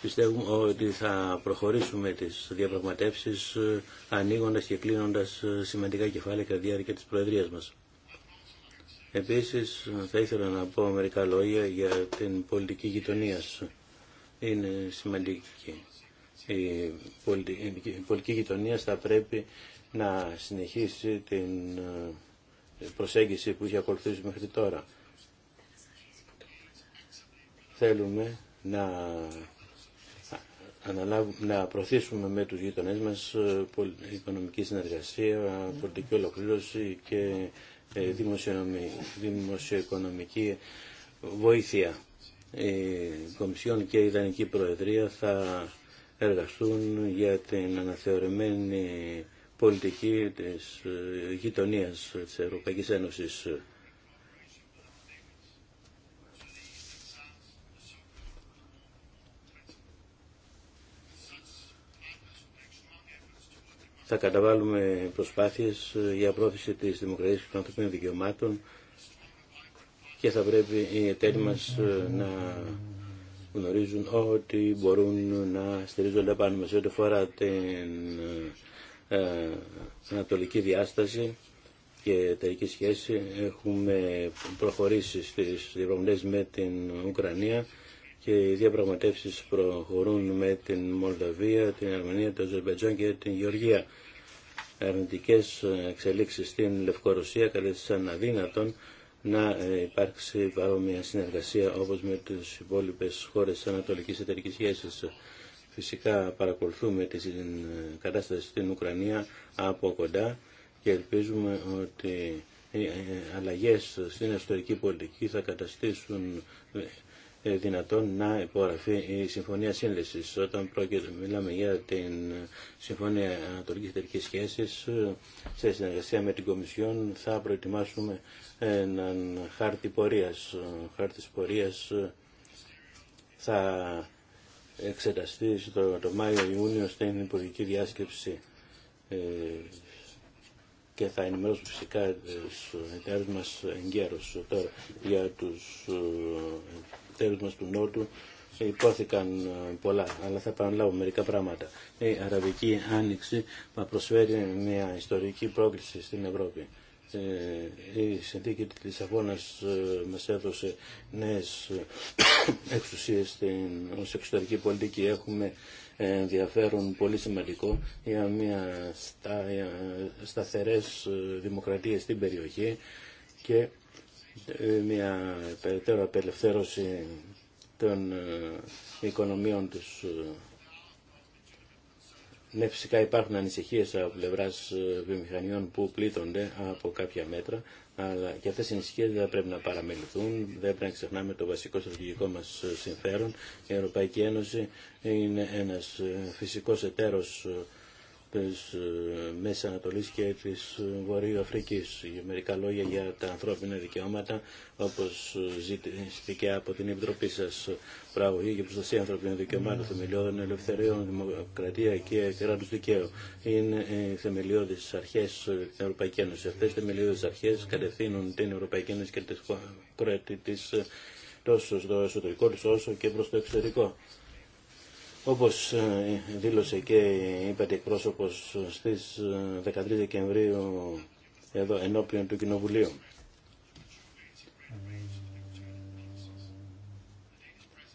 πιστεύουμε ότι θα προχωρήσουμε τις διαπραγματεύσεις ε, ανοίγοντας και κλείνοντας σημαντικά κεφάλαια κατά τη διάρκεια της Προεδρίας μας. Επίσης θα ήθελα να πω μερικά λόγια για την πολιτική γειτονία. Είναι σημαντική. Η πολιτική γειτονία θα πρέπει να συνεχίσει την ε, προσέγγιση που είχε ακολουθήσει μέχρι τώρα. Θέλουμε να, να προωθήσουμε με τους γείτονές μας ε, οικονομική συνεργασία, πολιτική ολοκλήρωση και ε, δημοσιοοικονομική βοήθεια. Η Κομισιόν και η Ιδανική Προεδρία θα εργαστούν για την αναθεωρημένη πολιτική της ε, γειτονίας της Ευρωπαϊκής Ένωσης. Θα καταβάλουμε προσπάθειες ε, για πρόθεση της δημοκρατίας και των ανθρωπίνων δικαιωμάτων και θα πρέπει οι εταίροι μας ε, να γνωρίζουν ότι μπορούν να στηρίζονται πάνω μας ό,τι φορά την ε, ανατολική διάσταση και εταιρική σχέση έχουμε προχωρήσει στις διαπραγματεύσεις με την Ουκρανία και οι διαπραγματεύσεις προχωρούν με την Μολδαβία, την Αρμενία, το Αζερμπαϊτζάν και την Γεωργία. Αρνητικές εξελίξεις στην Λευκορωσία κατέστησαν αδύνατον να υπάρξει παρόμοια συνεργασία όπως με τις υπόλοιπες χώρες της Ανατολικής Εταιρικής Σχέσης. Φυσικά παρακολουθούμε την κατάσταση στην Ουκρανία από κοντά και ελπίζουμε ότι οι ε, αλλαγές στην εσωτερική πολιτική θα καταστήσουν ε, δυνατόν να υπογραφεί η Συμφωνία Σύνδεσης. Όταν πρόκειται, μιλάμε για την Συμφωνία Ανατολικής Εταιρικής Σχέσης, σε συνεργασία με την Κομισιόν θα προετοιμάσουμε έναν χάρτη πορείας. χάρτης πορείας θα εξεταστεί το Μάιο-Ιούνιο στην Υπουργική Διάσκεψη ε, και θα ενημερώσω φυσικά ε, τους εταίρους μας εγκαίρους τώρα για τους ε, εταίρους μας του Νότου ε, υπόθηκαν πολλά, αλλά θα επαναλάβω μερικά πράγματα. Η Αραβική Άνοιξη μα προσφέρει μια ιστορική πρόκληση στην Ευρώπη. Ε, η συνθήκη της Λισαβόνας ε, μας έδωσε νέες ε, εξουσίες στην, εξωτερική πολιτική. Έχουμε ενδιαφέρον πολύ σημαντικό για μια στα, σταθερές δημοκρατίες στην περιοχή και μια περαιτέρω απελευθέρωση των οικονομίων της ναι, φυσικά υπάρχουν ανησυχίε από πλευρά ε, βιομηχανιών που πλήττονται από κάποια μέτρα, αλλά και αυτέ οι ανησυχίε δεν πρέπει να παραμεληθούν, δεν πρέπει να ξεχνάμε το βασικό στρατηγικό μας ε, συμφέρον. Η Ευρωπαϊκή Ένωση είναι ένας ε, φυσικός εταίρο της ε, Μέσης Ανατολής και της Βορείου Αφρικής. Μερικά λόγια για τα ανθρώπινα δικαιώματα, όπως ε, ζητήθηκε από την Επιτροπή σας. πράγωγη για προστασία ανθρωπίνων δικαιωμάτων, θεμελιώδων ελευθεριών, δημοκρατία και κράτου δικαίου. Είναι οι ε, θεμελιώδει αρχέ στην Ευρωπαϊκή Ένωση. Αυτέ οι θεμελιώδει αρχέ κατευθύνουν την Ευρωπαϊκή Ένωση και τι κράτη τη τόσο στο εσωτερικό τη όσο και προ το εξωτερικό. Όπως ε, δήλωσε και είπε εκπρόσωπος στις 13 ε, Δεκεμβρίου εδώ ενώπιον του Κοινοβουλίου.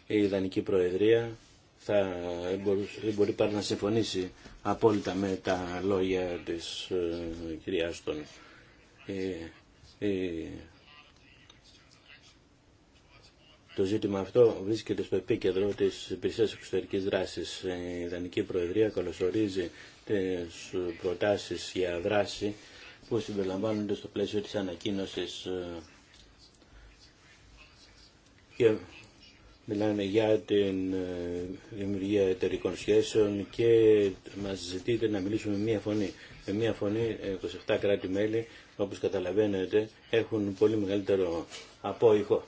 Η Ιδανική Προεδρία θα μπορεί πάρα να συμφωνήσει απόλυτα με τα λόγια της ε, κυρίας των το ζήτημα αυτό βρίσκεται στο επίκεντρο τη υπηρεσία εξωτερική δράση. Ε, η Ιδανική Προεδρία καλωσορίζει τι προτάσει για δράση που συμπεριλαμβάνονται στο πλαίσιο τη ανακοίνωσης ε, και μιλάμε για την ε, δημιουργία εταιρικών σχέσεων και μα ζητείτε να μιλήσουμε με μία φωνή. Με μία φωνή 27 κράτη-μέλη, όπω καταλαβαίνετε, έχουν πολύ μεγαλύτερο απόϊχο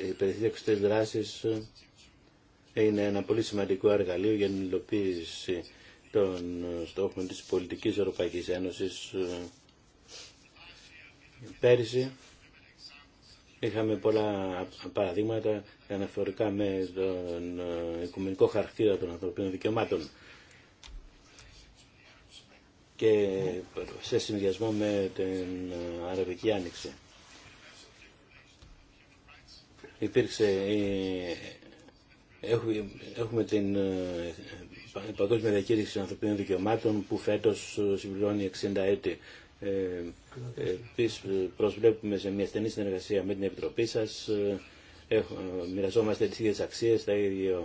οι περιθήκες δράσεις ε, είναι ένα πολύ σημαντικό εργαλείο για την υλοποίηση των ε, στόχων της πολιτικής Ευρωπαϊκής Ένωσης. Ε. Πέρυσι είχαμε πολλά παραδείγματα αναφορικά με τον οικουμενικό χαρακτήρα των ανθρωπίνων δικαιωμάτων και σε συνδυασμό με την Αραβική Άνοιξη υπήρξε ε, έχουμε την ε, Παγκόσμια Διακήρυξη των Ανθρωπίνων Δικαιωμάτων που φέτος ε, συμπληρώνει 60 έτη. Επίση, προσβλέπουμε σε μια στενή συνεργασία με την Επιτροπή σας. μοιραζόμαστε τις ίδιε αξίες, τα ίδια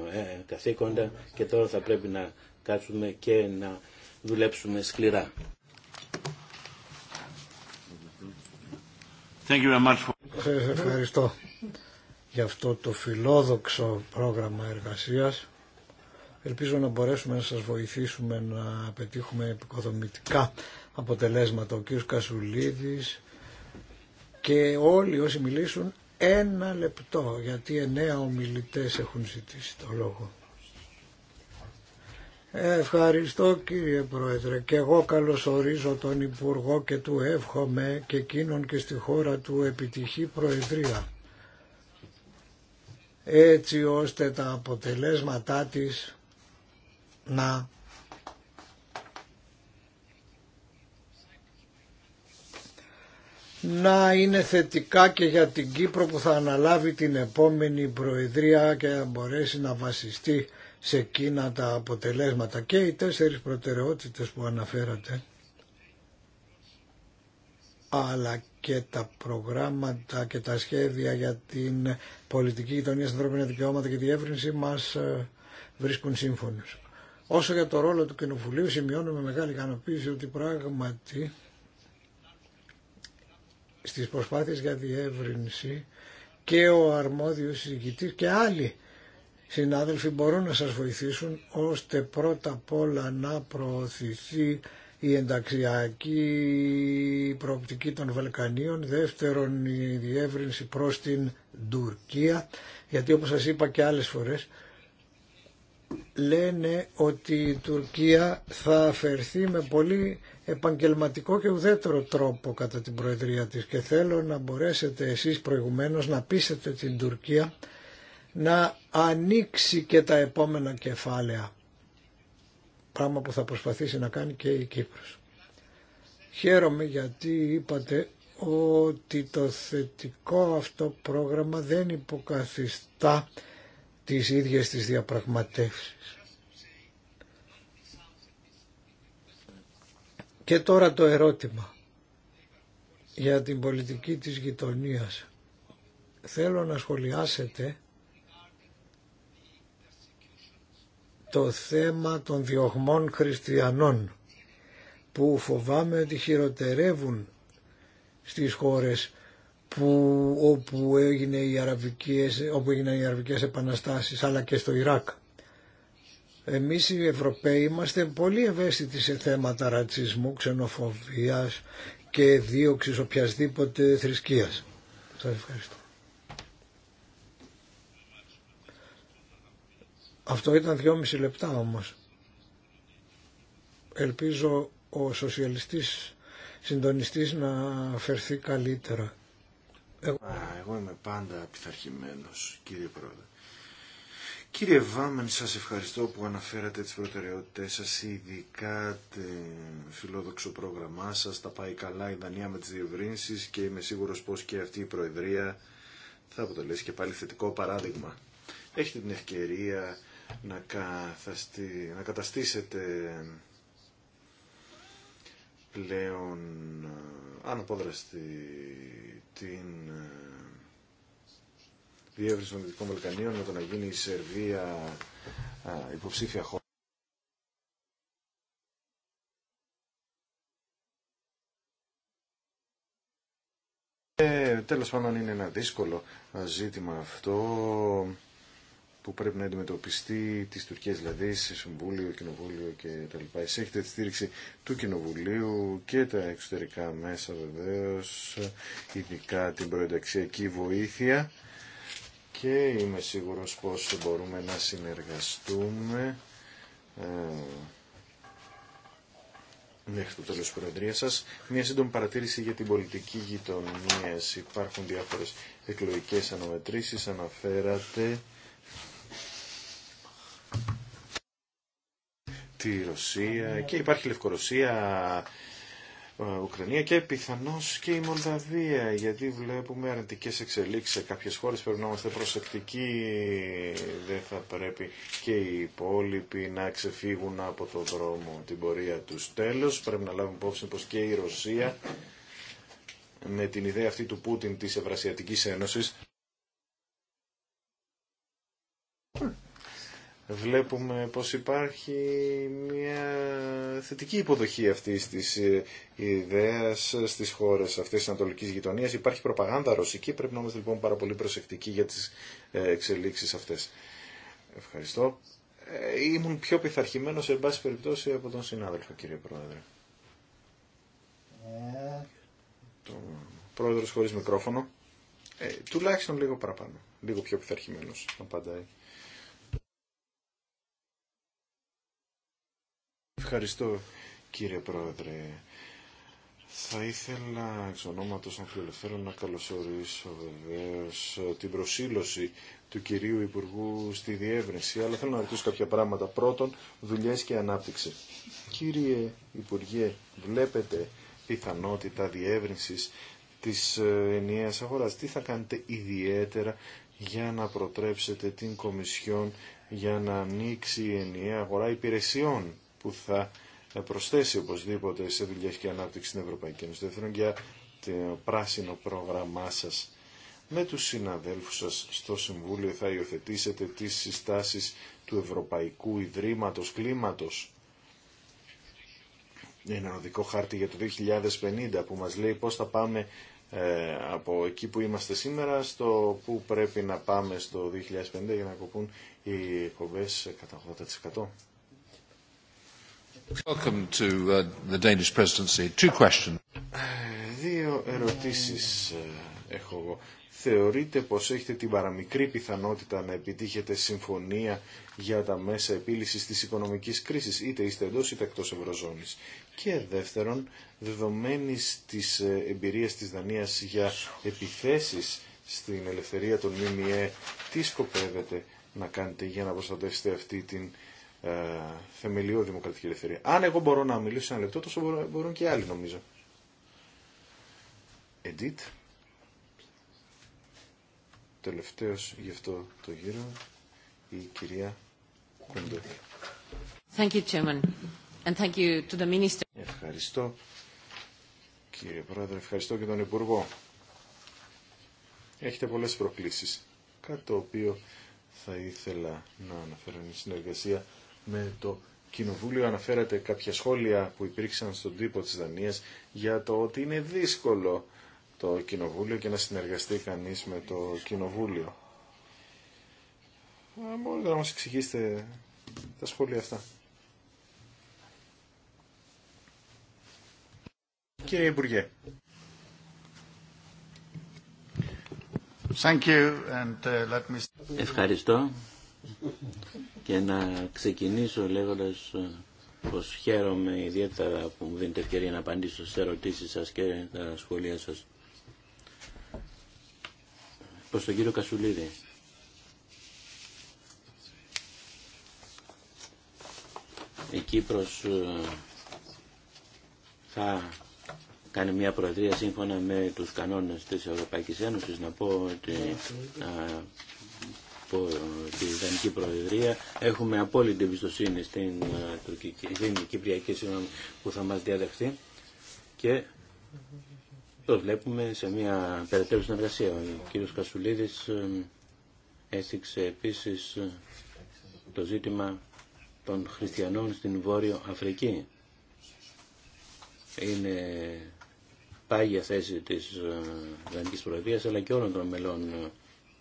καθήκοντα και τώρα θα πρέπει να κάτσουμε και να δουλέψουμε σκληρά. Ευχαριστώ για αυτό το φιλόδοξο πρόγραμμα εργασίας. Ελπίζω να μπορέσουμε να σας βοηθήσουμε να πετύχουμε επικοδομητικά αποτελέσματα. Ο κ. Κασουλίδης και όλοι όσοι μιλήσουν ένα λεπτό, γιατί εννέα ομιλητές έχουν ζητήσει το λόγο. Ε, ευχαριστώ κύριε Πρόεδρε και εγώ καλωσορίζω τον Υπουργό και του εύχομαι και εκείνον και στη χώρα του επιτυχή Προεδρία έτσι ώστε τα αποτελέσματά της να να είναι θετικά και για την Κύπρο που θα αναλάβει την επόμενη Προεδρία και θα μπορέσει να βασιστεί σε εκείνα τα αποτελέσματα. Και οι τέσσερις προτεραιότητες που αναφέρατε αλλά και τα προγράμματα και τα σχέδια για την πολιτική γειτονία ανθρώπινα δικαιώματα και διεύρυνση μας ε, βρίσκουν σύμφωνους. Όσο για το ρόλο του Κοινοβουλίου σημειώνουμε μεγάλη ικανοποίηση ότι πράγματι στις προσπάθειες για διεύρυνση και ο αρμόδιος συζητητής και άλλοι συνάδελφοι μπορούν να σας βοηθήσουν ώστε πρώτα απ' όλα να προωθηθεί η ενταξιακή προοπτική των Βαλκανίων, δεύτερον η διεύρυνση προς την Τουρκία, γιατί όπως σας είπα και άλλες φορές, λένε ότι η Τουρκία θα αφαιρθεί με πολύ επαγγελματικό και ουδέτερο τρόπο κατά την Προεδρία της και θέλω να μπορέσετε εσείς προηγουμένως να πείσετε την Τουρκία να ανοίξει και τα επόμενα κεφάλαια Πράγμα που θα προσπαθήσει να κάνει και η Κύπρος. Χαίρομαι γιατί είπατε ότι το θετικό αυτό πρόγραμμα δεν υποκαθιστά τις ίδιες τις διαπραγματεύσεις. Και τώρα το ερώτημα για την πολιτική της γειτονίας. Θέλω να σχολιάσετε το θέμα των διωγμών χριστιανών που φοβάμαι ότι χειροτερεύουν στις χώρες που, όπου, έγινε οι αραβικές, όπου έγιναν οι αραβικές επαναστάσεις αλλά και στο Ιράκ. Εμείς οι Ευρωπαίοι είμαστε πολύ ευαίσθητοι σε θέματα ρατσισμού, ξενοφοβίας και δίωξης οποιασδήποτε θρησκείας. Σας ευχαριστώ. Αυτό ήταν δυόμιση λεπτά όμως. Ελπίζω ο σοσιαλιστής συντονιστής να φερθεί καλύτερα. Εγώ, εγώ είμαι πάντα πειθαρχημένος κύριε Πρόεδρε. Κύριε Βάμεν, σας ευχαριστώ που αναφέρατε τις προτεραιότητες σας, ειδικά το φιλόδοξο πρόγραμμά σας. Τα πάει καλά η Δανία με τις διευρύνσεις και είμαι σίγουρος πως και αυτή η Προεδρία θα αποτελέσει και πάλι θετικό παράδειγμα. Έχετε την ευκαιρία να, καθαστη, να καταστήσετε πλέον ε, αναπόδραστη την ε, διεύρυνση των Δυτικών Βαλκανίων με το να γίνει η Σερβία ε, υποψήφια χώρα. Ε, τέλος πάντων είναι ένα δύσκολο ζήτημα αυτό που πρέπει να αντιμετωπιστεί τη Τουρκία δηλαδή σε Συμβούλιο, Κοινοβούλιο και τα έχετε τη στήριξη του Κοινοβουλίου και τα εξωτερικά μέσα βεβαίω, ειδικά την προενταξιακή βοήθεια και είμαι σίγουρος πως μπορούμε να συνεργαστούμε ε, μέχρι το τέλος της Προεδρίας σας. Μια σύντομη παρατήρηση για την πολιτική γειτονία. Υπάρχουν διάφορες εκλογικές αναμετρήσεις. Αναφέρατε τη Ρωσία και υπάρχει Λευκορωσία, ε, Ουκρανία και πιθανώς και η Μολδαβία γιατί βλέπουμε αρνητικές εξελίξεις σε κάποιες χώρες πρέπει να είμαστε προσεκτικοί δεν θα πρέπει και οι υπόλοιποι να ξεφύγουν από το δρόμο την πορεία τους τέλος πρέπει να λάβουμε υπόψη πως και η Ρωσία με την ιδέα αυτή του Πούτιν της Ευρασιατικής Ένωσης βλέπουμε πως υπάρχει μια θετική υποδοχή αυτής της ε, ιδέας στις χώρες αυτής της Ανατολικής Γειτονίας. Υπάρχει προπαγάνδα ρωσική, πρέπει να είμαστε λοιπόν πάρα πολύ προσεκτικοί για τις ε, εξελίξεις αυτές. Ευχαριστώ. Ε, ήμουν πιο πειθαρχημένο σε πάση περιπτώσει από τον συνάδελφο κύριε Πρόεδρε. Το πρόεδρος χωρίς μικρόφωνο. Ε, τουλάχιστον λίγο παραπάνω. Λίγο πιο πειθαρχημένος απαντάει. Ευχαριστώ κύριε Πρόεδρε. Θα ήθελα εξ ονόματος των να καλωσορίσω βεβαίω ε, την προσήλωση του κυρίου Υπουργού στη διεύρυνση, αλλά θέλω να ρωτήσω κάποια πράγματα. Πρώτον, δουλειές και ανάπτυξη. Κύριε Υπουργέ, βλέπετε πιθανότητα διεύρυνσης της ε, ενιαίας αγοράς. Τι θα κάνετε ιδιαίτερα για να προτρέψετε την Κομισιόν για να ανοίξει η ενιαία αγορά υπηρεσιών που θα προσθέσει οπωσδήποτε σε δουλειά και ανάπτυξη στην Ευρωπαϊκή Ένωση. Δεύτερον, για το πράσινο πρόγραμμά σα με τους συναδέλφους σα στο Συμβούλιο θα υιοθετήσετε τις συστάσεις του Ευρωπαϊκού ιδρύματο Κλίματος. Ένα οδικό χάρτη για το 2050 που μας λέει πώς θα πάμε ε, από εκεί που είμαστε σήμερα στο που πρέπει να πάμε στο 2050 για να κοπούν οι εκπομπές κατά 80%. Uh, Δύο ερωτήσεις ε, έχω εγώ. Θεωρείτε πως έχετε την παραμικρή πιθανότητα να επιτύχετε συμφωνία για τα μέσα επίλυσης της οικονομικής κρίσης, είτε είστε εντός είτε εκτός Ευρωζώνης. Και δεύτερον, δεδομένη της ε, εμπειρίας της Δανίας για επιθέσεις στην ελευθερία των ΜΜΕ, τι σκοπεύετε να κάνετε για να προστατεύσετε αυτή την ε, θεμελιώδη δημοκρατική ελευθερία. Αν εγώ μπορώ να μιλήσω ένα λεπτό, τόσο μπορούν και άλλοι νομίζω. Edit. Τελευταίος γι' αυτό το γύρο, η κυρία Κοντούρη. Minister. Ευχαριστώ, κύριε Πρόεδρε, ευχαριστώ και τον Υπουργό. Έχετε πολλές προκλήσεις, κάτι το οποίο θα ήθελα να αναφέρω είναι συνεργασία με το Κοινοβούλιο. Αναφέρατε κάποια σχόλια που υπήρξαν στον τύπο της Δανίας για το ότι είναι δύσκολο το Κοινοβούλιο και να συνεργαστεί κανείς με το Κοινοβούλιο. Μπορείτε να μας εξηγήσετε τα σχόλια αυτά. Κύριε Υπουργέ. Uh, Ευχαριστώ και να ξεκινήσω λέγοντας ε, πως χαίρομαι ιδιαίτερα που μου δίνετε ευκαιρία να απαντήσω σε ερωτήσεις σας και τα σχόλια σας. Προς τον κύριο Κασουλίδη. Η Κύπρος ε, θα κάνει μια προεδρία σύμφωνα με τους κανόνες της Ευρωπαϊκής Ένωσης. Να πω ότι από τη Ιδανική Προεδρία. Έχουμε απόλυτη εμπιστοσύνη στην, ε, στην Κυπριακή Σύνομη που θα μας διαδεχθεί και το βλέπουμε σε μια περαιτέρω συνεργασία. Ο κύριος Κασουλίδης ε, έστειξε επίσης ε, το ζήτημα των χριστιανών στην Βόρειο Αφρική. Είναι πάγια θέση της Δανικής Προεδρίας αλλά και όλων των μελών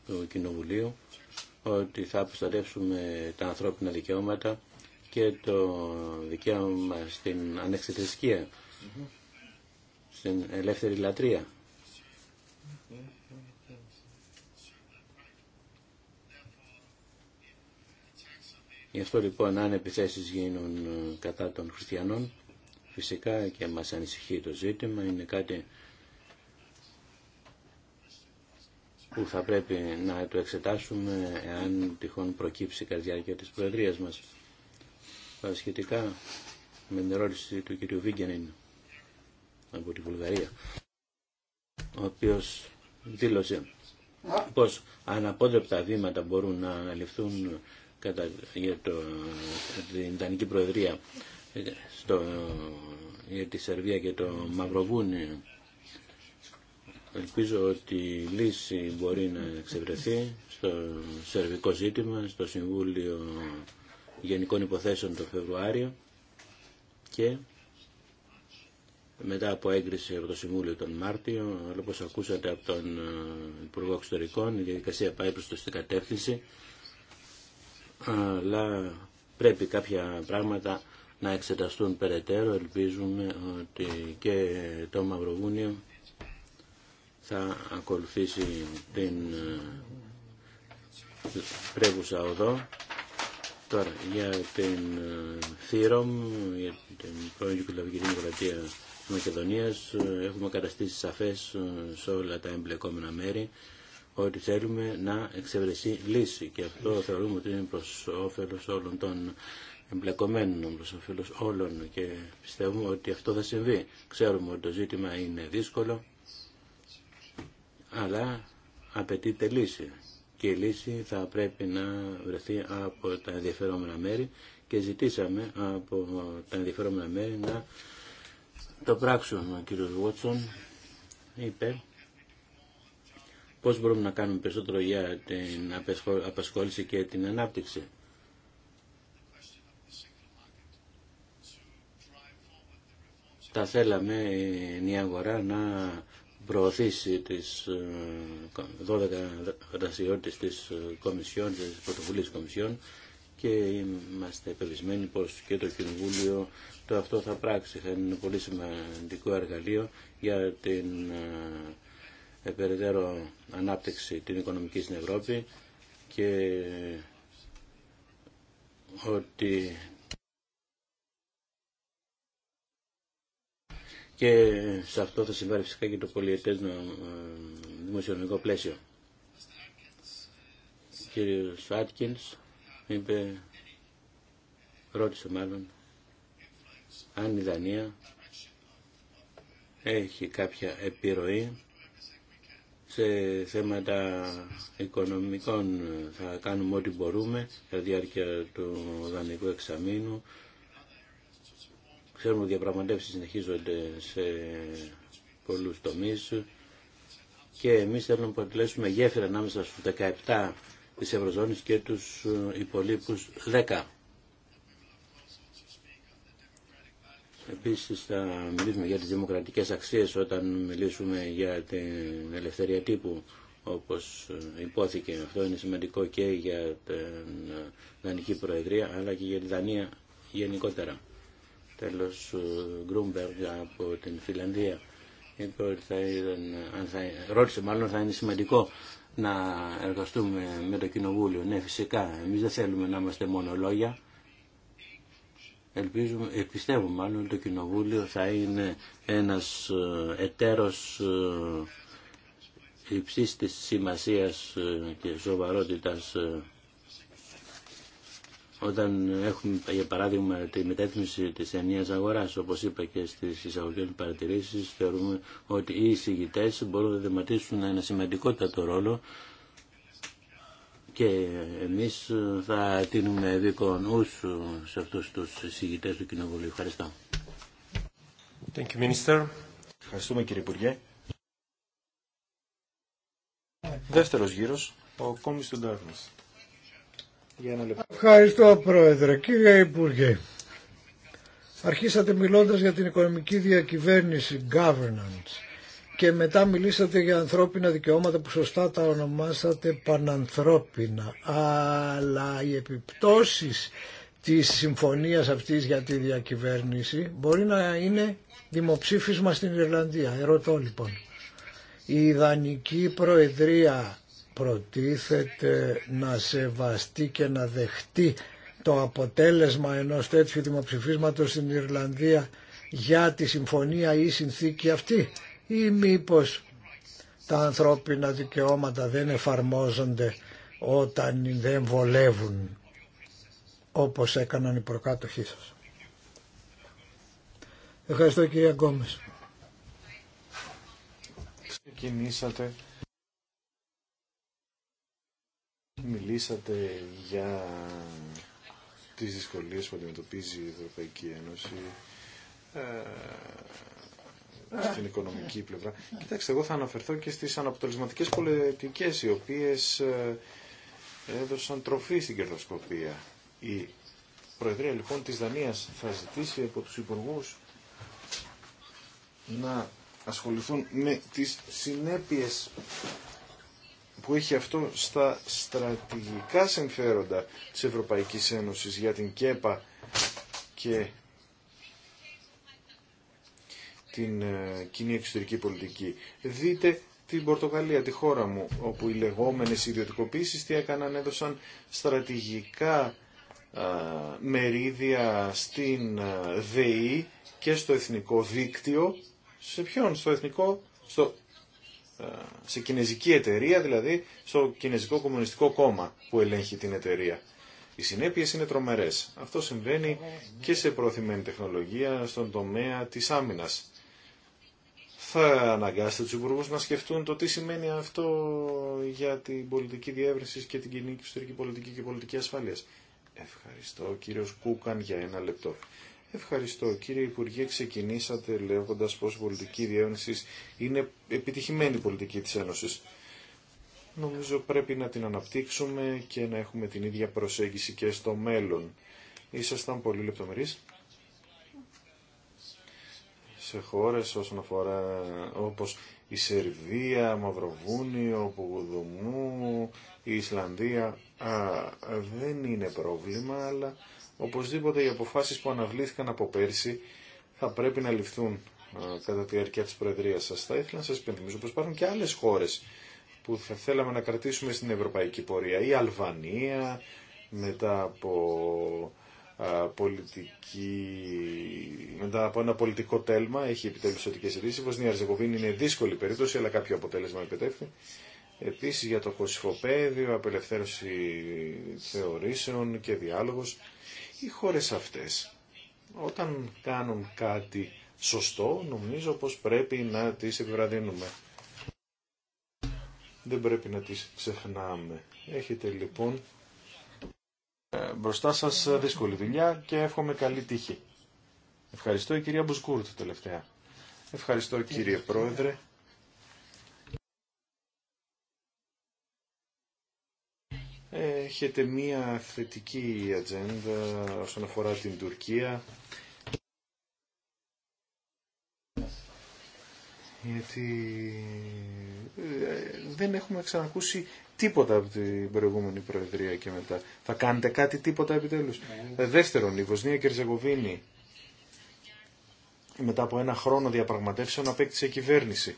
του Κοινοβουλίου ότι θα προστατεύσουμε τα ανθρώπινα δικαιώματα και το δικαίωμα στην ανεξιθρησκεία, στην ελεύθερη λατρεία. Γι' αυτό λοιπόν αν επιθέσεις γίνουν κατά των χριστιανών, φυσικά και μας ανησυχεί το ζήτημα, είναι κάτι που θα πρέπει να το εξετάσουμε εάν τυχόν προκύψει κατά τη διάρκεια της Προεδρίας μας. Σχετικά με την ερώτηση του κυρίου Βίγκενιν από τη Βουλγαρία, ο οποίος δήλωσε πως αναπόδρεπτα βήματα μπορούν να αναλυφθούν κατά, για το, την Ιντανική Προεδρία ε, στο, ε, για τη Σερβία και το Μαυροβούνι Ελπίζω ότι η λύση μπορεί να εξευρεθεί στο σερβικό ζήτημα, στο Συμβούλιο Γενικών Υποθέσεων το Φεβρουάριο και μετά από έγκριση από το Συμβούλιο τον Μάρτιο, όπως ακούσατε από τον ε, Υπουργό Εξωτερικών, η διαδικασία πάει προς την κατεύθυνση, αλλά πρέπει κάποια πράγματα να εξεταστούν περαιτέρω. Ελπίζουμε ότι και το Μαυροβούνιο θα ακολουθήσει την ε, πρέβουσα οδό. Τώρα, για την ε, Θήρομ, για την πρώην Ιουκλαβική Δημοκρατία Μακεδονίας, ε, έχουμε καταστήσει σαφές σε όλα τα εμπλεκόμενα μέρη ότι θέλουμε να εξευρεθεί λύση και αυτό θεωρούμε ότι είναι προς όφελος όλων των εμπλεκομένων, προς όφελος όλων και πιστεύουμε ότι αυτό θα συμβεί. Ξέρουμε ότι το ζήτημα είναι δύσκολο αλλά απαιτείται λύση και η λύση θα πρέπει να βρεθεί από τα ενδιαφερόμενα μέρη και ζητήσαμε από τα ενδιαφερόμενα μέρη να το πράξουν. Ο κύριος Βότσον είπε πώς μπορούμε να κάνουμε περισσότερο για την απασχόληση και την ανάπτυξη. Τα θέλαμε η αγορά να προωθήσει τις 12 ε, δραστηριότητε της ε, Κομισιόν, της Πρωτοβουλίας Κομισιόν και είμαστε πεπισμένοι πως και το Κοινοβούλιο το αυτό θα πράξει. Θα είναι ένα πολύ σημαντικό εργαλείο για την ε, περαιτέρω ανάπτυξη την οικονομική στην Ευρώπη και ότι και σε αυτό θα συμβάλλει φυσικά και το πολιετές ε, δημοσιονομικό πλαίσιο. Ο κύριος Άτκινς είπε, ρώτησε μάλλον, αν η Δανία έχει κάποια επιρροή σε θέματα οικονομικών θα κάνουμε ό,τι μπορούμε κατά διάρκεια του δανεικού εξαμήνου Ξέρουμε ότι οι διαπραγματεύσει συνεχίζονται σε πολλούς τομείς και εμείς θέλουμε να αποτελέσουμε γέφυρα ανάμεσα στου 17 τη Ευρωζώνη και τους υπολείπου 10. Επίσης θα μιλήσουμε για τις δημοκρατικές αξίες όταν μιλήσουμε για την ελευθερία τύπου όπως υπόθηκε. Αυτό είναι σημαντικό και για την Δανική Προεδρία αλλά και για τη Δανία γενικότερα τέλος ε, Γκρούμπεργκ από την Φιλανδία είπε ότι θα ρώτησε μάλλον θα είναι σημαντικό να εργαστούμε με το Κοινοβούλιο. Ναι, φυσικά, εμείς δεν θέλουμε να είμαστε μόνο λόγια. Ελπίζουμε, ε, μάλλον ότι το Κοινοβούλιο θα είναι ένας ε, εταίρος υψής της σημασίας και σοβαρότητας όταν έχουμε για παράδειγμα τη μετέθμιση της ενίας αγοράς όπως είπα και στις εισαγωγές παρατηρήσεις θεωρούμε ότι οι εισηγητές μπορούν να δεματίσουν ένα σημαντικότατο ρόλο και εμείς θα τίνουμε δίκο νους σε αυτούς τους εισηγητές του Κοινοβουλίου. Ευχαριστώ. Thank you, Minister. Ευχαριστούμε κύριε Υπουργέ. Δεύτερος γύρος, ο Κόμις του Ντάρνης. Ευχαριστώ Πρόεδρε. Κύριε Υπουργέ, αρχίσατε μιλώντας για την οικονομική διακυβέρνηση, governance, και μετά μιλήσατε για ανθρώπινα δικαιώματα που σωστά τα ονομάσατε πανανθρώπινα. Αλλά οι επιπτώσεις της συμφωνίας αυτής για τη διακυβέρνηση μπορεί να είναι δημοψήφισμα στην Ιρλανδία. Ερωτώ λοιπόν. Η ιδανική προεδρία προτίθεται να σεβαστεί και να δεχτεί το αποτέλεσμα ενός τέτοιου δημοψηφίσματος στην Ιρλανδία για τη συμφωνία ή συνθήκη αυτή ή μήπως τα ανθρώπινα δικαιώματα δεν εφαρμόζονται όταν δεν βολεύουν όπως έκαναν οι προκάτοχοί σας. Ευχαριστώ κυρία Γκόμες. Μιλήσατε για τις δυσκολίες που αντιμετωπίζει η Ευρωπαϊκή Ένωση ε, στην οικονομική πλευρά. Κοιτάξτε, εγώ θα αναφερθώ και στις αναποτελεσματικές πολιτικές οι οποίες ε, έδωσαν τροφή στην κερδοσκοπία. Η Προεδρία λοιπόν της Δανίας θα ζητήσει από τους υπουργούς να ασχοληθούν με τις συνέπειες που έχει αυτό στα στρατηγικά συμφέροντα της Ευρωπαϊκής Ένωσης για την ΚΕΠΑ και την ε, κοινή εξωτερική πολιτική. Δείτε την Πορτογαλία, τη χώρα μου, όπου οι λεγόμενες ιδιωτικοποίησεις τι έκαναν, έδωσαν στρατηγικά ε, μερίδια στην ε, ΔΕΗ και στο εθνικό δίκτυο. Σε ποιον, στο εθνικό, στο ε, σε κινέζικη εταιρεία, δηλαδή στο Κινέζικο Κομμουνιστικό Κόμμα που ελέγχει την εταιρεία. Οι συνέπειες είναι τρομερές. Αυτό συμβαίνει και σε προωθημένη τεχνολογία στον τομέα της άμυνας. Θα αναγκάσετε τους υπουργούς να σκεφτούν το τι σημαίνει αυτό για την πολιτική διεύρυνση και την κοινή εξωτερική πολιτική και πολιτική ασφάλειας. Ευχαριστώ κύριος Κούκαν για ένα λεπτό. Ευχαριστώ. Κύριε Υπουργέ, ξεκινήσατε λέγοντα πω η πολιτική διεύνηση είναι επιτυχημένη πολιτική τη Ένωση. Νομίζω πρέπει να την αναπτύξουμε και να έχουμε την ίδια προσέγγιση και στο μέλλον. Ήσασταν πολύ λεπτομερεί. σε χώρες όσον αφορά όπως η Σερβία, Μαυροβούνιο, Πογοδομού, η Ισλανδία. Α, δεν είναι πρόβλημα, αλλά Οπωσδήποτε οι αποφάσεις που αναβλήθηκαν από πέρσι θα πρέπει να ληφθούν ε, κατά τη διάρκεια της Προεδρίας σας. Θα ήθελα να σας υπενθυμίσω πως υπάρχουν και άλλες χώρες που θα θέλαμε να κρατήσουμε στην ευρωπαϊκή πορεία. Η Αλβανία μετά από, ε, πολιτική, μετά από ένα πολιτικό τέλμα έχει επιτέλους σωτικές ειδήσεις. Η Βοσνία Αρζεγοβίνη είναι δύσκολη περίπτωση αλλά κάποιο αποτέλεσμα επιτέφθη. Επίσης για το κοσυφοπαίδιο, απελευθέρωση θεωρήσεων και διάλογο οι χώρες αυτές όταν κάνουν κάτι σωστό νομίζω πως πρέπει να τις επιβραδύνουμε. Δεν πρέπει να τις ξεχνάμε. Έχετε λοιπόν ε, μπροστά σας δύσκολη δουλειά και εύχομαι καλή τύχη. Ευχαριστώ η κυρία Μπουσκούρτ τελευταία. Ευχαριστώ κύριε Πρόεδρε. έχετε μία θετική ατζέντα όσον αφορά την Τουρκία. Γιατί ε, δεν έχουμε ξανακούσει τίποτα από την προηγούμενη Προεδρία και μετά. Θα κάνετε κάτι τίποτα επιτέλους. Ναι. δεύτερον, η Βοσνία και η μετά από ένα χρόνο διαπραγματεύσεων απέκτησε κυβέρνηση.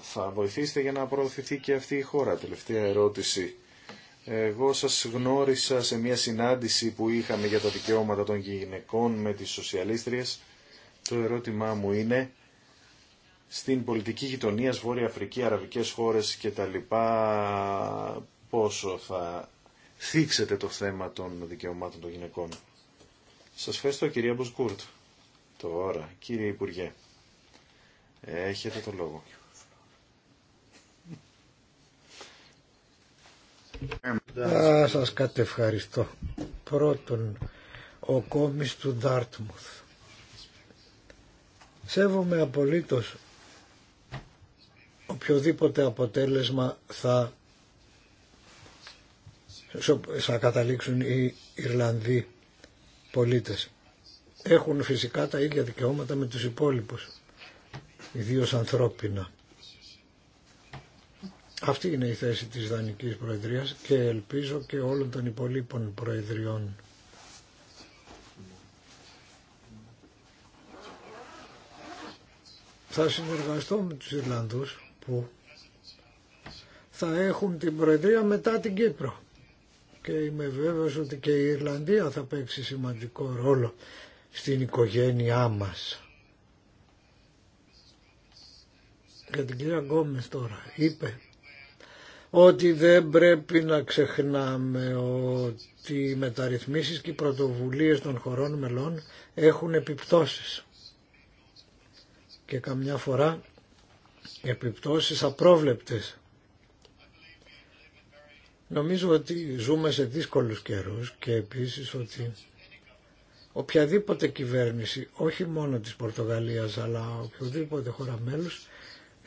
θα βοηθήσετε για να προωθηθεί και αυτή η χώρα. Τελευταία ερώτηση. Εγώ σας γνώρισα σε μια συνάντηση που είχαμε για τα δικαιώματα των γυναικών με τις σοσιαλίστριες. Το ερώτημά μου είναι, στην πολιτική γειτονία, Βόρεια Αφρική, Αραβικές χώρες και τα λοιπά, πόσο θα θίξετε το θέμα των δικαιωμάτων των γυναικών. Σας ευχαριστώ κυρία Μποσκούρτ. Τώρα, κύριε Υπουργέ, έχετε το λόγο. Θα σας κατευχαριστώ. Πρώτον, ο κόμις του Ντάρτμουθ. Σέβομαι απολύτως οποιοδήποτε αποτέλεσμα θα, θα καταλήξουν οι Ιρλανδοί πολίτες. Έχουν φυσικά τα ίδια δικαιώματα με τους υπόλοιπους, ιδίως ανθρώπινα. Αυτή είναι η θέση της Δανικής Προεδρίας και ελπίζω και όλων των υπολείπων Προεδριών. Θα συνεργαστώ με τους Ιρλανδούς που θα έχουν την Προεδρία μετά την Κύπρο. Και είμαι βέβαιος ότι και η Ιρλανδία θα παίξει σημαντικό ρόλο στην οικογένειά μας. Για την κυρία Γκόμες τώρα είπε ότι δεν πρέπει να ξεχνάμε ότι οι μεταρρυθμίσεις και οι πρωτοβουλίες των χωρών μελών έχουν επιπτώσεις και καμιά φορά επιπτώσεις απρόβλεπτες. Νομίζω ότι ζούμε σε δύσκολους καιρούς και επίσης ότι οποιαδήποτε κυβέρνηση, όχι μόνο της Πορτογαλίας αλλά οποιοδήποτε χώρα μέλους,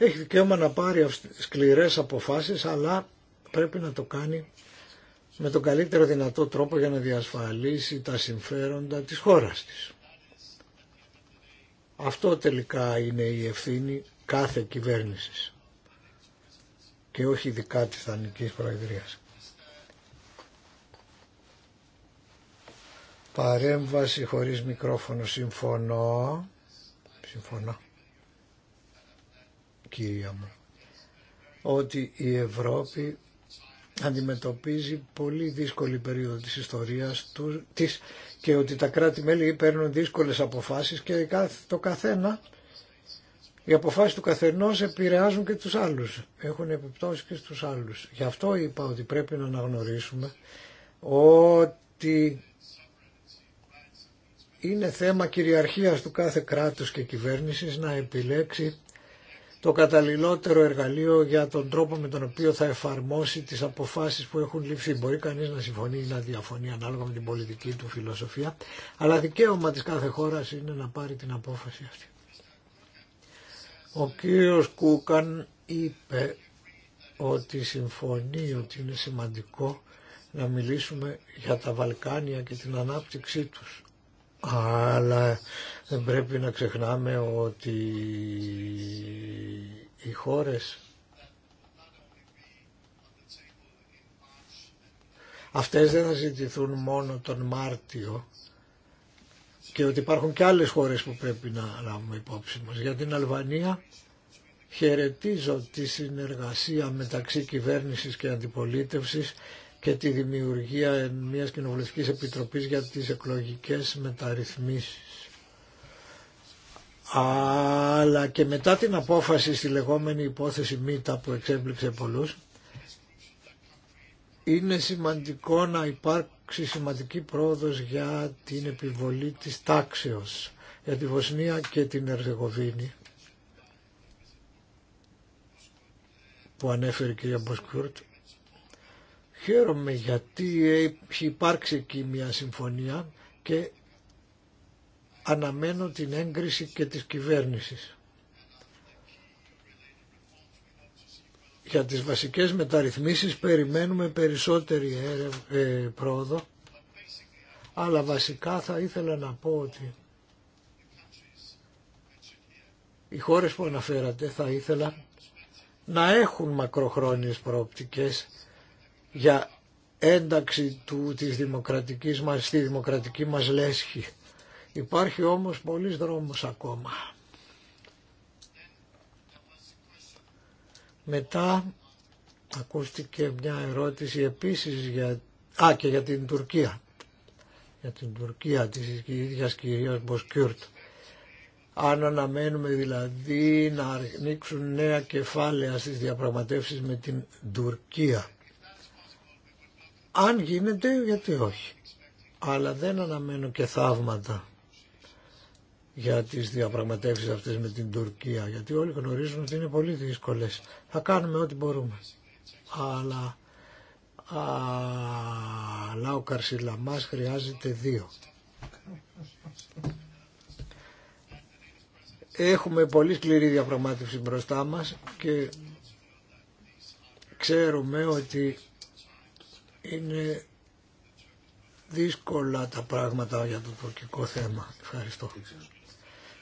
έχει δικαίωμα να πάρει σκληρές αποφάσεις, αλλά πρέπει να το κάνει με τον καλύτερο δυνατό τρόπο για να διασφαλίσει τα συμφέροντα της χώρας της. Αυτό τελικά είναι η ευθύνη κάθε κυβέρνησης και όχι ειδικά της Δανικής Προεδρίας. Παρέμβαση χωρίς μικρόφωνο. Συμφωνώ. Συμφωνώ κύρια ότι η Ευρώπη αντιμετωπίζει πολύ δύσκολη περίοδο της ιστορίας του, της, και ότι τα κράτη-μέλη παίρνουν δύσκολες αποφάσεις και το καθένα, οι αποφάσεις του καθενός επηρεάζουν και τους άλλους, έχουν επιπτώσεις και στους άλλους. Γι' αυτό είπα ότι πρέπει να αναγνωρίσουμε ότι είναι θέμα κυριαρχίας του κάθε κράτους και κυβέρνησης να επιλέξει το καταλληλότερο εργαλείο για τον τρόπο με τον οποίο θα εφαρμόσει τις αποφάσεις που έχουν ληφθεί. Μπορεί κανείς να συμφωνεί ή να διαφωνεί ανάλογα με την πολιτική του φιλοσοφία, αλλά δικαίωμα της κάθε χώρας είναι να πάρει την απόφαση αυτή. Ο κύριος Κούκαν είπε ότι συμφωνεί ότι είναι σημαντικό να μιλήσουμε για τα Βαλκάνια και την ανάπτυξή τους αλλά δεν πρέπει να ξεχνάμε ότι οι χώρες αυτές δεν θα ζητηθούν μόνο τον Μάρτιο και ότι υπάρχουν και άλλες χώρες που πρέπει να λάβουμε υπόψη μας. Για την Αλβανία χαιρετίζω τη συνεργασία μεταξύ κυβέρνησης και αντιπολίτευσης και τη δημιουργία μιας κοινοβουλευτικής επιτροπής για τις εκλογικές μεταρρυθμίσεις. Αλλά και μετά την απόφαση στη λεγόμενη υπόθεση ΜΙΤΑ που εξέπληξε πολλούς, είναι σημαντικό να υπάρξει σημαντική πρόοδος για την επιβολή της τάξεως για τη Βοσνία και την Ερζεγοβίνη που ανέφερε η κυρία Μποσκούρτ Χαίρομαι γιατί έχει υπάρξει εκεί μια συμφωνία και αναμένω την έγκριση και της κυβέρνησης. Για τις βασικές μεταρρυθμίσεις περιμένουμε περισσότερη ε, πρόοδο, αλλά βασικά θα ήθελα να πω ότι οι χώρες που αναφέρατε θα ήθελα να έχουν μακροχρόνιες προοπτικές για ένταξη του, της δημοκρατικής μας, στη δημοκρατική μας λέσχη. Υπάρχει όμως πολλής δρόμος ακόμα. Μετά ακούστηκε μια ερώτηση επίσης για, α, για την Τουρκία. Για την Τουρκία της ίδιας κυρίας Μποσκιούρτ. Αν αναμένουμε δηλαδή να ανοίξουν νέα κεφάλαια στις διαπραγματεύσεις με την Τουρκία αν γίνεται γιατί όχι. Αλλά δεν αναμένω και θαύματα για τις διαπραγματεύσεις αυτές με την Τουρκία γιατί όλοι γνωρίζουν ότι είναι πολύ δύσκολες. Θα κάνουμε ό,τι μπορούμε. Αλλά, αλλά ο Καρσιλαμάς χρειάζεται δύο. Έχουμε πολύ σκληρή διαπραγμάτευση μπροστά μας και ξέρουμε ότι είναι δύσκολα τα πράγματα για το τουρκικό θέμα. Ευχαριστώ.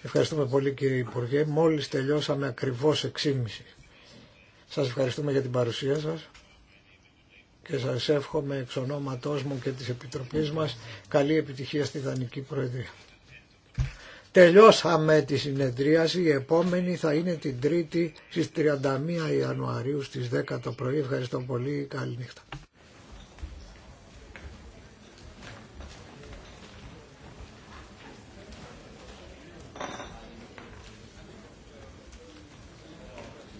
Ευχαριστούμε πολύ κύριε Υπουργέ. Μόλις τελειώσαμε ακριβώς 6.30. Σας ευχαριστούμε για την παρουσία σας και σας εύχομαι εξ ονόματός μου και της Επιτροπής μας καλή επιτυχία στη Δανική Προεδρία. Τελειώσαμε τη συνεδρίαση, η επόμενη θα είναι την Τρίτη στις 31 Ιανουαρίου στις 10 το πρωί. Ευχαριστώ πολύ, Καληνύχτα.